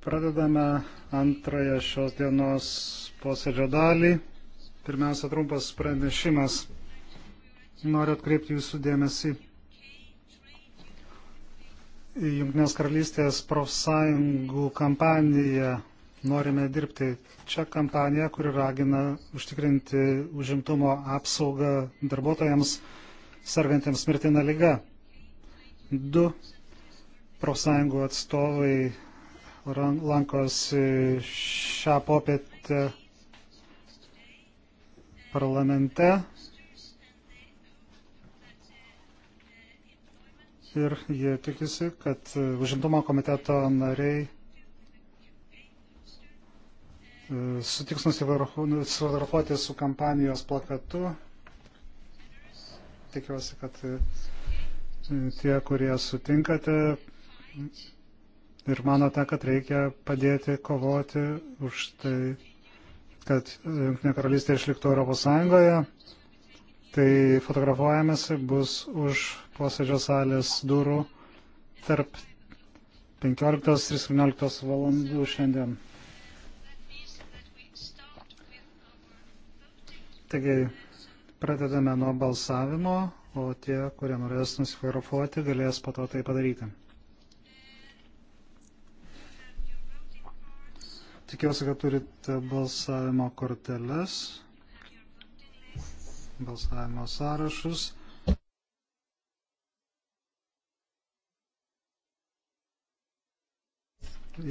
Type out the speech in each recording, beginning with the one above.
Pradedame antrąją šios dienos posėdžio dalį. Pirmiausia, trumpas pranešimas. Noriu atkreipti jūsų dėmesį į Junktinės karalystės profsąjungų kampaniją norime dirbti. Čia kampanija, kuri ragina užtikrinti užimtumo apsaugą darbuotojams sergantiems mirtina lyga. Du profsąjungų atstovai lankosi šią popietę parlamente ir jie tikisi, kad užimtumo komiteto nariai Mm, sutiks nusifotografuoti su kampanijos plakatu. Tikiuosi, kad mm, tie, kurie sutinkate ir manote, kad reikia padėti kovoti už tai, kad e, Junktinė karalystė išliktų Europos Sąjungoje, tai fotografuojamasi bus už posėdžio salės durų tarp 15 ir 17 valandų šiandien. Taigi, pradedame nuo balsavimo, o tie, kurie norės nusifotografuoti, galės po to tai padaryti. Tikiuosi, kad turite balsavimo korteles, balsavimo sąrašus.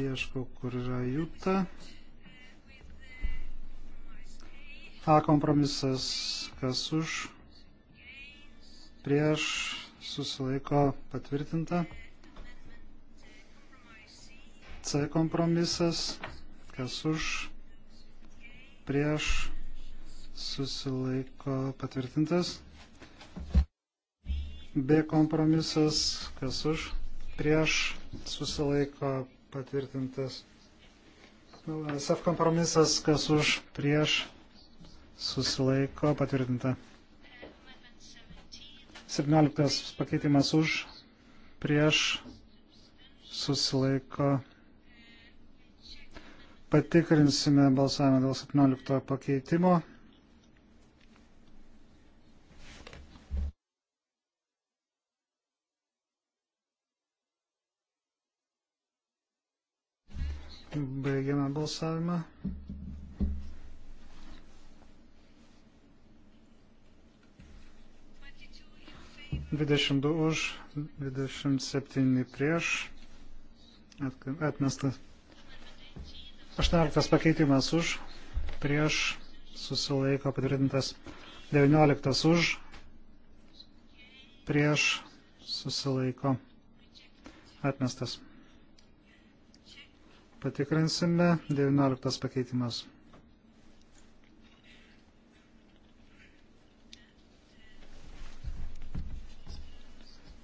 Ieškau, kur yra jūta. A kompromisas, kas už, prieš, susilaiko patvirtinta. C kompromisas, kas už, prieš, susilaiko patvirtintas. B kompromisas, kas už, prieš, susilaiko patvirtintas. SF kompromisas, kas už, prieš, susilaiko patvirtinta. 17 pakeitimas už, prieš susilaiko. Patikrinsime balsavimą dėl 17 pakeitimo. Baigiame balsavimą. 22 už, 27 prieš, atmestas. 18 pakeitimas už, prieš, susilaiko patvirtintas. 19 už, prieš, susilaiko atmestas. Patikrinsime 19 pakeitimas.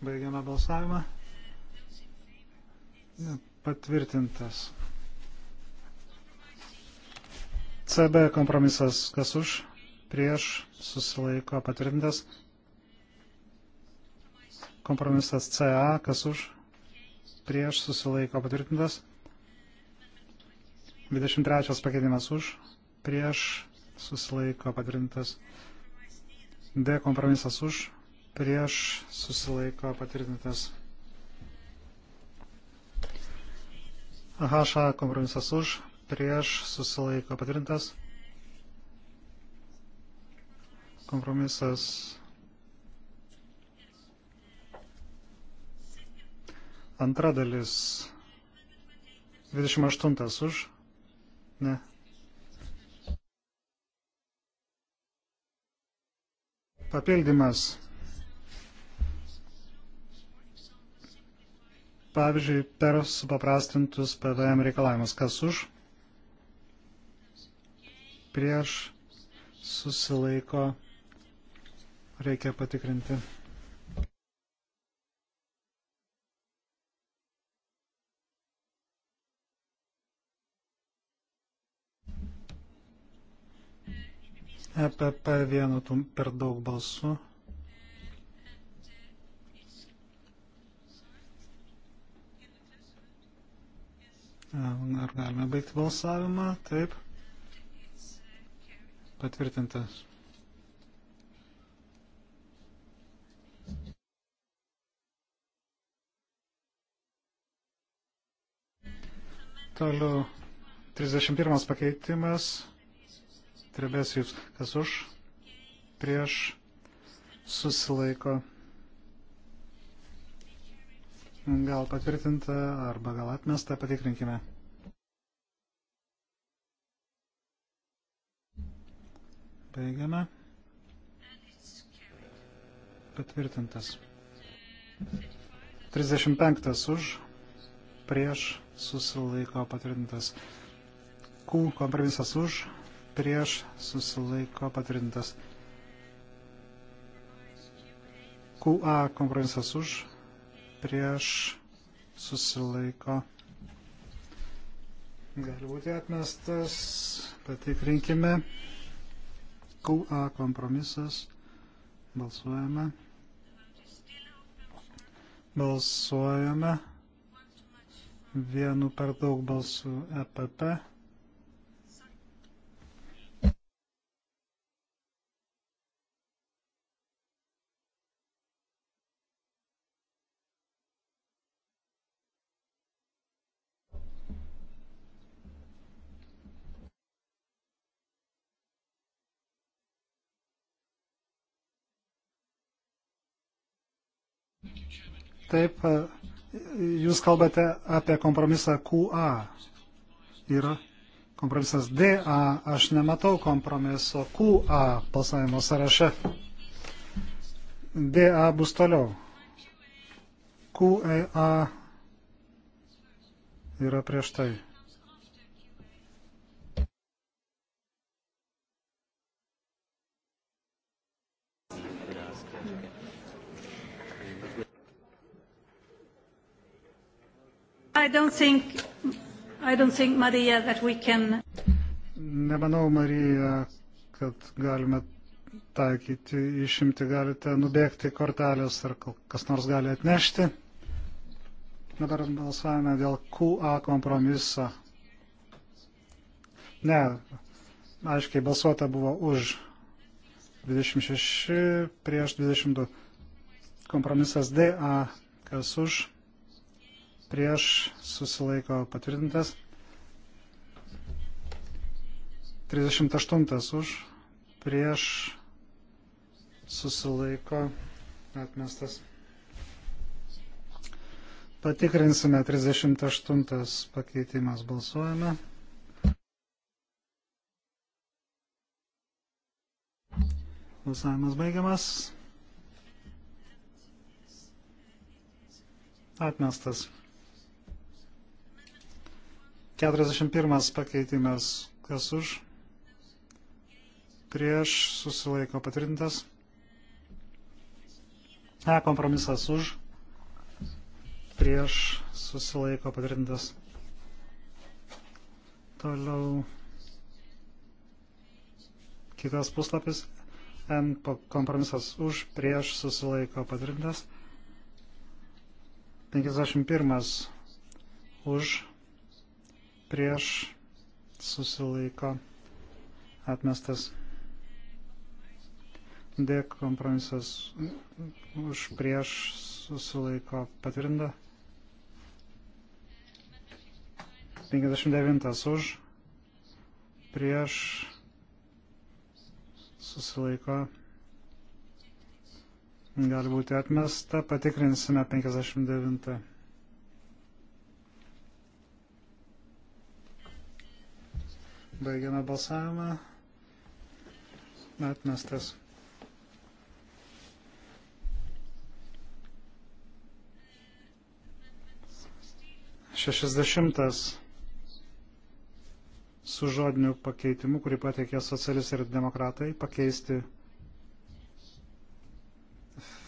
Baigiame balsavimą. Patvirtintas. CB kompromisas kas už, prieš, susilaiko patvirtintas. Kompromisas CA kas už, prieš, susilaiko patvirtintas. 23 pakeitimas už, prieš, susilaiko patvirtintas. D kompromisas už, prieš susilaiko patvirtintas. HA kompromisas už, prieš susilaiko patvirtintas. Kompromisas antra dalis 28 už, ne, papildymas pavyzdžiui, per supaprastintus PVM reikalavimus. Kas už? Prieš susilaiko reikia patikrinti. EPP vienu per daug balsų. Ar galime baigti balsavimą? Taip. Patvirtintas. Toliau 31 pakeitimas. Trebės jūs, kas už, prieš, susilaiko gal patvirtinta arba gal atmesta, patikrinkime. Baigiame. Patvirtintas. 35 už, prieš, susilaiko patvirtintas. Q kompromisas už, prieš, susilaiko patvirtintas. QA kompromisas už, prieš susilaiko. Gali būti atmestas, patikrinkime. QA kompromisas. Balsuojame. Balsuojame. Vienu per daug balsų EPP. Taip, e, jūs kalbate apie kompromisą QA. Yra kompromisas DA. Aš nematau kompromiso QA balsavimo sąraše. DA bus toliau. QA yra prieš tai. I don't think, I don't think Marija, that we can. Nemanau, Marija, kad galime taikyti išimti, galite nubėgti kortelės ar kas nors gali atnešti. Dabar balsavime dėl QA kompromiso. Ne, aiškiai balsuota buvo už 26 prieš 22. Kompromisas DA, kas už prieš susilaiko patvirtintas. 38 už prieš susilaiko atmestas. Patikrinsime 38 pakeitimas. Balsuojame. Balsavimas baigiamas. Atmestas. 41 pakeitimas, kas už, prieš, susilaiko patvirtintas. E kompromisas už, prieš, susilaiko patvirtintas. Toliau kitas puslapis. N kompromisas už, prieš, susilaiko patvirtintas. 51 už, prieš susilaiko atmestas. D kompromisas už prieš susilaiko patvirtinta. 59 už prieš susilaiko gali būti atmesta. Patikrinsime 59. Baigiame balsavimą. Atmestas. Šešisdešimtas su žodiniu pakeitimu, kurį pateikė socialistai ir demokratai, pakeisti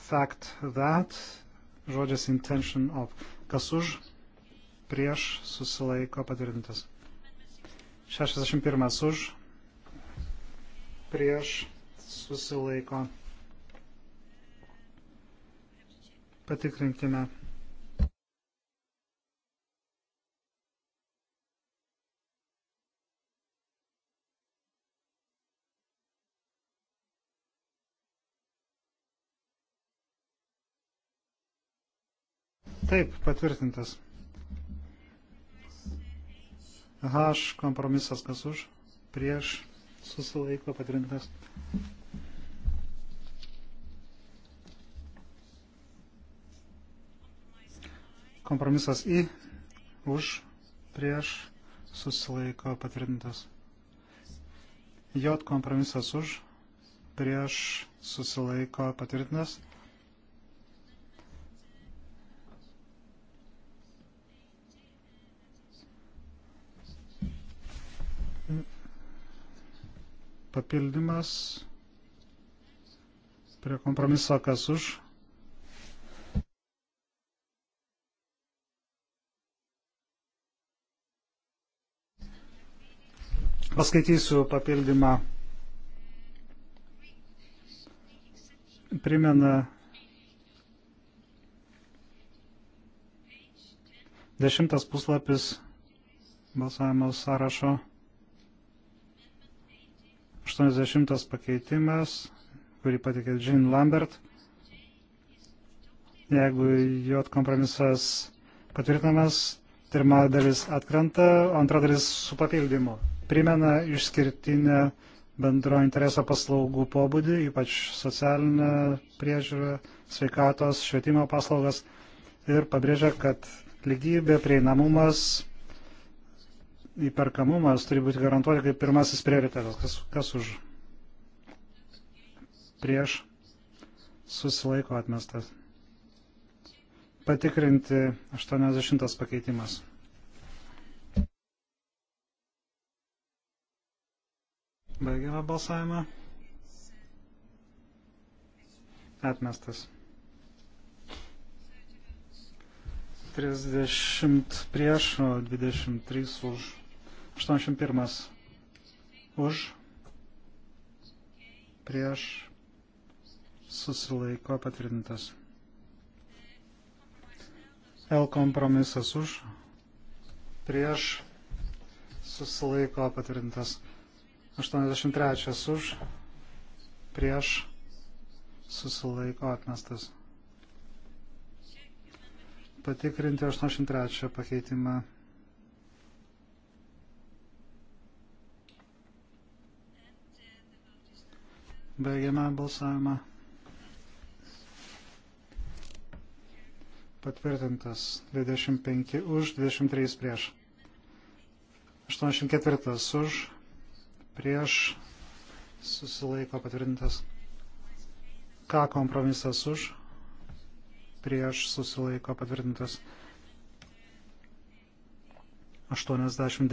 fact that žodžias intention of. Kas už, prieš, susilaiko patvirtintas. 61 už, prieš susilaiko. Patikrinkime. Taip, patvirtintas. H kompromisas kas už, prieš susilaiko patvirtintas. Kompromisas I už, prieš susilaiko patvirtintas. J kompromisas už, prieš susilaiko patvirtintas. papildymas prie kompromiso, kas už. Paskaitysiu papildymą. Primena dešimtas puslapis balsavimo sąrašo. 80 pakeitimas, kurį patikė Jean Lambert. Jeigu jo kompromisas patvirtinamas, pirma dalis atkrenta, antra dalis su papildymu. Primena išskirtinę bendro intereso paslaugų pobūdį, ypač socialinę priežiūrą, sveikatos, švietimo paslaugas ir pabrėžia, kad lygybė, prieinamumas, įperkamumas turi būti garantuoti kaip pirmasis prioritetas. Kas, kas už? Prieš susilaiko atmestas. Patikrinti 80 pakeitimas. Baigiame balsavimą. Atmestas. 30 prieš, o 23 už. 81 už, prieš, susilaiko patvirtintas. L kompromisas už, prieš, susilaiko patvirtintas. 83 už, prieš, susilaiko atmestas. Patikrinti 83 pakeitimą. Baigiame balsavimą. Patvirtintas 25 už, 23 prieš. 84 už, prieš susilaiko patvirtintas. Ką kompromisas už, prieš susilaiko patvirtintas. 89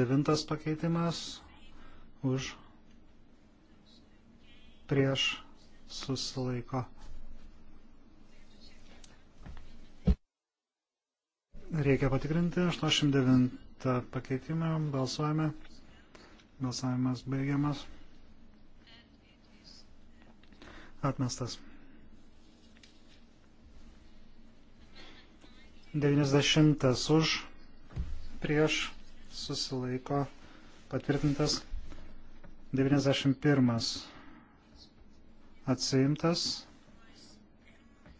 pakeitimas už prieš susilaiko. Reikia patikrinti 89 pakeitimą, balsuojame. Balsavimas baigiamas. Atmestas. 90 už, prieš susilaiko patvirtintas 91 Atsiimtas.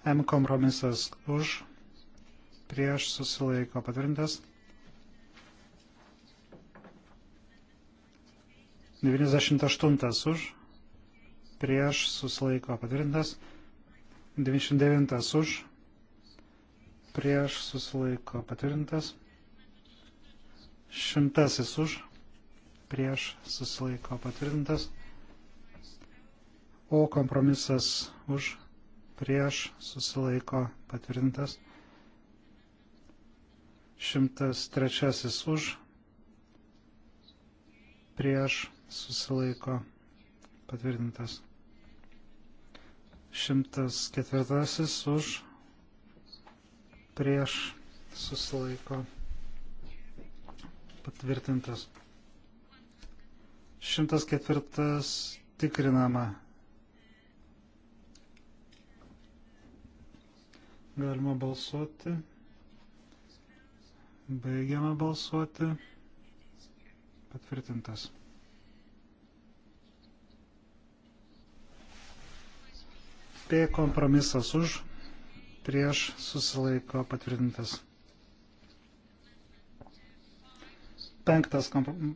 M kompromisas už. Prieš susilaiko patvirtintas. 98 už. Prieš susilaiko patvirtintas. 99 už. Prieš susilaiko patvirtintas. Šimtasis už. Prieš susilaiko patvirtintas. O kompromisas už prieš susilaiko patvirtintas. 103 už prieš susilaiko patvirtintas. 104 už prieš susilaiko patvirtintas. 104 tikrinama Galima balsuoti. Baigiame balsuoti. Patvirtintas. P kompromisas už, prieš susilaiko patvirtintas. Penktas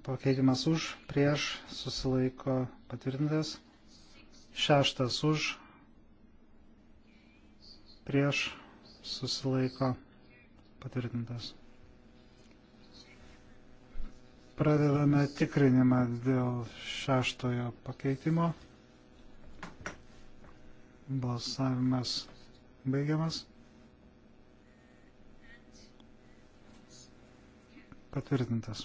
pakeitimas už, prieš susilaiko patvirtintas. Šeštas už, prieš susilaiko patvirtintas. Pradedame tikrinimą dėl šeštojo pakeitimo. Balsavimas baigiamas. Patvirtintas.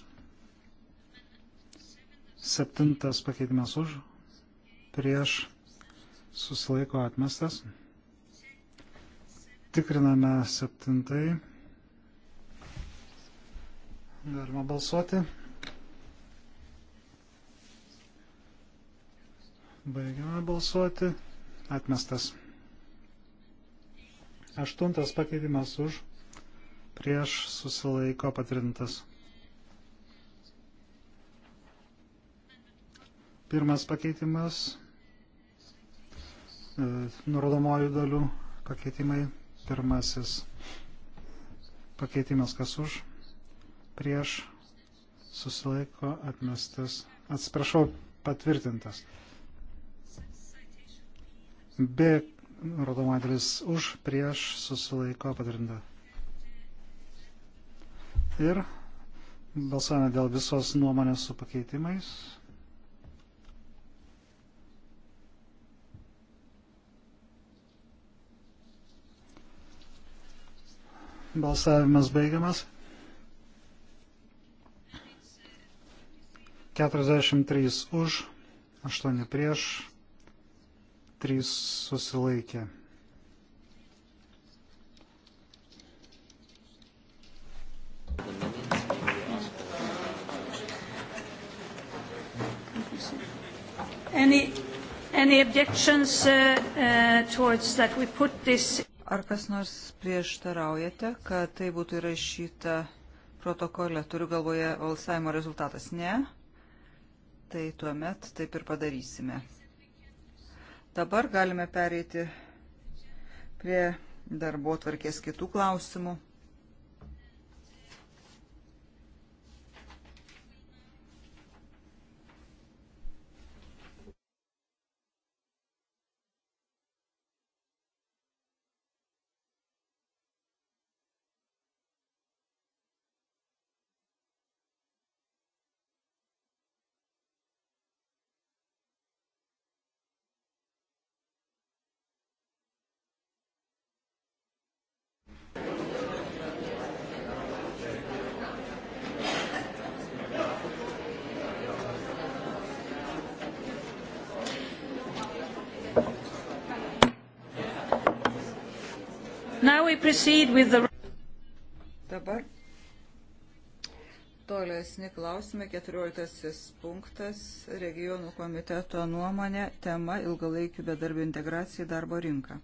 Septintas pakeitimas už, prieš, susilaiko atmestas tikriname septintai. Galima balsuoti. Baigiame balsuoti. Atmestas. Aštuntas pakeitimas už. Prieš susilaiko patvirtintas. Pirmas pakeitimas. E, Nurodomojų dalių pakeitimai Pirmasis pakeitimas kas už, prieš, susilaiko, atmestas, atsiprašau, patvirtintas. B rodomadėlis už, prieš, susilaiko, patvirtinta. Ir balsavome dėl visos nuomonės su pakeitimais. Balsavimas baigiamas. 43 už, 8 prieš, 3 susilaikė. Any, any objections uh, uh, towards that we put this Ar kas nors prieštaraujate, kad tai būtų įrašyta protokolė, turiu galvoje balsavimo rezultatas? Ne. Tai tuomet taip ir padarysime. Dabar galime pereiti prie darbo tvarkės kitų klausimų. The... Dabar tolesni klausimai. 14 punktas regionų komiteto nuomonė tema ilgalaikių bedarbių integracija į darbo rinką.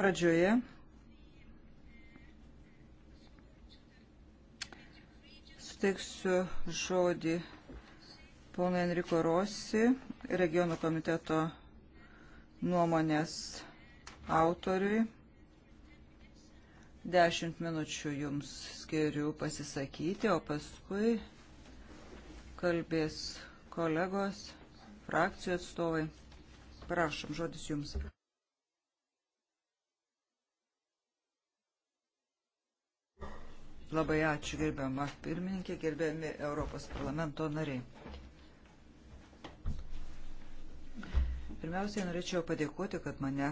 Pradžioje suteiksiu žodį pono Enriko Rosi, regionų komiteto nuomonės autoriui. Dešimt minučių jums skiriu pasisakyti, o paskui kalbės kolegos, frakcijų atstovai. Prašom, žodis jums. Labai ačiū gerbiamą pirmininkę, gerbiami Europos parlamento nariai. Pirmiausiai norėčiau padėkoti, kad mane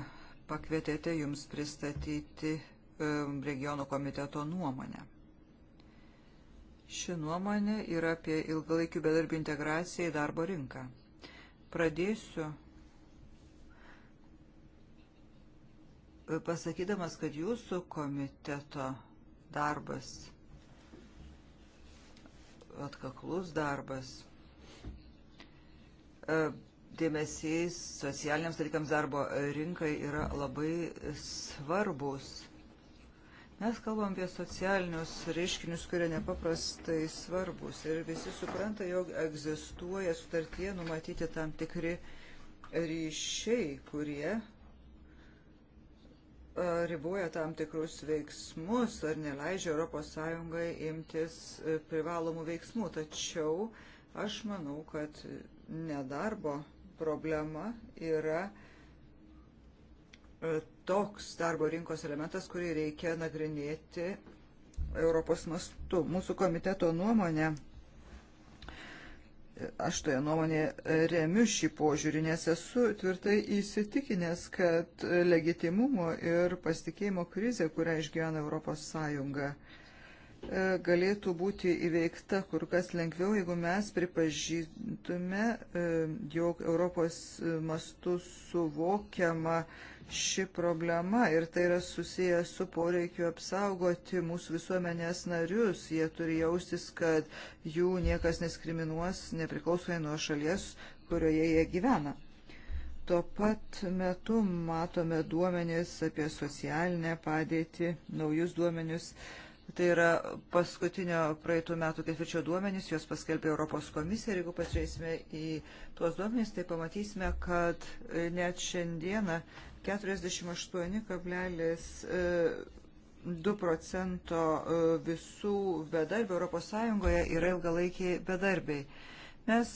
pakvietėte jums pristatyti e, regionų komiteto nuomonę. Ši nuomonė yra apie ilgalaikių bedarbių integraciją į darbo rinką. Pradėsiu e, pasakydamas, kad jūsų komiteto darbas, atkaklus darbas, e, dėmesys socialiniams dalykams darbo rinkai yra labai svarbus. Mes kalbam apie socialinius reiškinius, kurie nepaprastai svarbus ir visi supranta, jog egzistuoja sutartie numatyti tam tikri ryšiai, kurie riboja tam tikrus veiksmus ar neleidžia ES imtis e, privalomų veiksmų. Tačiau aš manau, kad nedarbo problema yra e, toks darbo rinkos elementas, kurį reikia nagrinėti Europos mastu. Mūsų komiteto nuomonė, e, aš toje nuomonė e, remiu šį požiūrį, nes esu tvirtai įsitikinęs, kad legitimumo ir pasitikėjimo krizė, kurią išgyvena Europos Sąjunga, E, galėtų būti įveikta kur kas lengviau, jeigu mes pripažintume, e, jog Europos mastu suvokiama ši problema ir tai yra susiję su poreikiu apsaugoti mūsų visuomenės narius. Jie turi jaustis, kad jų niekas neskriminuos nepriklausomai nuo šalies, kurioje jie gyvena. Tuo pat metu matome duomenis apie socialinę padėtį, naujus duomenis. Uh, Tai yra paskutinio praeitų metų ketvirčio duomenys, juos paskelbė Europos komisija ir jeigu pasižiūrėsime į tuos duomenys, tai pamatysime, kad e, net šiandieną 48,2 e, procento e, visų bedarbių Europos Sąjungoje yra ilgalaikiai bedarbiai. Mes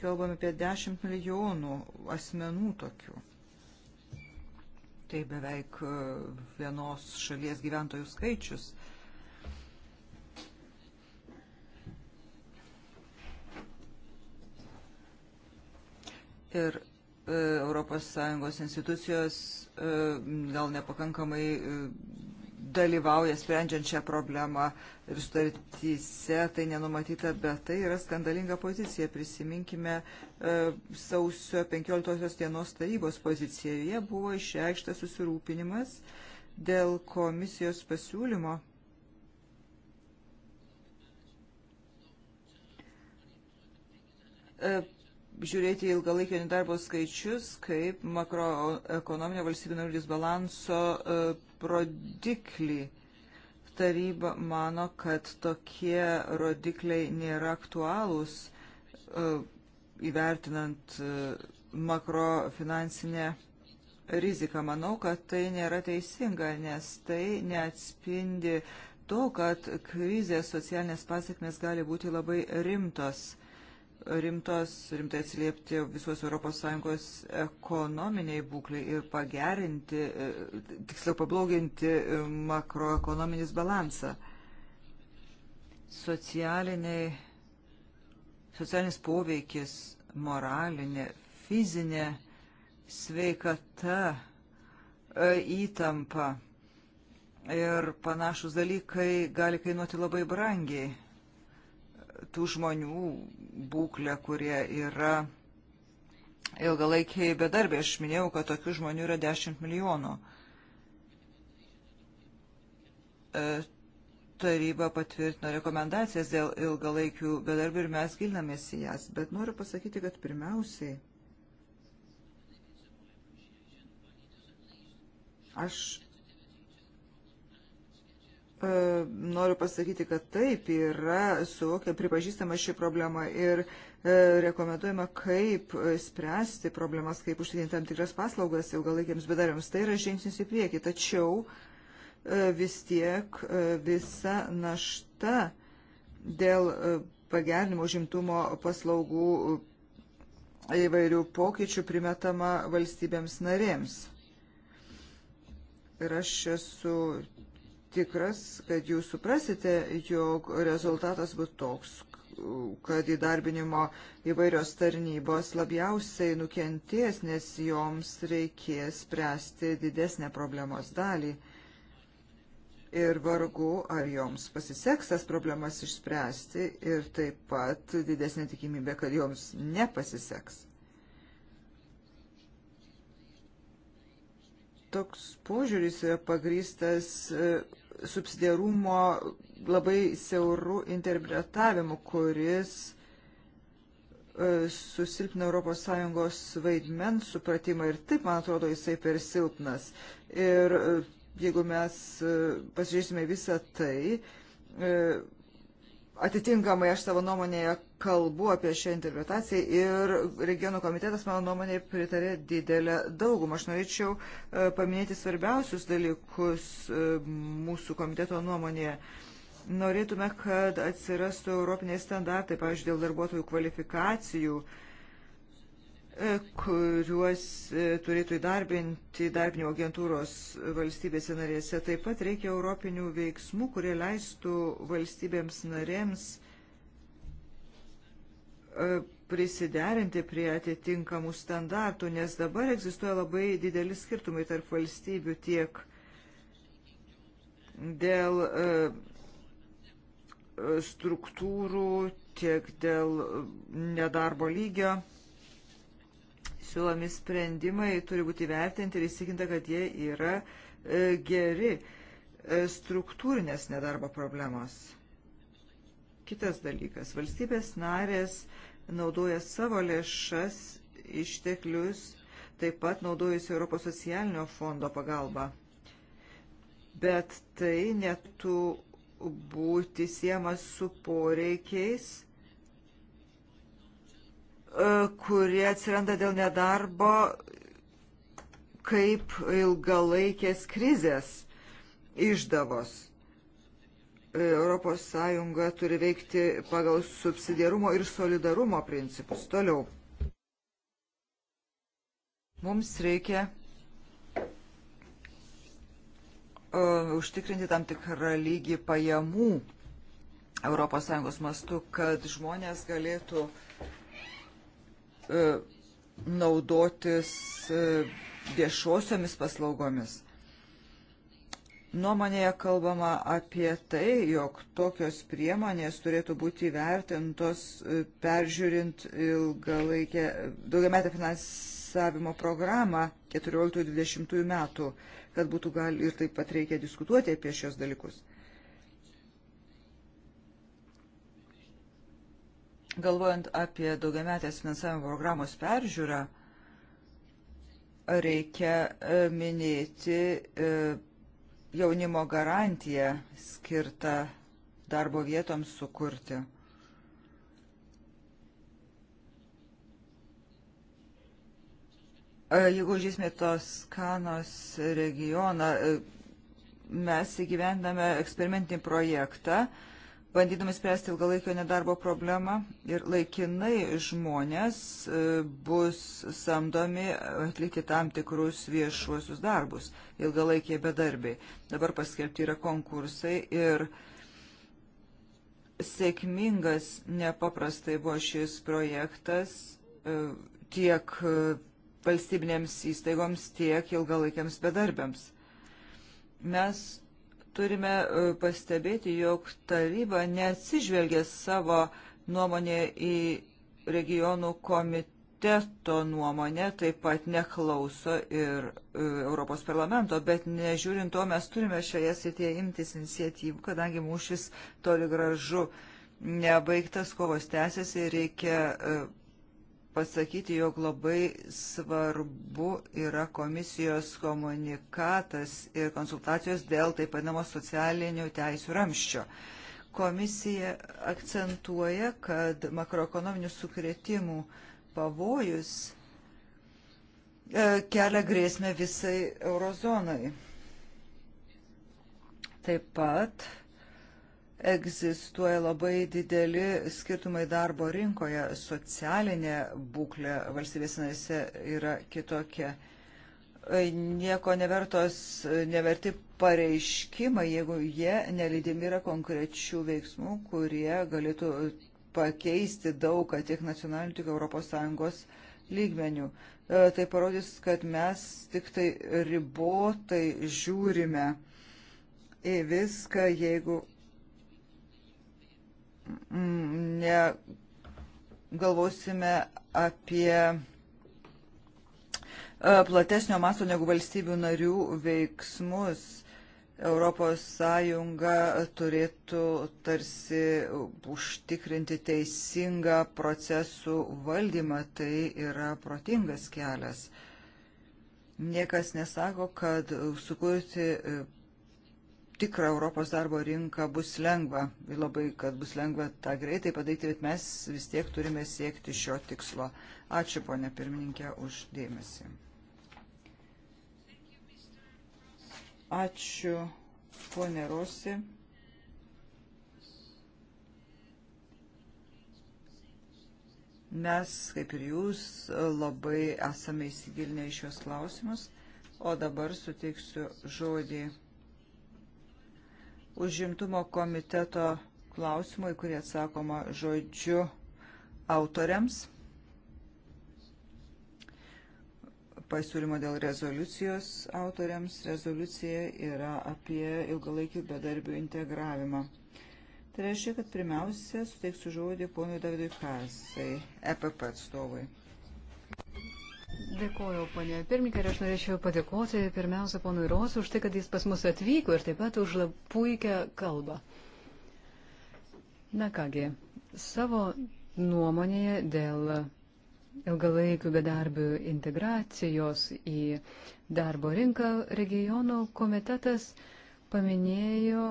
kalbame apie 10 milijonų asmenų tokių tai beveik e, vienos šalies gyventojų skaičius. Ir ES institucijos e, gal nepakankamai e, dalyvauja sprendžiant šią problemą ir sutartyse tai nenumatyta, bet tai yra skandalinga pozicija. Prisiminkime e, sausio 15 dienos tarybos pozicijoje buvo išreikštas susirūpinimas dėl komisijos pasiūlymo. E, žiūrėti ilgalaikio nedarbo skaičius kaip makroekonominio valstybinio disbalanso e, rodiklį. Taryba mano, kad tokie rodikliai nėra aktualūs e, įvertinant e, makrofinansinę riziką. Manau, kad tai nėra teisinga, nes tai neatspindi to, kad krizės socialinės pasiekmes gali būti labai rimtos rimtos, rimtai atsiliepti visos ES ekonominiai būkliai ir pagerinti, e, tiksliau pabloginti e, makroekonominis balansą. Socialiniai, socialinis poveikis, moralinė, fizinė sveikata, e, įtampa ir panašus dalykai gali kainuoti labai brangiai tų žmonių būklę, kurie yra ilgalaikiai bedarbiai. Aš minėjau, kad tokių žmonių yra 10 milijonų. E, taryba patvirtino rekomendacijas dėl ilgalaikių bedarbių ir mes gilinamės į jas. Bet noriu pasakyti, kad pirmiausiai aš E, noriu pasakyti, kad taip yra suvokia, pripažįstama ši problema ir e, rekomenduojama, kaip e, spręsti problemas, kaip užtikrinti tam tikras paslaugas ilgalaikiams bedariams. Tai yra žingsnis į priekį, tačiau vis tiek visa našta dėl pagernimo žimtumo paslaugų įvairių pokyčių primetama valstybėms narėms. Ir aš esu tikras, kad jūs suprasite, jog rezultatas bus toks, kad įdarbinimo įvairios tarnybos labiausiai nukenties, nes joms reikės spręsti didesnę problemos dalį. Ir vargu, ar joms pasiseks tas problemas išspręsti ir taip pat didesnė tikimybė, kad joms nepasiseks. toks požiūris yra pagrystas e, subsidiarumo labai siaurų interpretavimu, kuris e, susilpna ES vaidmens supratimą ir taip, man atrodo, jisai per silpnas. Ir e, jeigu mes pasižiūrėsime visą tai, Atitinkamai aš savo nuomonėje kalbu apie šią interpretaciją ir regionų komitetas, mano nuomonė, pritarė didelę daugumą. Aš norėčiau e, paminėti svarbiausius dalykus e, mūsų komiteto nuomonėje. Norėtume, kad atsirastų europiniai standartai, pavyzdžiui, dėl darbuotojų kvalifikacijų, uh, kuriuos e, turėtų įdarbinti darbinimo agentūros valstybėse narėse. Taip pat reikia europinių veiksmų, kurie leistų valstybėms narėms e, prisiderinti prie atitinkamų standartų, nes dabar egzistuoja labai dideli skirtumai tarp valstybių tiek dėl e, struktūrų, tiek dėl nedarbo lygio siūlomi sprendimai turi būti vertinti ir įsikinta, kad jie yra e, geri e, struktūrinės nedarbo problemos. Kitas dalykas. Valstybės narės naudoja savo lėšas, išteklius, taip pat naudojasi Europos socialinio fondo pagalba. Bet tai netų būti siemas su poreikiais E, kurie atsiranda dėl nedarbo kaip ilgalaikės krizės išdavos. ES turi veikti pagal subsidiarumo ir solidarumo principus. Toliau. Mums reikia uh, užtikrinti tam tikrą lygį pajamų ES mastu, kad žmonės galėtų uh, E, naudotis e, viešosiomis paslaugomis. Nuomonėje kalbama apie tai, jog tokios priemonės turėtų būti įvertintos e, peržiūrint ilgalaikę daugiametę finansavimo programą 14-20 metų, kad būtų gal ir taip pat reikia diskutuoti apie šios dalykus. Galvojant apie daugiametės finansavimo programos peržiūrą, reikia e, minėti e, jaunimo garantiją skirtą darbo vietoms sukurti. E, jeigu žysime Toskanos regioną, mes įgyvendame eksperimentinį projektą, bandydami spręsti ilgalaikio nedarbo problemą ir laikinai žmonės e, bus samdomi atlikti tam tikrus viešuosius darbus, ilgalaikiai bedarbiai. Dabar paskelbti yra konkursai ir sėkmingas nepaprastai buvo šis projektas e, tiek e, valstybinėms įstaigoms, tiek ilgalaikiams bedarbiams. Mes turime e, pastebėti, jog taryba neatsižvelgia savo nuomonė į regionų komiteto nuomonę, taip pat neklauso ir e, Europos parlamento, bet nežiūrint to, mes turime šioje srityje imtis iniciatyvų, kadangi mūšis toli gražu nebaigtas, kovos tęsiasi ir reikia e, pasakyti, jog labai svarbu yra komisijos komunikatas ir konsultacijos dėl taip vadinamo socialinių teisų ramščio. Komisija akcentuoja, kad makroekonominių sukretimų pavojus e, kelia grėsmę visai eurozonai. Taip pat egzistuoja labai dideli skirtumai darbo rinkoje, socialinė būklė valstybės narėse yra kitokia. Nieko nevertos, neverti pareiškimai, jeigu jie nelydimi yra konkrečių veiksmų, kurie galėtų pakeisti daug, kad tiek nacionalinių, tiek ES lygmenių. E, tai parodys, kad mes tik tai ribotai žiūrime į viską, jeigu galvosime apie e, platesnio masto negu valstybių narių veiksmus. Europos Sąjunga turėtų tarsi užtikrinti teisingą procesų valdymą. Tai yra protingas kelias. Niekas nesako, kad sukurti e, tikrą Europos darbo rinką bus lengva, labai, kad bus lengva tą greitai padaryti, bet mes vis tiek turime siekti šio tikslo. Ačiū, ponė pirmininkė, už dėmesį. Ačiū, ponė Rosi. Mes, kaip ir jūs, labai esame įsigilinę į šios klausimus, o dabar suteiksiu žodį užimtumo komiteto klausimų, į kurį atsakoma žodžiu autoriams. Pasiūlymo dėl rezoliucijos autoriams. Rezoliucija yra apie ilgalaikių bedarbių integravimą. Tai reiškia, kad pirmiausia suteiksiu žodį ponui Davidui Kasai, EPP atstovui. Dėkuoju, ponė pirmininkė, ir aš norėčiau padėkoti pirmiausia ponui Rosu už tai, kad jis pas mus atvyko ir taip pat už puikią kalbą. Na kągi, savo nuomonėje dėl ilgalaikių bedarbių integracijos į darbo rinką regionų komitetas paminėjo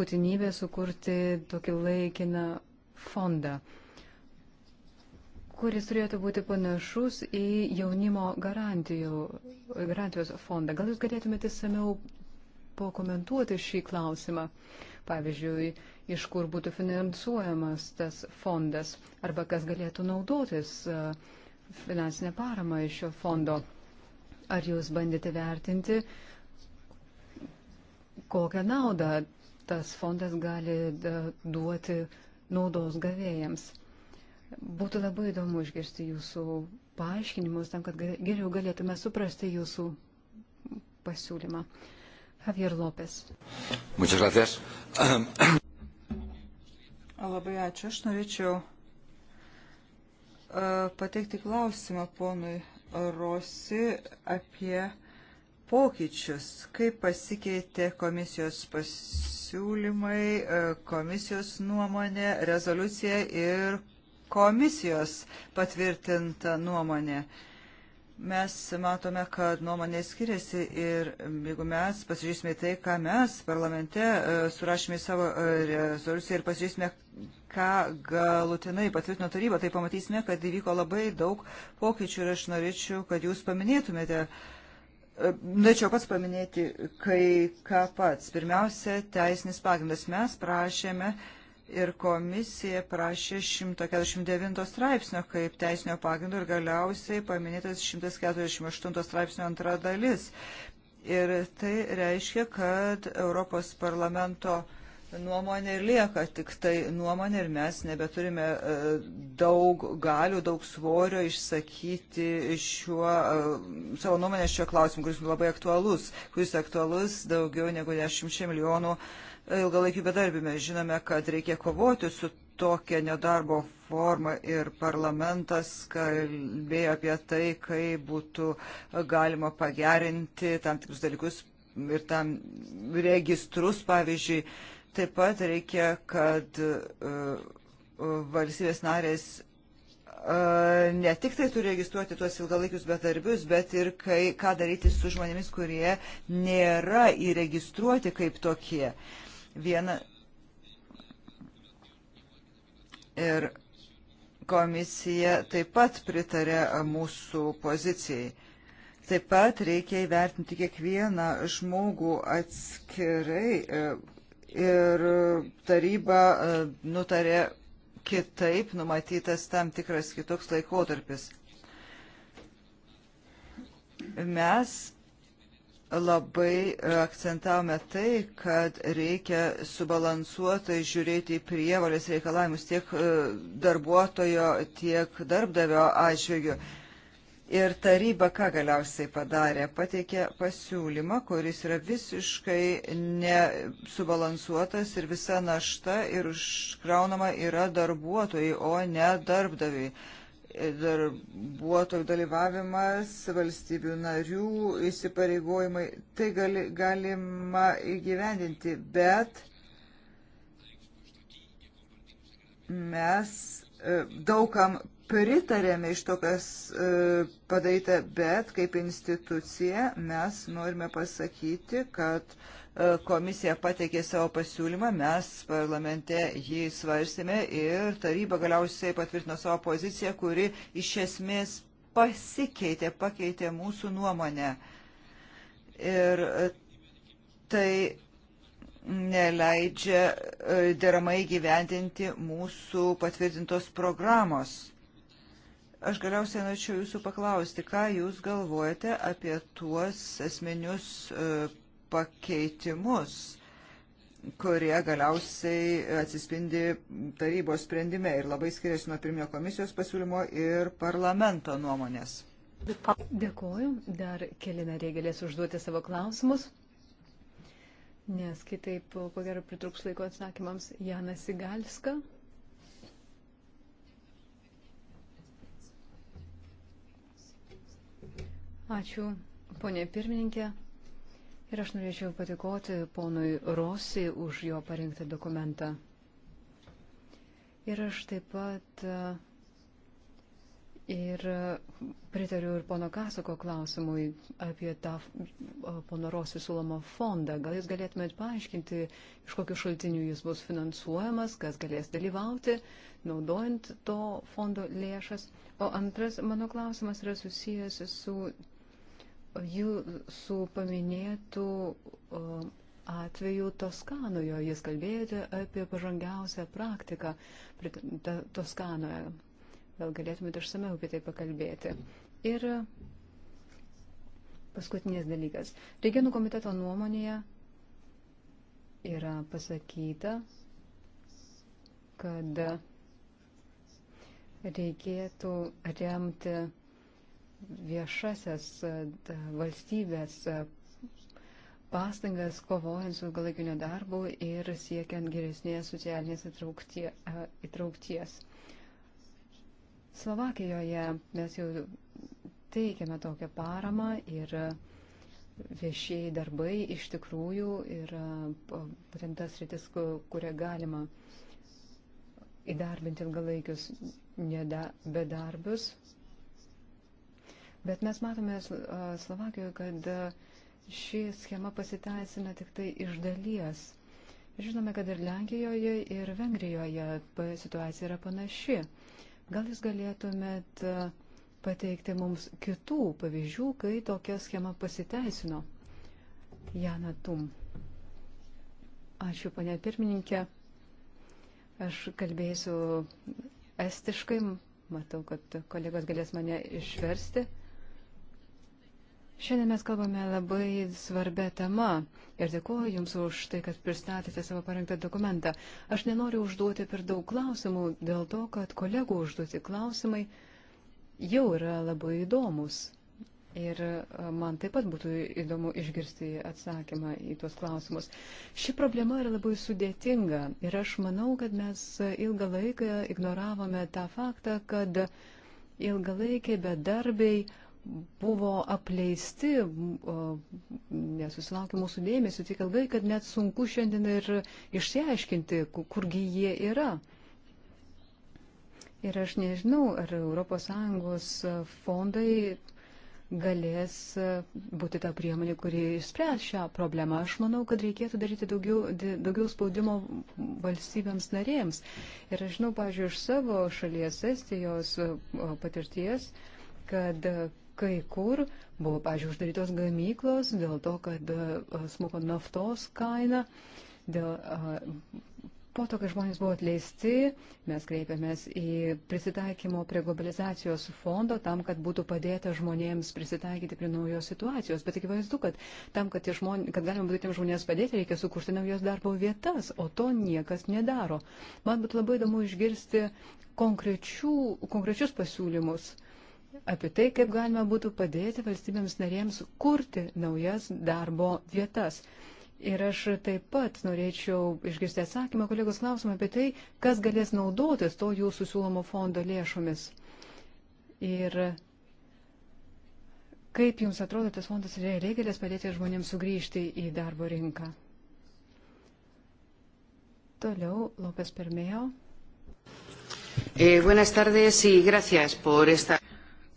būtinybę sukurti tokį laikiną fondą kuris turėtų būti panašus į jaunimo garantijų, garantijos fondą. Gal jūs galėtumėte samiau pakomentuoti šį klausimą? Pavyzdžiui, iš kur būtų finansuojamas tas fondas arba kas galėtų naudotis finansinę paramą iš šio fondo. Ar jūs bandėte vertinti, kokią naudą tas fondas gali duoti naudos gavėjams? Būtų labai įdomu išgirsti jūsų paaiškinimus tam, kad geriau galėtume suprasti jūsų pasiūlymą. Javier Lopes. Muchas gracias. Labai ačiū. Aš norėčiau pateikti klausimą ponui Rosi apie pokyčius, kaip pasikeitė komisijos pasiūlymai, komisijos nuomonė, rezoliucija ir komisijos patvirtinta nuomonė. Mes matome, kad nuomonė skiriasi ir jeigu mes pasižiūrėsime tai, ką mes parlamente e, surašėme į savo e, rezoliuciją ir pasižiūrėsime, ką galutinai patvirtino taryba, tai pamatysime, kad įvyko labai daug pokyčių ir aš norėčiau, kad jūs paminėtumėte. E, norėčiau pats paminėti kai ką pats. Pirmiausia, teisinis pagrindas. Mes prašėme ir komisija prašė 149 straipsnio kaip teisinio pagrindo ir galiausiai paminėtas 148 straipsnio antra dalis. Ir tai reiškia, kad Europos parlamento nuomonė ir lieka tik tai nuomonė ir mes nebeturime e, daug galių, daug svorio išsakyti šiuo, e, savo nuomonę šiuo klausimu, kuris labai aktualus, kuris aktualus daugiau negu 10 milijonų ilgalaikių bedarbių. Mes žinome, kad reikia kovoti su tokia nedarbo forma ir parlamentas kalbėjo apie tai, kaip būtų galima pagerinti tam tikrus dalykus ir tam registrus, pavyzdžiui. Taip pat reikia, kad e, valstybės narės e, ne tik tai turi registruoti tuos ilgalaikius bedarbius, bet ir kai, ką daryti su žmonėmis, kurie nėra įregistruoti kaip tokie. Uh, Viena ir komisija taip pat pritarė mūsų pozicijai. Taip pat reikia įvertinti kiekvieną žmogų atskirai e, ir taryba e, nutarė kitaip numatytas tam tikras kitoks laikotarpis. Mes labai e, akcentavome tai, kad reikia subalansuotai žiūrėti į prievalės reikalavimus tiek e, darbuotojo, tiek darbdavio atžvilgiu. Ir taryba ką galiausiai padarė? Pateikė pasiūlymą, kuris yra visiškai nesubalansuotas ir visa našta ir užkraunama yra darbuotojai, o ne darbdaviai darbuotojų dalyvavimas, valstybių narių įsipareigojimai, tai gali, galima įgyvendinti, bet mes e, daugam pritarėme iš to, kas e, padaryta, bet kaip institucija mes norime pasakyti, kad Komisija pateikė savo pasiūlymą, mes parlamente jį svarstėme ir taryba galiausiai patvirtino savo poziciją, kuri iš esmės pasikeitė, pakeitė mūsų nuomonę. Ir tai neleidžia e, deramai gyventinti mūsų patvirtintos programos. Aš galiausiai norėčiau jūsų paklausti, ką jūs galvojate apie tuos esminius e, pakeitimus, kurie galiausiai atsispindi tarybos sprendime ir labai skiriasi nuo pirminio komisijos pasiūlymo ir parlamento nuomonės. Dėkuoju. Dar keli nariai galės užduoti savo klausimus, nes kitaip, ko gero, pritruks laiko atsakymams Janas Igalska. Ačiū, ponė pirmininkė. Ir aš norėčiau patikoti ponui Rosi už jo parinktą dokumentą. Ir aš taip pat e, ir pritariu ir pono Kasako klausimui apie tą e, pono Rosi sulomą fondą. Gal jūs galėtumėt paaiškinti, iš kokių šaltinių jis bus finansuojamas, kas galės dalyvauti, naudojant to fondo lėšas. O antras mano klausimas yra susijęs su jūsų paminėtų atveju Toskanoje. Jūs kalbėjote apie pažangiausią praktiką Toskanoje. Gal galėtumėte išsameu apie tai pakalbėti. Ir paskutinis dalykas. Regionų komiteto nuomonėje yra pasakyta, kad reikėtų remti viešasias valstybės pastangas kovojant su ilgalaikiu nedarbu ir siekiant geresnės socialinės įtraukties. Slovakijoje mes jau teikiame tokią paramą ir viešieji darbai iš tikrųjų yra būtent tas rytis, kurią galima įdarbinti ilgalaikius bedarbius. Bet mes matome Slovakijoje, kad ši schema pasiteisina tik tai iš dalies. Žinome, kad ir Lenkijoje, ir Vengrijoje situacija yra panaši. Gal jūs galėtumėt pateikti mums kitų pavyzdžių, kai tokia schema pasiteisino? Jana Tum. Ačiū, panė pirmininkė. Aš kalbėsiu estiškai, matau, kad kolegos galės mane išversti. Šiandien mes kalbame labai svarbę temą ir dėkuoju Jums už tai, kad pristatėte savo parengtą dokumentą. Aš nenoriu užduoti per daug klausimų dėl to, kad kolegų užduoti klausimai jau yra labai įdomus. Ir e, man taip pat būtų įdomu išgirsti atsakymą į tuos klausimus. Ši problema yra labai sudėtinga ir aš manau, kad mes ilgą laiką ignoravome tą faktą, kad ilgalaikiai bedarbiai buvo apleisti, nesusilaukė mūsų dėmesio tik ilgai, kad net sunku šiandien ir išsiaiškinti, kurgi jie yra. Ir aš nežinau, ar ES fondai galės būti ta priemonė, kuri išspręs šią problemą. Aš manau, kad reikėtų daryti daugiau, daugiau spaudimo valstybėms narėms. Ir aš žinau, pažiūrėjau, iš savo šalies Estijos patirties, kad Kai kur buvo, pažiūrėjau, uždarytos gamyklos dėl to, kad e, smuko naftos kaina. Dėl, e, po to, kai žmonės buvo atleisti, mes kreipėmės į prisitaikymo prie globalizacijos fondo tam, kad būtų padėta žmonėms prisitaikyti prie naujos situacijos. Bet akivaizdu, kad tam, kad, žmon, kad galima būtų tiem žmonėms padėti, reikia sukurti naujos darbo vietas, o to niekas nedaro. Man būtų labai įdomu išgirsti konkrečius pasiūlymus apie tai, kaip galima būtų padėti valstybėms narėms kurti naujas darbo vietas. Ir aš taip pat norėčiau išgirsti atsakymą kolegos klausimą apie tai, kas galės naudotis to jūsų siūlomo fondo lėšomis. Ir kaip jums atrodo, tas fondas realiai galės padėti žmonėms sugrįžti į darbo rinką. Toliau Lopes Permėjo. Eh, buenas tardes y gracias por esta.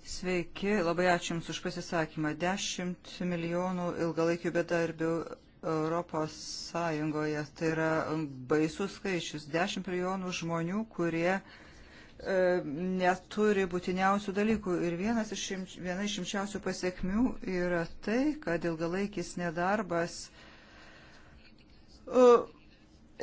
Sveiki, labai ačiū Jums už pasisakymą. 10 milijonų ilgalaikių bedarbių Europos Sąjungoje. Tai yra baisus skaičius. 10 milijonų žmonių, kurie e, neturi būtiniausių dalykų. Ir vienas iš, viena iš šimčiausių pasiekmių yra tai, kad ilgalaikis nedarbas e,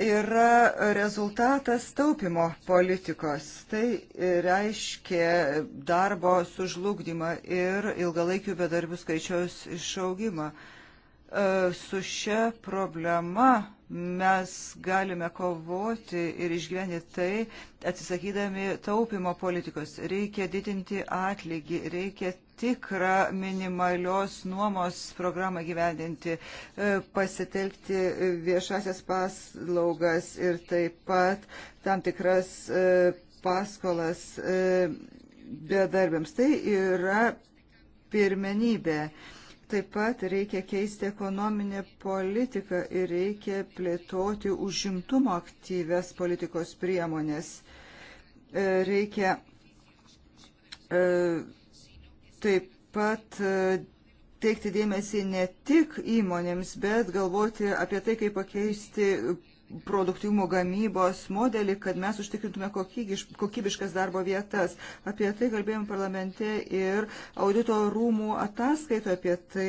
yra rezultatas taupimo politikos. Tai reiškia darbo sužlugdymą ir ilgalaikių bedarbių skaičiaus išaugimą. E, su šia problema mes galime kovoti ir išgyventi tai, atsisakydami taupimo politikos. Reikia didinti atlygį, reikia tikrą minimalios nuomos programą gyvendinti, e, pasitelkti viešasias paslaugas ir taip pat tam tikras e, paskolas e, bedarbiams. Tai yra pirmenybė. Taip pat reikia keisti ekonominę politiką ir reikia plėtoti užimtumo aktyves politikos priemonės. Reikia taip pat e, teikti dėmesį ne tik įmonėms, bet galvoti apie tai, kaip pakeisti produktyvumo gamybos modelį, kad mes užtikrintume kokybiškas darbo vietas. Apie tai kalbėjom parlamente ir audito rūmų ataskaito apie tai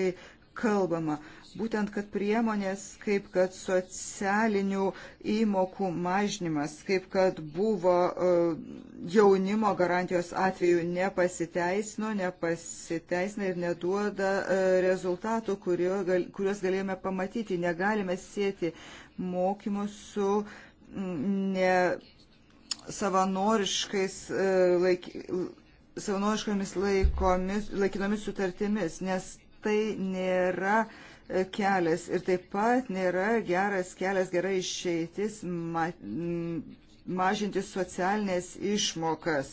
kalbama būtent, kad priemonės, kaip kad socialinių įmokų mažnymas, kaip kad buvo e, jaunimo garantijos atveju nepasiteisino, nepasiteisina ir neduoda e, rezultatų, kuriuos galėjome pamatyti. Negalime sėti mokymus su ne savanoriškais e, laikymus savanoriškomis laikomis, laikinomis sutartimis, nes tai nėra kelias ir taip pat nėra geras kelias, gera išeitis ma, mažinti socialinės išmokas.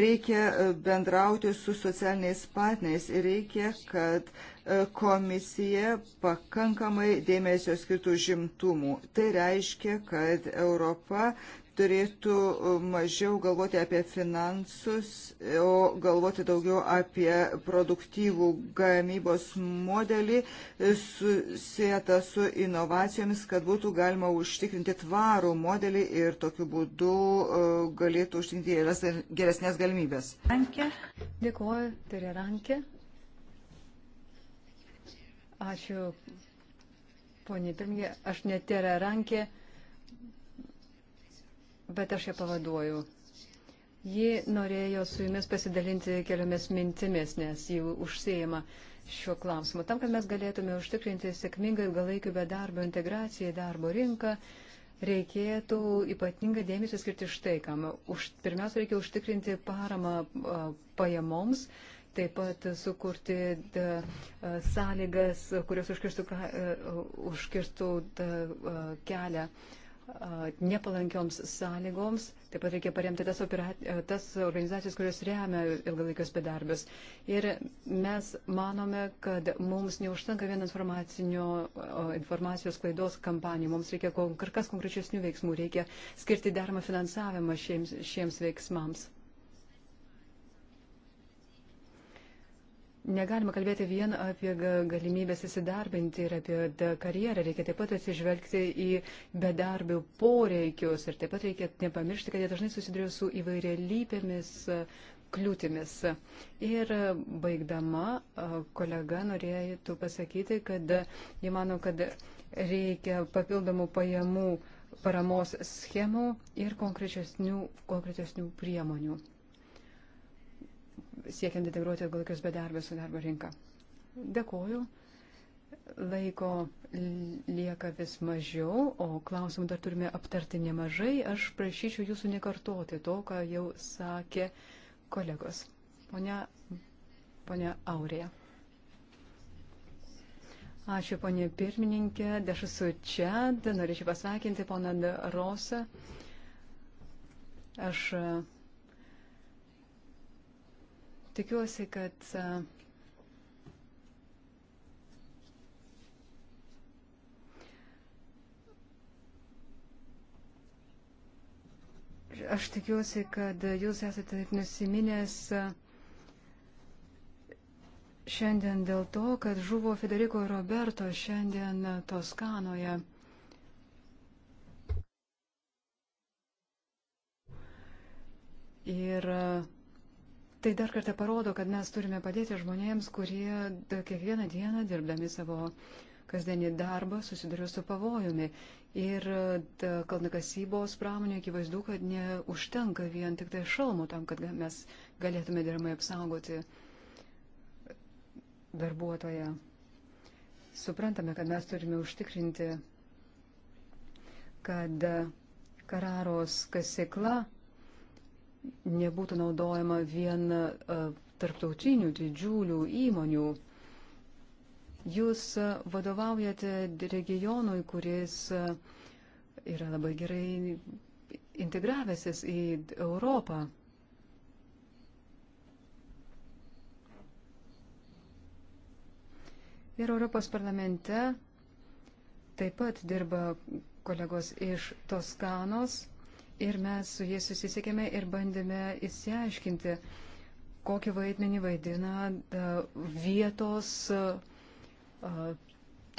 Reikia e, bendrauti su socialiniais partneriais ir reikia, kad e, komisija pakankamai dėmesio skirtų žimtumų. Tai reiškia, kad Europa turėtų e, mažiau galvoti apie finansus, o galvoti daugiau apie produktyvų gamybos modelį e, susijęta su inovacijomis, kad būtų galima užtikrinti tvarų modelį ir tokiu būdu e, galėtų užtikrinti geresnės galimybės. Rankė. Dėkuoju, Terė Rankė. Ačiū, ponė Pirmė. Aš net Terė Rankė bet aš ją pavaduoju. Ji norėjo su jumis pasidalinti keliomis mintimis, nes ji užsieima šiuo klausimu. Tam, kad mes galėtume užtikrinti sėkmingą ilgalaikių bedarbo integraciją į darbo rinką, reikėtų ypatingą dėmesį skirti štai kam. Už, pirmiausia, reikia užtikrinti paramą a, pajamoms, taip pat sukurti da, a, sąlygas, kurios užkirstų, a, užkirstų da, a, kelią. A, nepalankioms sąlygoms. Taip pat reikia paremti tas, operat, tas organizacijas, kurios remia ilgalaikius bedarbius. Ir mes manome, kad mums neužtenka vien informacijos klaidos kampanijų. Mums reikia kur kas konkrečesnių veiksmų. Reikia skirti deramą finansavimą šiems, šiems veiksmams. Negalima kalbėti vien apie galimybės įsidarbinti ir apie karjerą, reikia taip pat atsižvelgti į bedarbių poreikius ir taip pat reikia nepamiršti, kad jie dažnai susiduria su įvairialypėmis kliūtimis. Ir baigdama, kolega norėtų pasakyti, kad jie mano, kad reikia papildomų pajamų paramos schemų ir konkrečesnių, konkrečesnių priemonių siekiant integruoti ilgalaikius bedarbius į darbo rinką. Dėkoju. Laiko lieka vis mažiau, o klausimų dar turime aptarti nemažai. Aš prašyčiau jūsų nekartoti to, ką jau sakė kolegos. Pone, pone Aurėja. Ačiū, ponė pirmininkė. Aš esu čia. Norėčiau pasakinti poną Rosą. Aš Tikiuosi, kad e, Aš tikiuosi, kad jūs esate taip nusiminęs e, šiandien dėl to, kad žuvo Federico Roberto šiandien Toskanoje. Ir uh, Tai dar kartą parodo, kad mes turime padėti žmonėms, kurie kiekvieną dieną dirbdami savo kasdienį darbą susiduria su pavojumi. Ir kalnakasybos pramonė akivaizdu, kad neužtenka vien tik tai šalmų tam, kad mes galėtume deramai apsaugoti darbuotoją. Suprantame, kad mes turime užtikrinti, kad Kararos kasikla nebūtų naudojama vien e, tarptautinių didžiulių įmonių. Jūs e, vadovaujate regionui, kuris e, yra labai gerai integravęsis į Europą. Ir Europos parlamente taip pat dirba kolegos iš Toskanos Ir mes su jais susisiekėme ir bandėme įsiaiškinti, kokį vaidmenį vaidina e, vietos e, e,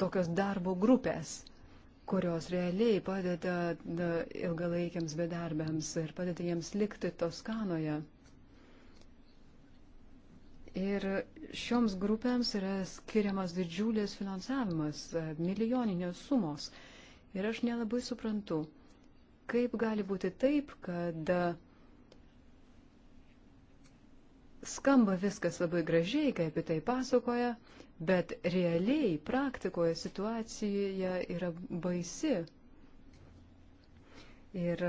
tokios darbo grupės, kurios realiai padeda ilgalaikiams bedarbiams ir padeda jiems likti Toskanoje. Ir šioms grupėms yra skiriamas didžiulis finansavimas, milijoninės sumos. Ir aš nelabai suprantu, Kaip gali būti taip, kad skamba viskas labai gražiai, kaip apie tai pasakoja, bet realiai praktikoje situacija yra baisi. Ir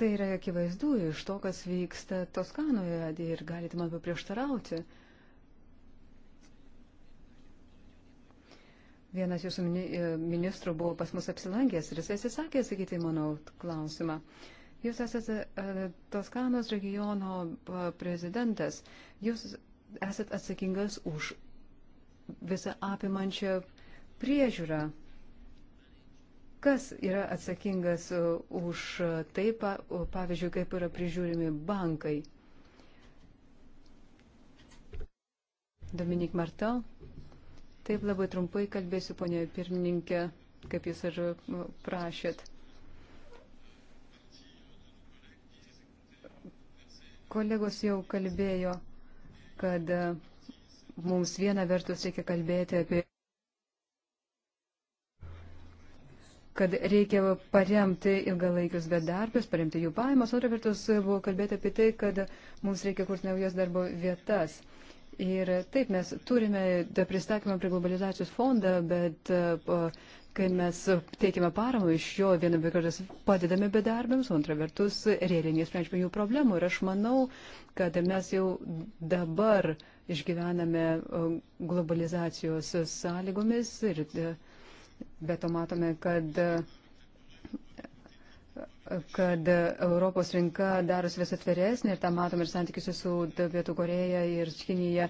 tai yra akivaizdu iš to, kas vyksta Toskanoje ir galite man paprieštarauti. prieštarauti. Vienas jūsų e, ministrų buvo pas mus apsilankęs ir jis atsisakė atsakyti mano klausimą. Jūs esate e, Toskanos regiono e, prezidentas. Jūs esate atsakingas už visą apimančią priežiūrą kas yra atsakingas už tai, pavyzdžiui, kaip yra prižiūrimi bankai. Dominik Martel. Taip labai trumpai kalbėsiu, ponė pirmininkė, kaip jūs ir prašėt. Kolegos jau kalbėjo, kad e, mums viena vertus reikia kalbėti apie kad reikia paremti ilgalaikius bedarbius, paremti jų pajamas, antra vertus buvo kalbėti apie tai, kad mums reikia kurti naujas darbo vietas. Ir taip, mes turime pristatymą prie globalizacijos fondą, bet e, kai mes teikiame paramą iš jo, viena vertus padedame bedarbiams, antra vertus realiai nesprendžiame jų problemų. Ir aš manau, kad mes jau dabar išgyvename globalizacijos sąlygomis ir e, be to matome, kad e, kad Europos rinka darosi vis atviresnė ir tą matom ir santykiuose su Pietų Koreja ir Kinija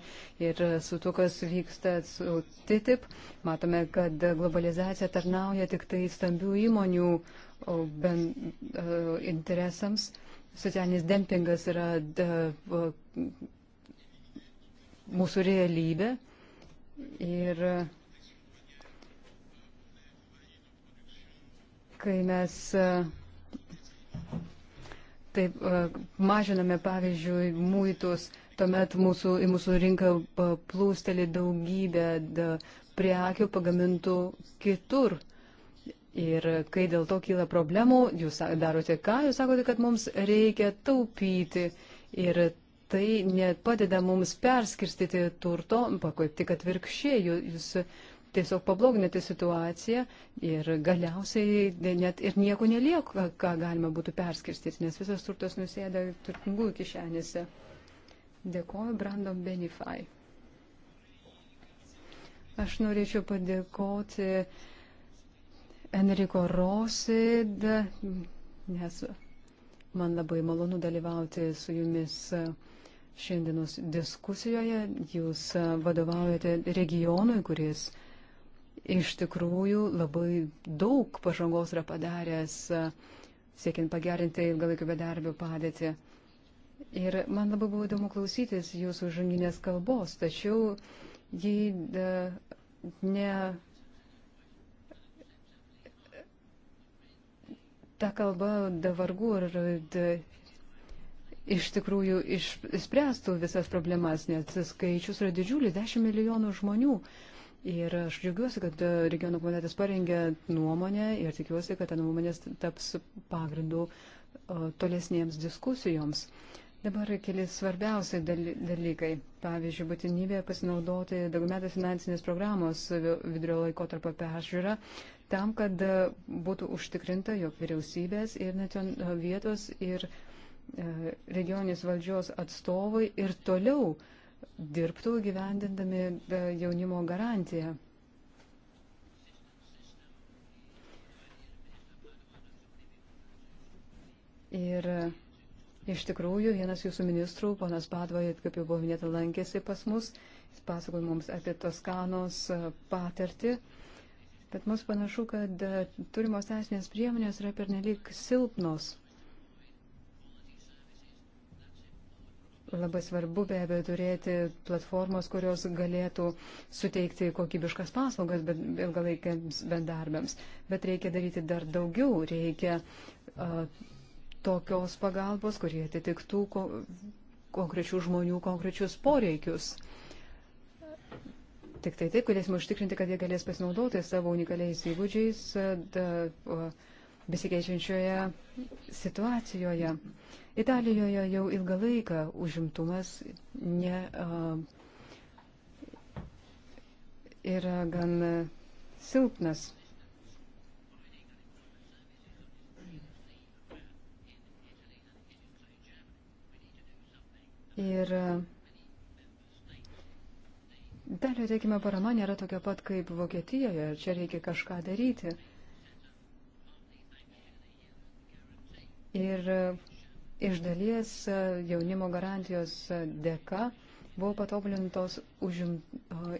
ir su to, kas vyksta su TTIP. Matome, kad globalizacija tarnauja tik tai stambių įmonių ben, interesams. Socialinis dempingas yra da, mūsų realybė. Ir kai mes uh, Taip, e, mažiname, pavyzdžiui, muitus, tuomet mūsų, į mūsų rinką plūsteli daugybė prekių pagamintų kitur. Ir kai dėl to kyla problemų, jūs darote ką? Jūs sakote, kad mums reikia taupyti. Ir tai nepadeda mums perskirstyti turto, kaip tik atvirkščiai. Jūs tiesiog pabloginate situaciją ir galiausiai net ir nieko nelieka, ką galima būtų perskirstyti, nes visas turtas nusėda turtingųjų kišenėse. Dėkoju Brandon Benify. Aš norėčiau padėkoti Enrico Rosi, nes man labai malonu dalyvauti su jumis šiandienos diskusijoje. Jūs vadovaujate regionui, kuris Iš tikrųjų, labai daug pažangos yra padaręs, siekiant pagerinti ilgalaikio bedarbių padėtį. Ir man labai buvo įdomu klausytis jūsų žanginės kalbos, tačiau jį da, e, ne. Ta kalba davargu ir da, e, iš tikrųjų išspręstų visas problemas, nes skaičius yra didžiulis - 10 milijonų žmonių. Uh, Ir aš džiaugiuosi, kad e, regionų komitetas parengė nuomonę ir tikiuosi, kad ta nuomonė taps pagrindu e, tolesniems diskusijoms. Dabar keli svarbiausi dalykai. Pavyzdžiui, būtinybė pasinaudoti daugiametės finansinės programos vidurio laiko tarp peržiūrą tam, kad e, būtų užtikrinta, jog vyriausybės ir vietos ir regioninės valdžios atstovai ir toliau uh, dirbtų gyvendindami e, jaunimo garantiją. Ir e, iš tikrųjų vienas jūsų ministrų, ponas Padvajat, kaip jau buvo minėta, lankėsi pas mus, jis pasakojo mums apie Toskanos e, patirtį. Bet mums panašu, kad turimos teisinės priemonės yra pernelyg silpnos. Labai svarbu be abejo turėti platformas, kurios galėtų suteikti kokybiškas paslaugas ilgalaikiams bendarbėms. Bet reikia daryti dar daugiau. Reikia a, tokios pagalbos, kurie atitiktų ko, konkrečių žmonių konkrečius poreikius. Tik tai taip galėsime užtikrinti, kad jie galės pasinaudoti savo unikaliais įgūdžiais besikeičiančioje situacijoje. Italijoje jau ilgą laiką užimtumas ne, a, yra gan silpnas. Ir Italija, teikime, parama nėra tokia pat kaip Vokietijoje, čia reikia kažką daryti. Ir Iš dalies e, jaunimo garantijos e, dėka buvo patobulintos užim, e,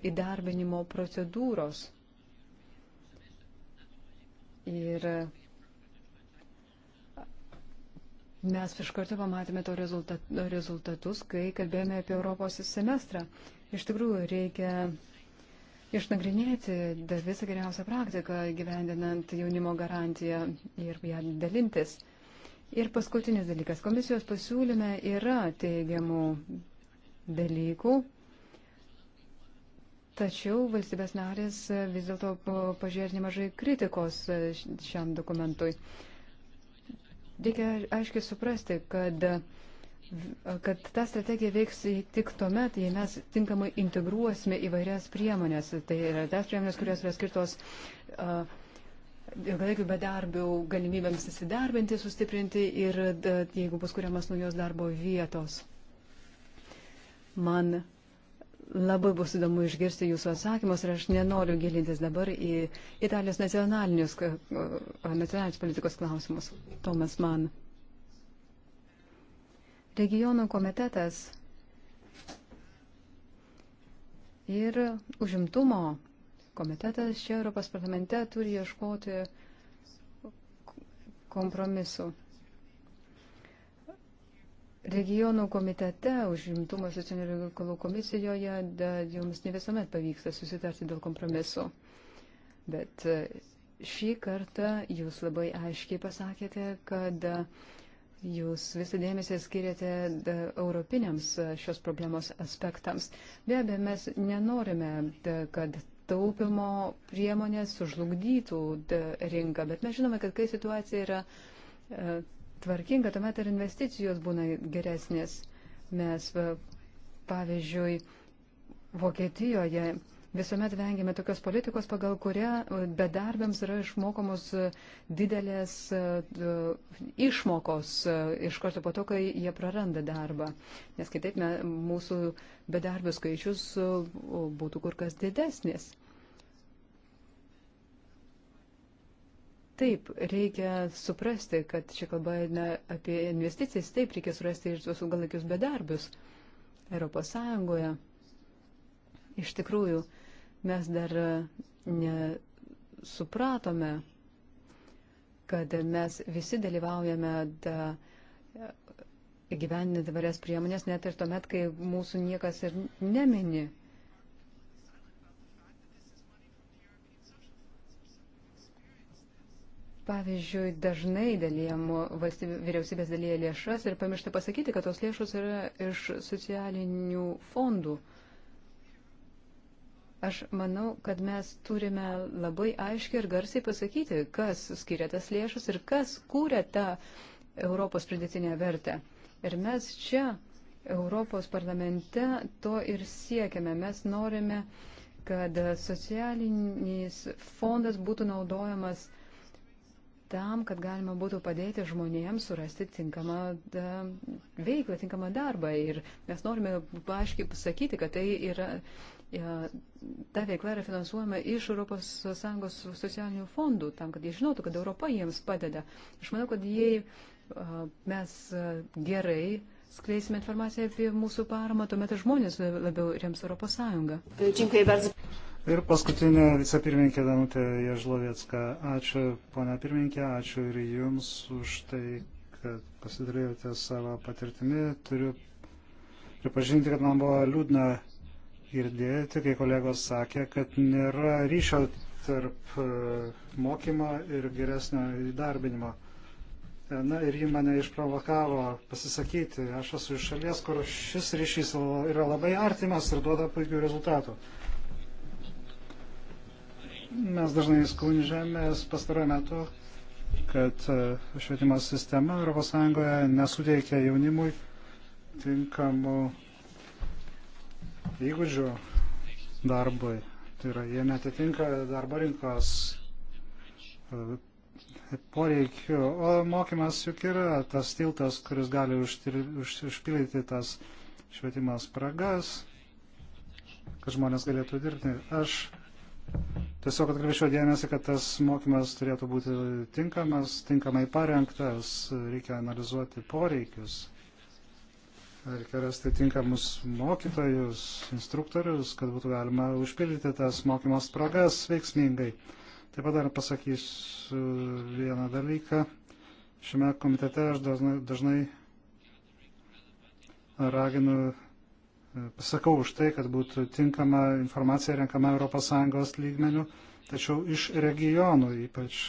įdarbinimo procedūros. Ir mes iš karto pamatėme to rezultat, rezultatus, kai kalbėjome apie Europos semestrą. Iš tikrųjų, reikia išnagrinėti visą geriausią praktiką gyvendinant jaunimo garantiją ir ją dalintis. Ir paskutinis dalykas. Komisijos pasiūlyme yra teigiamų dalykų, tačiau valstybės narės vis dėlto pažiūrė nemažai kritikos šiam dokumentui. Reikia aiškiai suprasti, kad kad ta strategija veiks tik tuo met, jei mes tinkamai integruosime įvairias priemonės. Tai yra tas priemonės, kurios yra skirtos uh, ilgalaikių bedarbių galimybėms įsidarbinti, sustiprinti ir e, jeigu bus kuriamas naujos darbo vietos. Man labai bus įdomu išgirsti jūsų atsakymus ir aš nenoriu gilintis dabar į Italijos nacionalinius, e, nacionalinius politikos klausimus. Tomas man. Regionų komitetas ir užimtumo komitetas čia Europos parlamente turi ieškoti kompromisų. Regionų komitete, užimtumo socialinių reikalų komisijoje da, jums ne visuomet pavyksta susitarti dėl kompromisu. Bet e, šį kartą jūs labai aiškiai pasakėte, kad e, Jūs visą dėmesį skiriate da, europiniams e, šios problemos aspektams. Be abejo, mes nenorime, da, kad taupimo priemonės sužlugdytų rinką. Bet mes žinome, kad kai situacija yra e, tvarkinga, tuomet ir investicijos būna geresnės. Mes, e, pavyzdžiui, Vokietijoje Visuomet vengiame tokios politikos, pagal kurią e, bedarbiams yra išmokomos e, didelės e, išmokos iš karto po to, kai jie praranda darbą. Nes kitaip mūsų bedarbių skaičius būtų kur kas didesnis. Taip, reikia suprasti, kad čia kalba eina apie investicijas, taip reikia surasti ir tuos ilgalaikius bedarbius Europos Sąjungoje. Iš tikrųjų, mes dar e, nesupratome, kad mes visi dalyvaujame e, įgyvendinti varias priemonės, net ir tuomet, kai mūsų niekas ir nemini. Pavyzdžiui, dažnai dalyjamo vyriausybės dalyja lėšas ir pamiršta pasakyti, kad tos lėšos yra iš socialinių fondų. Uh, Aš manau, kad mes turime labai aiškiai ir garsiai pasakyti, kas skiria tas lėšas ir kas kūrė tą Europos pridėtinę vertę. Ir mes čia, Europos parlamente, to ir siekiame. Mes norime, kad socialinis fondas būtų naudojamas tam, kad galima būtų padėti žmonėms surasti tinkamą da, veiklą, tinkamą darbą. Ir mes norime aiškiai pasakyti, kad tai yra ta veikla yra finansuojama iš ES socialinių fondų, tam, kad jie žinotų, kad Europa jiems padeda. Aš manau, kad jei mes gerai skleisime informaciją apie mūsų paramą, tuomet žmonės labiau rems Europos Sąjungą. Ir paskutinė vicepirmininkė Danutė Ježlovietska. Ačiū, ponia pirmininkė, ačiū ir jums už tai, kad pasidalėjote savo patirtimi. Turiu pripažinti, kad man buvo liūdna girdėti, kai kolegos sakė, kad nėra ryšio tarp e, mokymo ir geresnio įdarbinimo. E, na ir ji mane išprovokavo pasisakyti. Aš esu iš šalies, kur šis ryšys yra labai artimas ir duoda puikių rezultatų. Mes dažnai skundžiamės pastaruoju metu, kad e, švietimo sistema ES nesuteikia jaunimui tinkamų įgūdžių darbui. Tai yra, jie netitinka darbo rinkos e, poreikių, o mokymas juk yra tas tiltas, kuris gali užpildyti tas švietimas spragas, kad žmonės galėtų dirbti. Aš tiesiog atkreipiau dėmesį, kad tas mokymas turėtų būti tinkamas, tinkamai parengtas, reikia analizuoti poreikius. Reikia rasti tinkamus mokytojus, instruktorius, kad būtų galima užpildyti tas mokymos spragas veiksmingai. Taip pat dar pasakysiu vieną dalyką. Šiame komitete aš dažnai, dažnai raginu, pasakau už tai, kad būtų tinkama informacija renkama ES lygmenių, tačiau iš regionų ypač,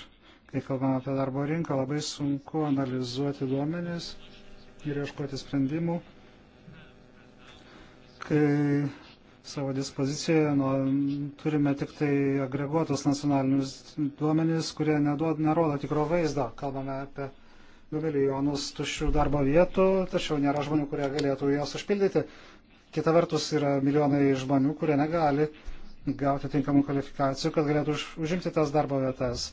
kai kalbam apie darbo rinką, labai sunku analizuoti duomenis ir ieškoti sprendimų, kai savo dispozicijoje nu, turime tik tai agreguotus nacionalinius duomenys, kurie neduod, nerodo tikro vaizdo. Kalbame apie 2 milijonus tuščių darbo vietų, tačiau nėra žmonių, kurie galėtų jas užpildyti. Kita vertus yra milijonai žmonių, kurie negali gauti tinkamų kvalifikacijų, kad galėtų už, užimti tas darbo vietas.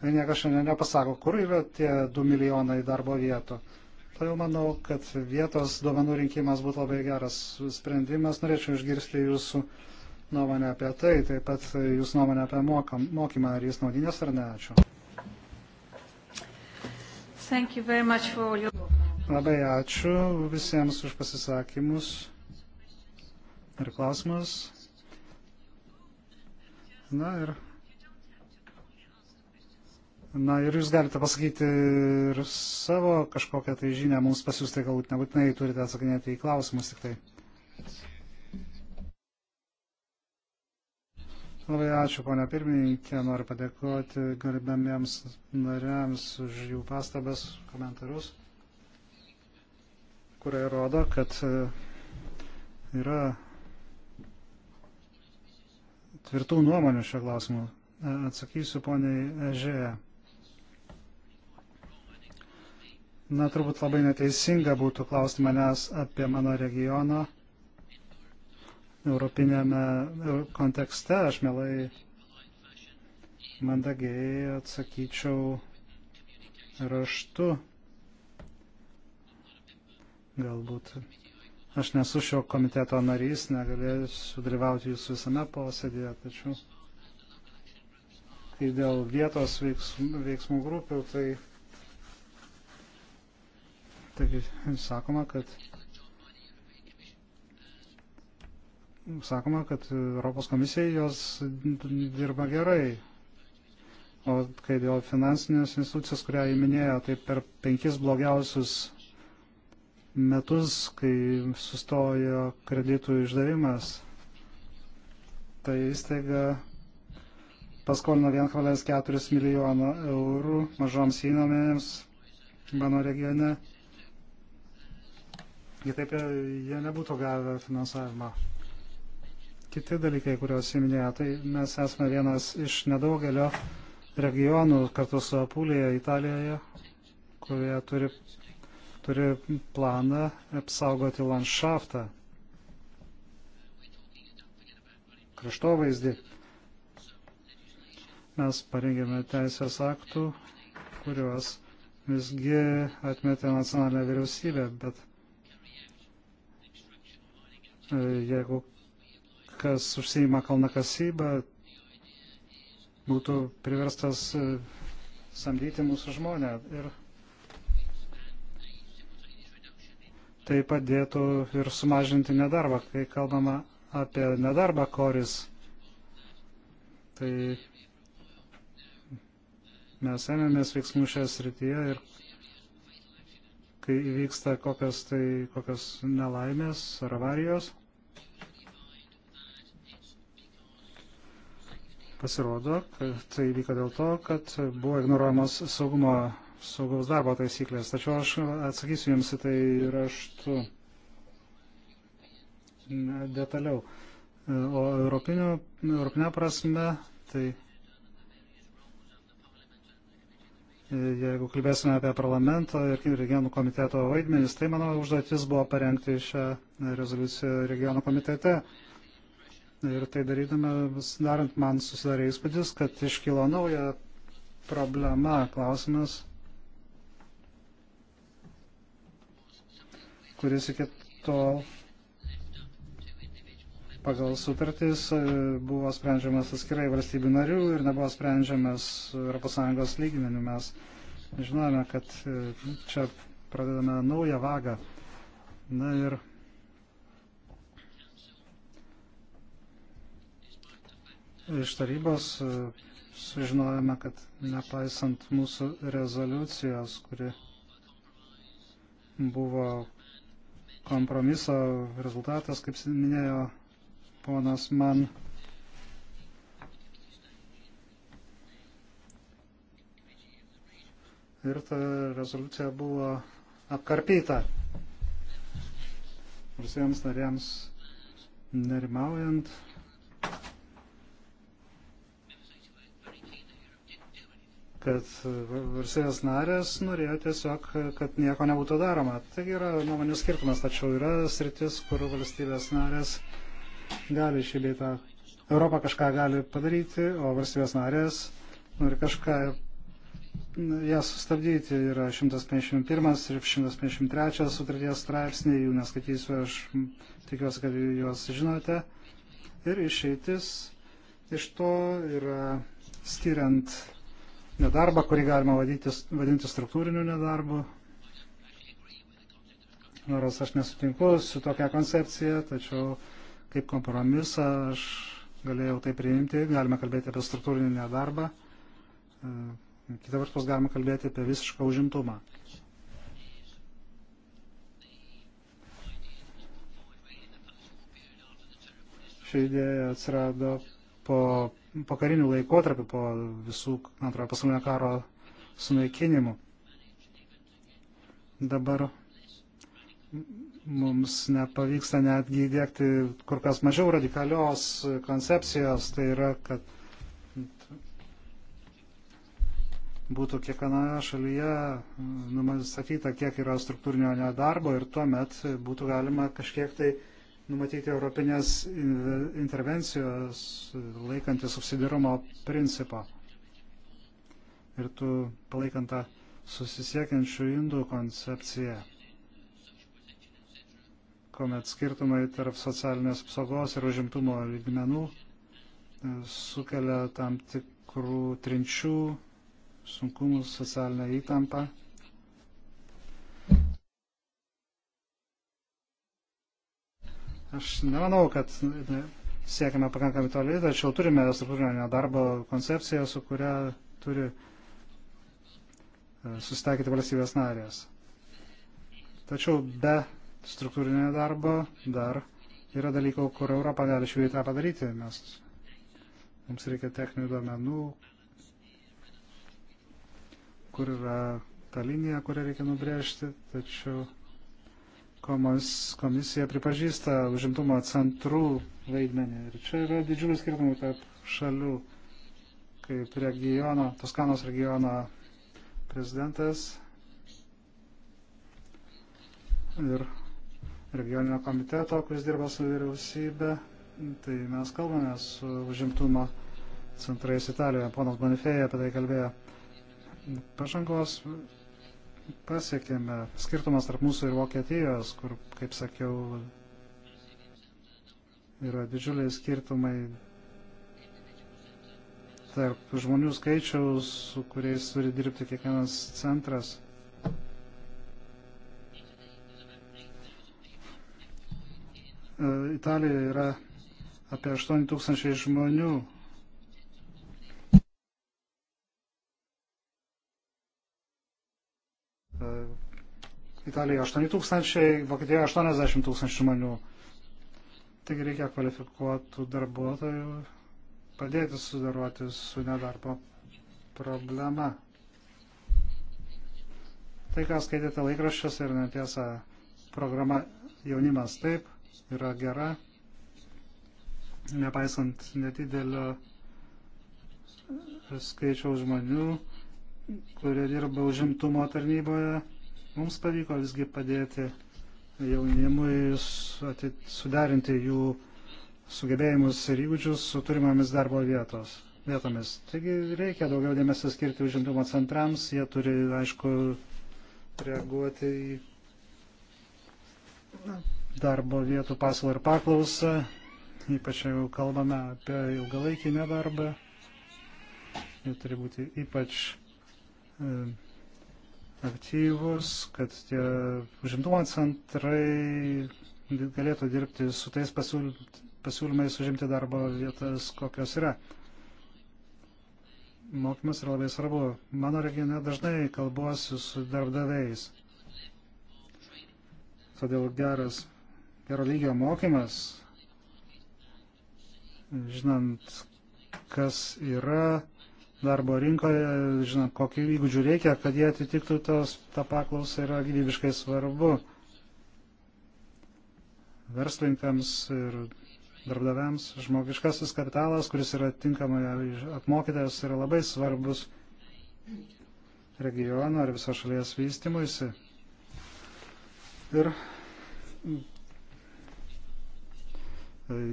Ir niekas šiandien nepasako, kur yra tie 2 milijonai darbo vietų. Todėl tai manau, kad vietos duomenų rinkimas būtų labai geras sprendimas. Norėčiau išgirsti jūsų nuomonę apie tai, taip pat jūsų nuomonę apie mokam, mokymą, ar jis naudinės ar ne. Ačiū. Your... Labai ačiū visiems už pasisakymus ir klausimus. Na ir Na ir jūs galite pasakyti ir savo kažkokią tai žinią mums pasiūsti, galbūt nebūtinai turite atsakinėti į klausimus tik tai. Labai ačiū, ponia pirmininkė, noriu padėkoti garbėmiems nariams už jų pastabas, komentarus, kurie rodo, kad e, yra tvirtų nuomonių šio klausimu. E, atsakysiu poniai Ežėje. Na, turbūt labai neteisinga būtų klausti manęs apie mano regioną europinėme e, kontekste. Aš mielai mandagiai atsakyčiau raštu. Galbūt aš nesu šio komiteto narys, negalėsiu dalyvauti jūsų visame posėdėje, tačiau kai dėl vietos veiksmų, veiksmų grupių, tai Taigi sakoma, kad sakoma, kad Europos komisija jos dirba gerai. O kai dėl finansinės institucijos, kurią įminėjo, tai per penkis blogiausius metus, kai sustojo kreditų išdavimas, tai įstaiga paskolino 1,4 milijono eurų mažoms įmonėms mano regione Kitaip e, jie nebūtų gavę finansavimą. Kiti dalykai, kuriuos įminėjo, tai mes esame vienas iš nedaugelio regionų kartu su Apulėje, Italijoje, kurie turi, turi planą apsaugoti landšaftą, kraštovaizdį. Mes parengėme teisės aktų, kuriuos visgi atmetė nacionalinė vyriausybė, bet jeigu kas užsijima kalnakasybą, būtų priverstas e, samdyti mūsų žmonę. Ir tai padėtų ir sumažinti nedarbą. Kai kalbama apie nedarbą koris, tai mes ėmėmės veiksmų šioje srityje ir kai įvyksta kokios, tai, kokios nelaimės ar avarijos, Pasirodo, kad tai vyko dėl to, kad buvo ignoruojamos saugumo, saugaus darbo taisyklės. Tačiau aš atsakysiu Jums į tai raštu detaliau. O europinio, europinė prasme, tai jeigu kalbėsime apie parlamento ir regionų komiteto vaidmenis, tai mano užduotis buvo parengti šią rezoliuciją regionų komitete. Ir tai darydame, darant man susidarė įspūdis, kad iškilo nauja problema, klausimas, kuris iki tol pagal sutartys e, buvo sprendžiamas atskirai valstybių narių ir nebuvo sprendžiamas ES lygmenių. Mes žinome, kad e, čia pradedame naują vagą. Na ir iš tarybos sužinojame, kad nepaisant mūsų rezoliucijos, kuri buvo kompromiso rezultatas, kaip minėjo ponas man. Ir ta rezoliucija buvo apkarpyta. Visiems nariams nerimaujant kad valstybės narės norėjo tiesiog, kad nieko nebūtų daroma. Taigi yra nuomonių skirtumas, tačiau yra sritis, kur valstybės narės gali šį beitą. Europa kažką gali padaryti, o valstybės narės nori kažką ją sustabdyti. Yra 151 ir 153 sutarties straipsniai, jų neskaitysiu, aš tikiuosi, kad juos žinote. Ir išeitis iš to yra skiriant nedarbą, kurį galima vadinti, vadinti struktūriniu nedarbu. Nors aš nesutinku su tokia koncepcija, tačiau kaip kompromisą aš galėjau tai priimti. Galime kalbėti apie struktūrinį nedarbą. E, kita vertus galima kalbėti apie visišką užimtumą. Ši idėja atsirado po po karinių laikotarpių, po visų antrojo pasaulinio karo sunaikinimų. Dabar mums nepavyksta netgi įdėkti kur kas mažiau radikalios koncepcijos, tai yra, kad būtų kiekvienoje šalyje numatyta, kiek yra struktūrinio nedarbo ir tuomet būtų galima kažkiek tai uh, numatyti europinės intervencijos laikantis subsidirumo principo. Ir tu palaikant tą susisiekiančių indų koncepciją, kuomet skirtumai tarp socialinės apsaugos ir užimtumo lygmenų e, sukelia tam tikrų trinčių, sunkumų, socialinę įtampą Aš nemanau, kad siekime pakankamai toli, tačiau turime struktūrinio darbo koncepciją, su kuria turi e, susitaikyti valstybės narės. Tačiau be struktūrinio darbo dar yra dalykų, kur Europa gali šviai tą padaryti, nes mums reikia techninių duomenų, kur yra ta linija, kurią reikia nubrėžti, tačiau komisija pripažįsta užimtumo centrų vaidmenį. Ir čia yra didžiulis skirtumai tarp šalių, kaip regiono, Toskanos regiono prezidentas ir regioninio komiteto, kuris dirba su vyriausybė. Tai mes kalbame su užimtumo centrais Italijoje. Ponas Bonifėja apie tai kalbėjo. Pažangos pasiekėme. Skirtumas tarp mūsų ir Vokietijos, kur, kaip sakiau, yra didžiuliai skirtumai tarp žmonių skaičiaus, su kuriais turi dirbti kiekvienas centras. E, Italijoje yra apie 8 tūkstančiai žmonių Italijoje 8 tūkstančiai, Vokietijoje 80 tūkstančių žmonių. Taigi reikia kvalifikuotų darbuotojų padėti sudaroti su nedarbo problema. Tai, ką skaitėte laikraščiuose ir netiesa, programa jaunimas taip yra gera, nepaisant nedidelio skaičiaus žmonių, kurie dirba užimtumo tarnyboje Mums pavyko visgi padėti jaunimui suderinti jų sugebėjimus ir įgūdžius su turimomis darbo vietos, vietomis. Taigi reikia daugiau dėmesio skirti užimtumo centrams, jie turi, aišku, reaguoti į darbo vietų pasiūlą ir paklausą, ypač jeigu kalbame apie ilgalaikį nedarbą, jie turi būti ypač e, aktyvus, kad tie užimtumo centrai galėtų dirbti su tais pasiūlymais užimti darbo vietas, kokios yra. Mokymas yra labai svarbu. Mano regione dažnai kalbuosiu su darbdaviais. Todėl geras, gero lygio mokymas, žinant, kas yra darbo rinkoje, žinant, kokių įgūdžių reikia, kad jie atitiktų tos, tą paklausą, yra gyvybiškai svarbu verslininkams ir darbdaviams. Žmogiškasis kapitalas, kuris yra tinkamai apmokytas, yra labai svarbus regiono ar viso šalies vystimuisi. Ir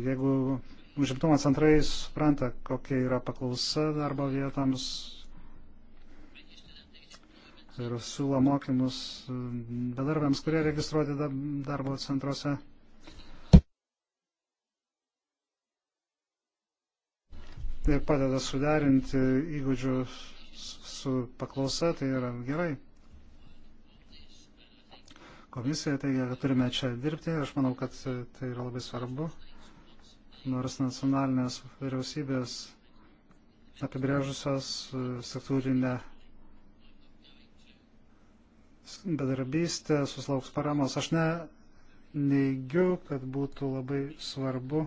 jeigu užimtumo centrai supranta, kokia yra paklausa darbo vietams ir siūlo mokymus bedarbiams, kurie registruoti darbo centruose. Ir padeda suderinti įgūdžių su paklausa, tai yra gerai. Komisija teigia, kad turime čia dirbti, aš manau, kad tai yra labai svarbu nors nacionalinės vyriausybės apibrėžusios e, struktūrinę bedarbystė susilauks paramos. Aš ne, neigiu, kad būtų labai svarbu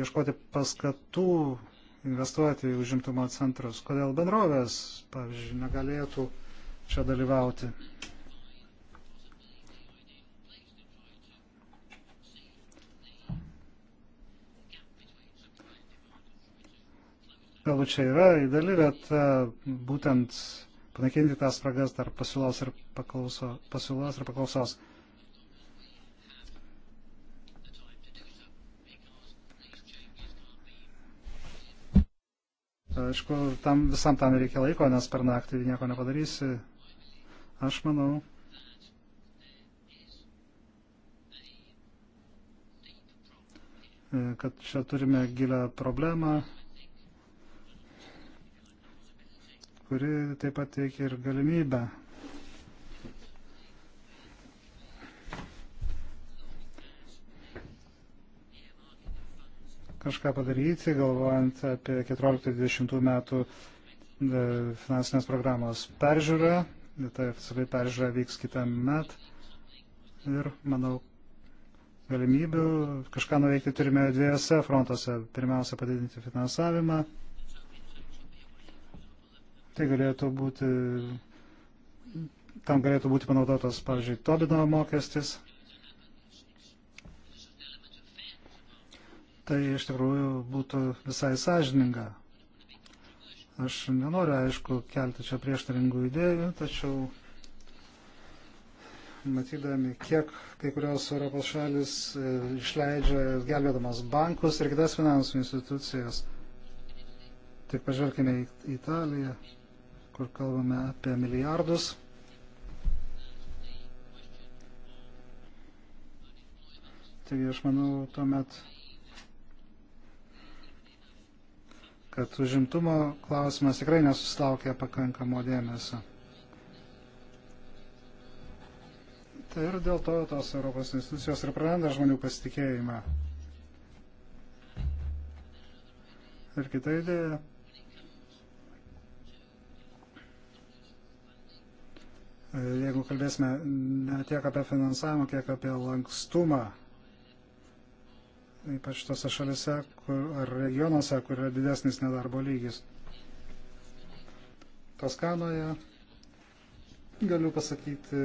ieškoti paskatų investuoti į užimtumo centrus. Kodėl bendrovės, pavyzdžiui, negalėtų čia dalyvauti? Pelučia yra įdali vieta būtent panaikinti tas spragas tarp pasiūlos ir, paklauso, pasiūlos ir paklausos. Aišku, tam, visam tam reikia laiko, nes per naktį nieko nepadarysi. Aš manau. kad čia turime gilę problemą kuri taip pat teikia ir galimybę. kažką padaryti, galvojant apie 14-20 metų e, finansinės programos peržiūrą. Ta oficialiai peržiūra vyks kitą metą. Ir manau, galimybių kažką nuveikti turime dviejose frontuose. Pirmiausia, padidinti finansavimą Tai galėtų būti, tam galėtų būti panaudotas, pavyzdžiui, Tobino mokestis. Tai iš tikrųjų būtų visai sąžininga. Aš nenoriu, aišku, kelti čia prieštaringų idėjų, tačiau matydami, kiek kai kurios Europos šalis e, išleidžia gelbėdamas bankus ir kitas finansų institucijas. Tik pažvelkime į Italiją kur kalbame apie milijardus. Taigi aš manau tuomet, kad užimtumo klausimas tikrai nesustaukė pakankamo dėmesio. Tai ir dėl to tos Europos institucijos ir praranda žmonių pasitikėjimą. Ir kita idėja E, jeigu kalbėsime ne tiek apie finansavimą, kiek apie lankstumą, ypač tose šalise kur, ar regionuose, kur yra didesnis nedarbo lygis. Toskanoje galiu pasakyti,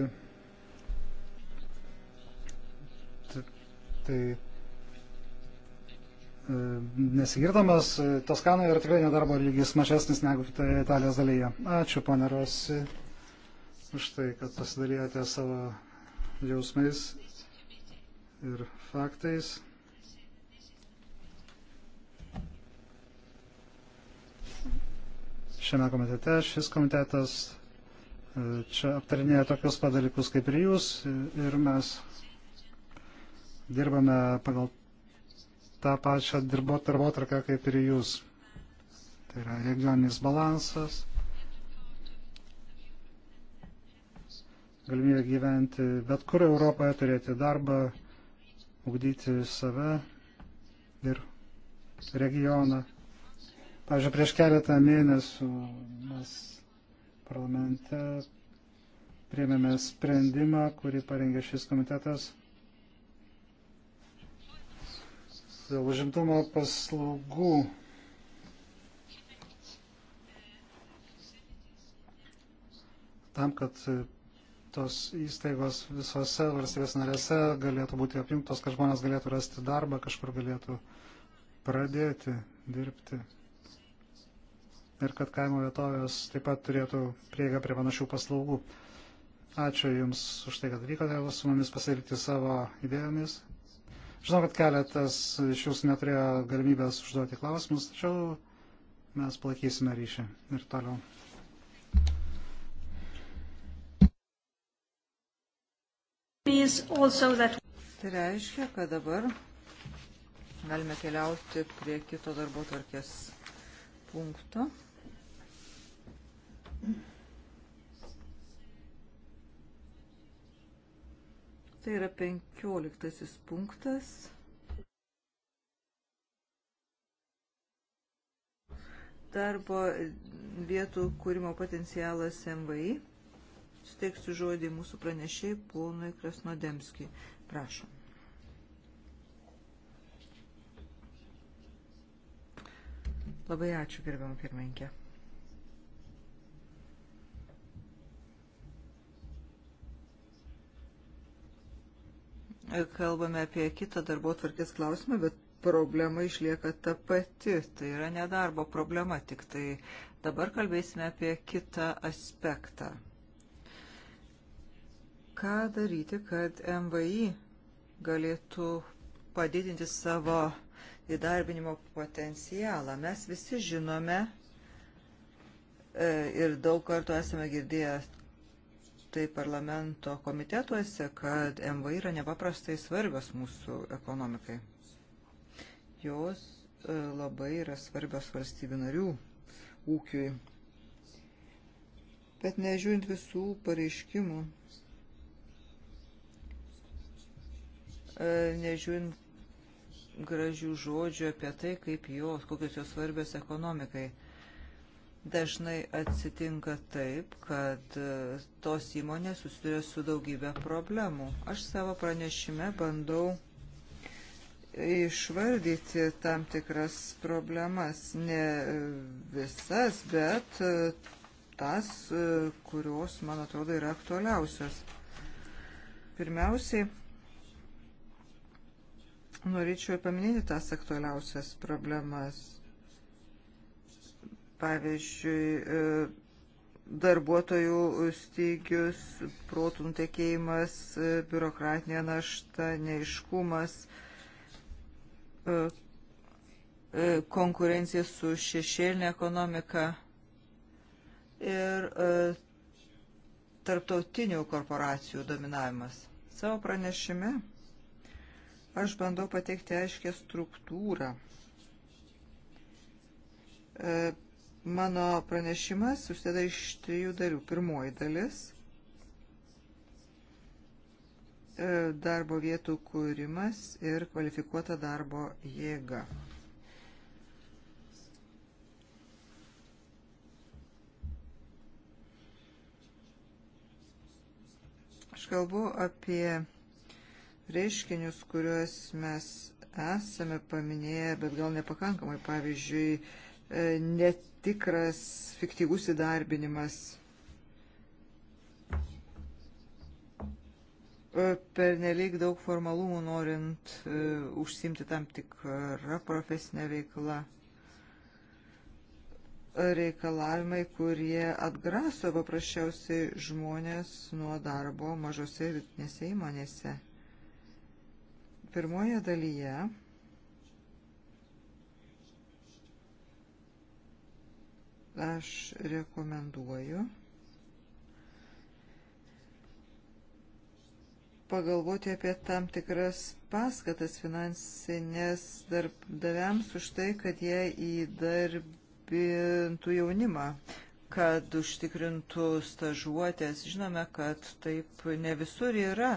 tai e, nesigirdamas, Toskanoje yra tikrai nedarbo lygis mažesnis negu kitoje Italijos dalyje. Ačiū, ponerosi už tai, kad pasidalėjote savo jausmais ir faktais. Šiame komitete šis komitetas e, čia aptarinėja tokius padalykus kaip ir jūs ir mes dirbame pagal tą pačią darbo tarvotarką kaip ir jūs. Tai yra regioninis balansas galimybę gyventi bet kur Europoje, turėti darbą, ugdyti save ir regioną. Pavyzdžiui, prieš keletą mėnesių mes parlamente priėmėme sprendimą, kurį parengė šis komitetas dėl užimtumo paslaugų. Tam, kad tos įstaigos visose valstybės narėse galėtų būti apjungtos, kad žmonės galėtų rasti darbą, kažkur galėtų pradėti dirbti. Ir kad kaimo vietovės taip pat turėtų prieigą prie panašių paslaugų. Ačiū Jums už tai, kad atvykote su mumis pasilikti savo idėjomis. Žinau, kad keletas iš Jūsų neturėjo galimybės užduoti klausimus, tačiau mes plakysime ryšį ir toliau. that... Tai reiškia, kad dabar galime keliauti prie kito darbo tvarkės punkto. Tai yra penkioliktasis punktas. Darbo vietų kūrimo potencialas MVI suteiksiu žodį mūsų pranešiai ponui Krasnodemskijai. Prašom. Labai ačiū, gerbiamą pirmininkę. Kalbame apie kitą darbo tvarkės klausimą, bet problema išlieka ta pati. Tai yra nedarbo problema, tik tai dabar kalbėsime apie kitą aspektą. Ką daryti, kad MVI galėtų padidinti savo įdarbinimo potencialą? Mes visi žinome e, ir daug kartų esame girdėję tai parlamento komitetuose, kad MVI yra nepaprastai svarbios mūsų ekonomikai. Jos e, labai yra svarbios valstybių narių ūkiui. Bet nežiūrint visų pareiškimų, E, nežiūrint gražių žodžių apie tai, kaip jos, kokios jos svarbios ekonomikai. Dažnai atsitinka taip, kad e, tos įmonės susiduria su daugybė problemų. Aš savo pranešime bandau išvardyti tam tikras problemas, ne e, visas, bet tas, kurios, man atrodo, yra aktualiausios. Pirmiausiai, Norėčiau paminėti tas aktualiausias problemas. Pavyzdžiui, e, darbuotojų stygius, protų nutekėjimas, e, biurokratinė našta, neiškumas, e, konkurencija su šešėlinė ekonomika ir tarptautinių korporacijų dominavimas. Savo pranešime Aš bandau pateikti aiškę struktūrą. E, mano pranešimas susideda iš trijų dalių. Pirmoji dalis e, – darbo vietų kūrimas ir kvalifikuota darbo jėga. Aš kalbu apie reiškinius, kuriuos mes esame paminėję, bet gal nepakankamai. Pavyzdžiui, e, netikras fiktyvus įdarbinimas. E, per nelik daug formalumų norint e, užsimti tam tikrą profesinę veiklą reikalavimai, kurie atgraso paprasčiausiai žmonės nuo darbo mažose ir vidutinėse įmonėse. Pirmoje dalyje aš rekomenduoju pagalvoti apie tam tikras paskatas finansinės darbdaviams už tai, kad jie įdarbintų jaunimą, kad užtikrintų stažuotės. Žinome, kad taip ne visur yra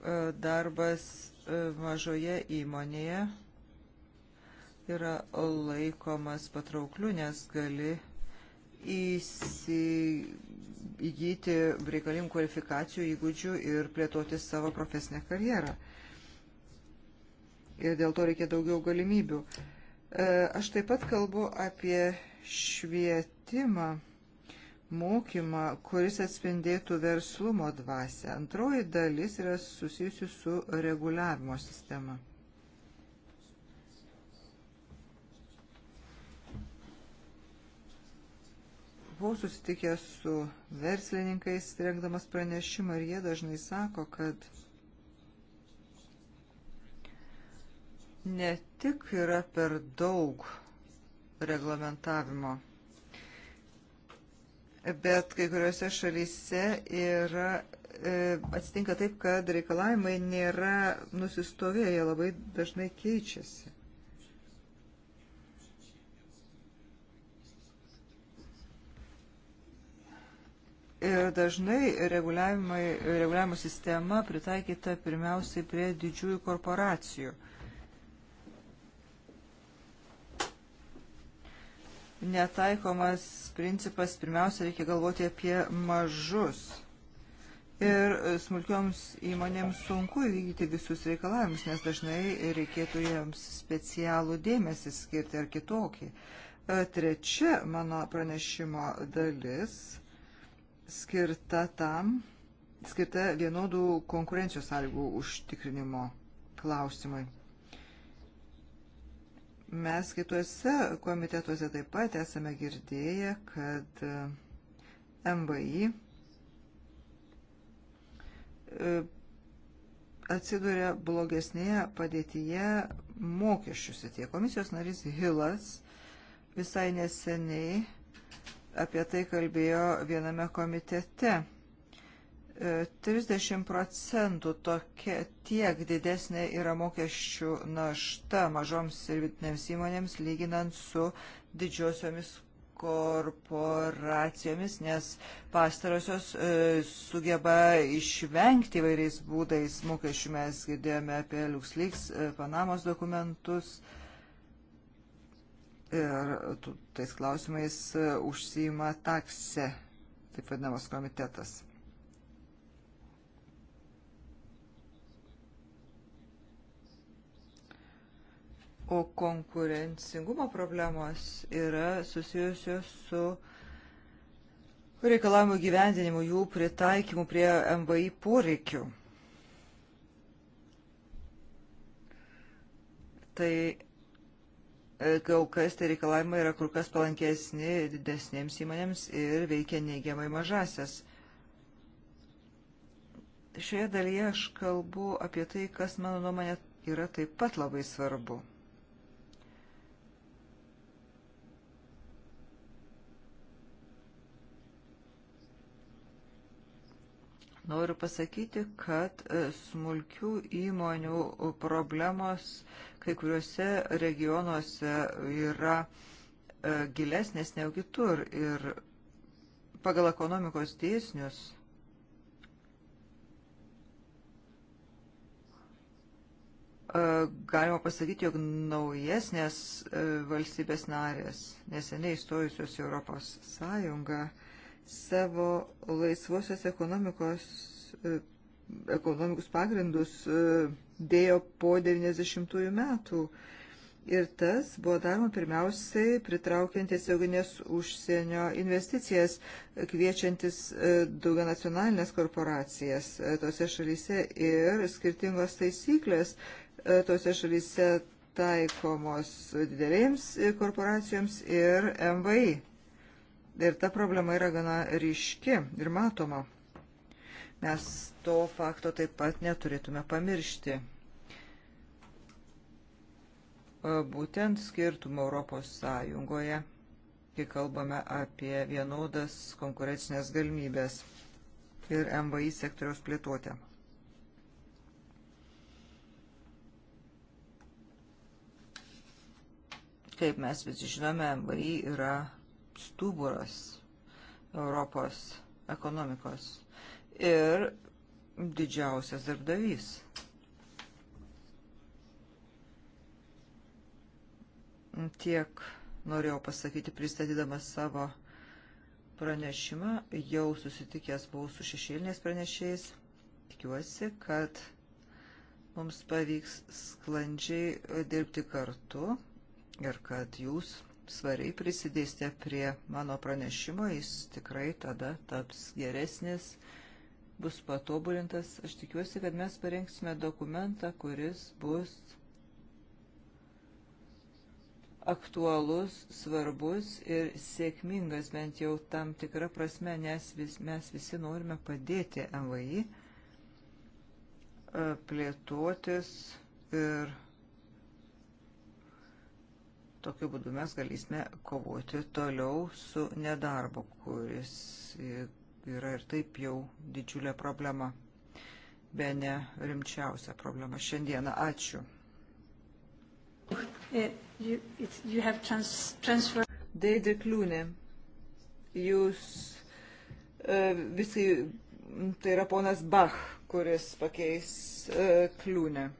E, darbas e, mažoje įmonėje yra laikomas patraukliu, nes gali įsigyti reikalingų kvalifikacijų įgūdžių ir plėtoti savo profesinę karjerą. Ir dėl to reikia daugiau galimybių. E, aš taip pat kalbu apie švietimą mokymą, kuris atspindėtų verslumo dvasę. Antroji dalis yra susijusi su reguliavimo sistema. Buvau susitikęs su verslininkais, rengdamas pranešimą ir jie dažnai sako, kad ne tik yra per daug reglamentavimo bet kai kuriuose šalyse yra e, atsitinka taip, kad reikalavimai nėra nusistovėję, jie labai dažnai keičiasi. Ir dažnai reguliavimo sistema pritaikyta pirmiausiai prie didžiųjų korporacijų. Uh, netaikomas principas, pirmiausia, reikia galvoti apie mažus. Ir smulkioms įmonėms sunku įvykdyti visus reikalavimus, nes dažnai reikėtų jiems specialų dėmesį skirti ar kitokį. E, trečia mano pranešimo dalis skirta tam, skirta vienodų konkurencijos sąlygų užtikrinimo klausimui. Mes kituose komitetuose taip pat esame girdėję, kad e, MVI e, atsiduria blogesnėje padėtyje mokesčiuose. Tie komisijos narys Hilas visai neseniai apie tai kalbėjo viename komitete. 30 procentų tokia, tiek didesnė yra mokesčių našta mažoms ir vidutinėms įmonėms lyginant su didžiosiomis korporacijomis, nes pastarosios e, sugeba išvengti vairiais būdais mokesčių. Mes girdėjome apie LuxLeaks, e, Panamos dokumentus ir tais klausimais e, užsijima takse, taip vadinamas komitetas. O konkurencingumo problemos yra susijusios su reikalavimų gyvendinimu, jų pritaikymu prie MVI poreikių. Tai e, kol kas tai reikalavimai yra kur kas palankesni didesnėms įmonėms ir veikia neigiamai mažasias. Šioje dalyje aš kalbu apie tai, kas mano nuomonė yra taip pat labai svarbu. Noriu pasakyti, kad e, smulkių įmonių problemos kai kuriuose regionuose yra e, gilesnės negu kitur ir pagal ekonomikos dėsnius e, galima pasakyti, jog naujesnės valstybės narės, neseniai įstojusios Europos Sąjungą, savo laisvosios ekonomikos e, ekonomikus pagrindus e, dėjo po 90-ųjų metų. Ir tas buvo daroma pirmiausiai pritraukiant tiesioginės užsienio investicijas, kviečiantis e, daugia nacionalinės korporacijas tose šalyse ir skirtingos taisyklės tose šalyse taikomos didelėms korporacijoms ir MVI. Ir ta problema yra gana ryški ir matoma. Mes to fakto taip pat neturėtume pamiršti. Būtent skirtumą Europos Sąjungoje, kai kalbame apie vienodas konkurencinės galimybės ir MVI sektoriaus plėtuotę. Kaip mes visi žinome, MVI yra stuburas Europos ekonomikos ir didžiausias darbdavys. Tiek norėjau pasakyti, pristatydamas savo pranešimą, jau susitikęs buvau su šešėlinės pranešėjais. Tikiuosi, kad mums pavyks sklandžiai dirbti kartu ir kad jūs svariai prisidėsite prie mano pranešimo, jis tikrai tada taps geresnis, bus patobulintas. Aš tikiuosi, kad mes parengsime dokumentą, kuris bus aktualus, svarbus ir sėkmingas bent jau tam tikrą prasme, nes vis, mes visi norime padėti MVI e, plėtotis ir Tokiu būdu mes galėsime kovoti toliau su nedarbu, kuris yra ir taip jau didžiulė problema. Be ne rimčiausia problema šiandieną. Ačiū. Eh, Deidė Kliūnė, jūs eh, visi, tai yra ponas Bach, kuris pakeis eh, Kliūnę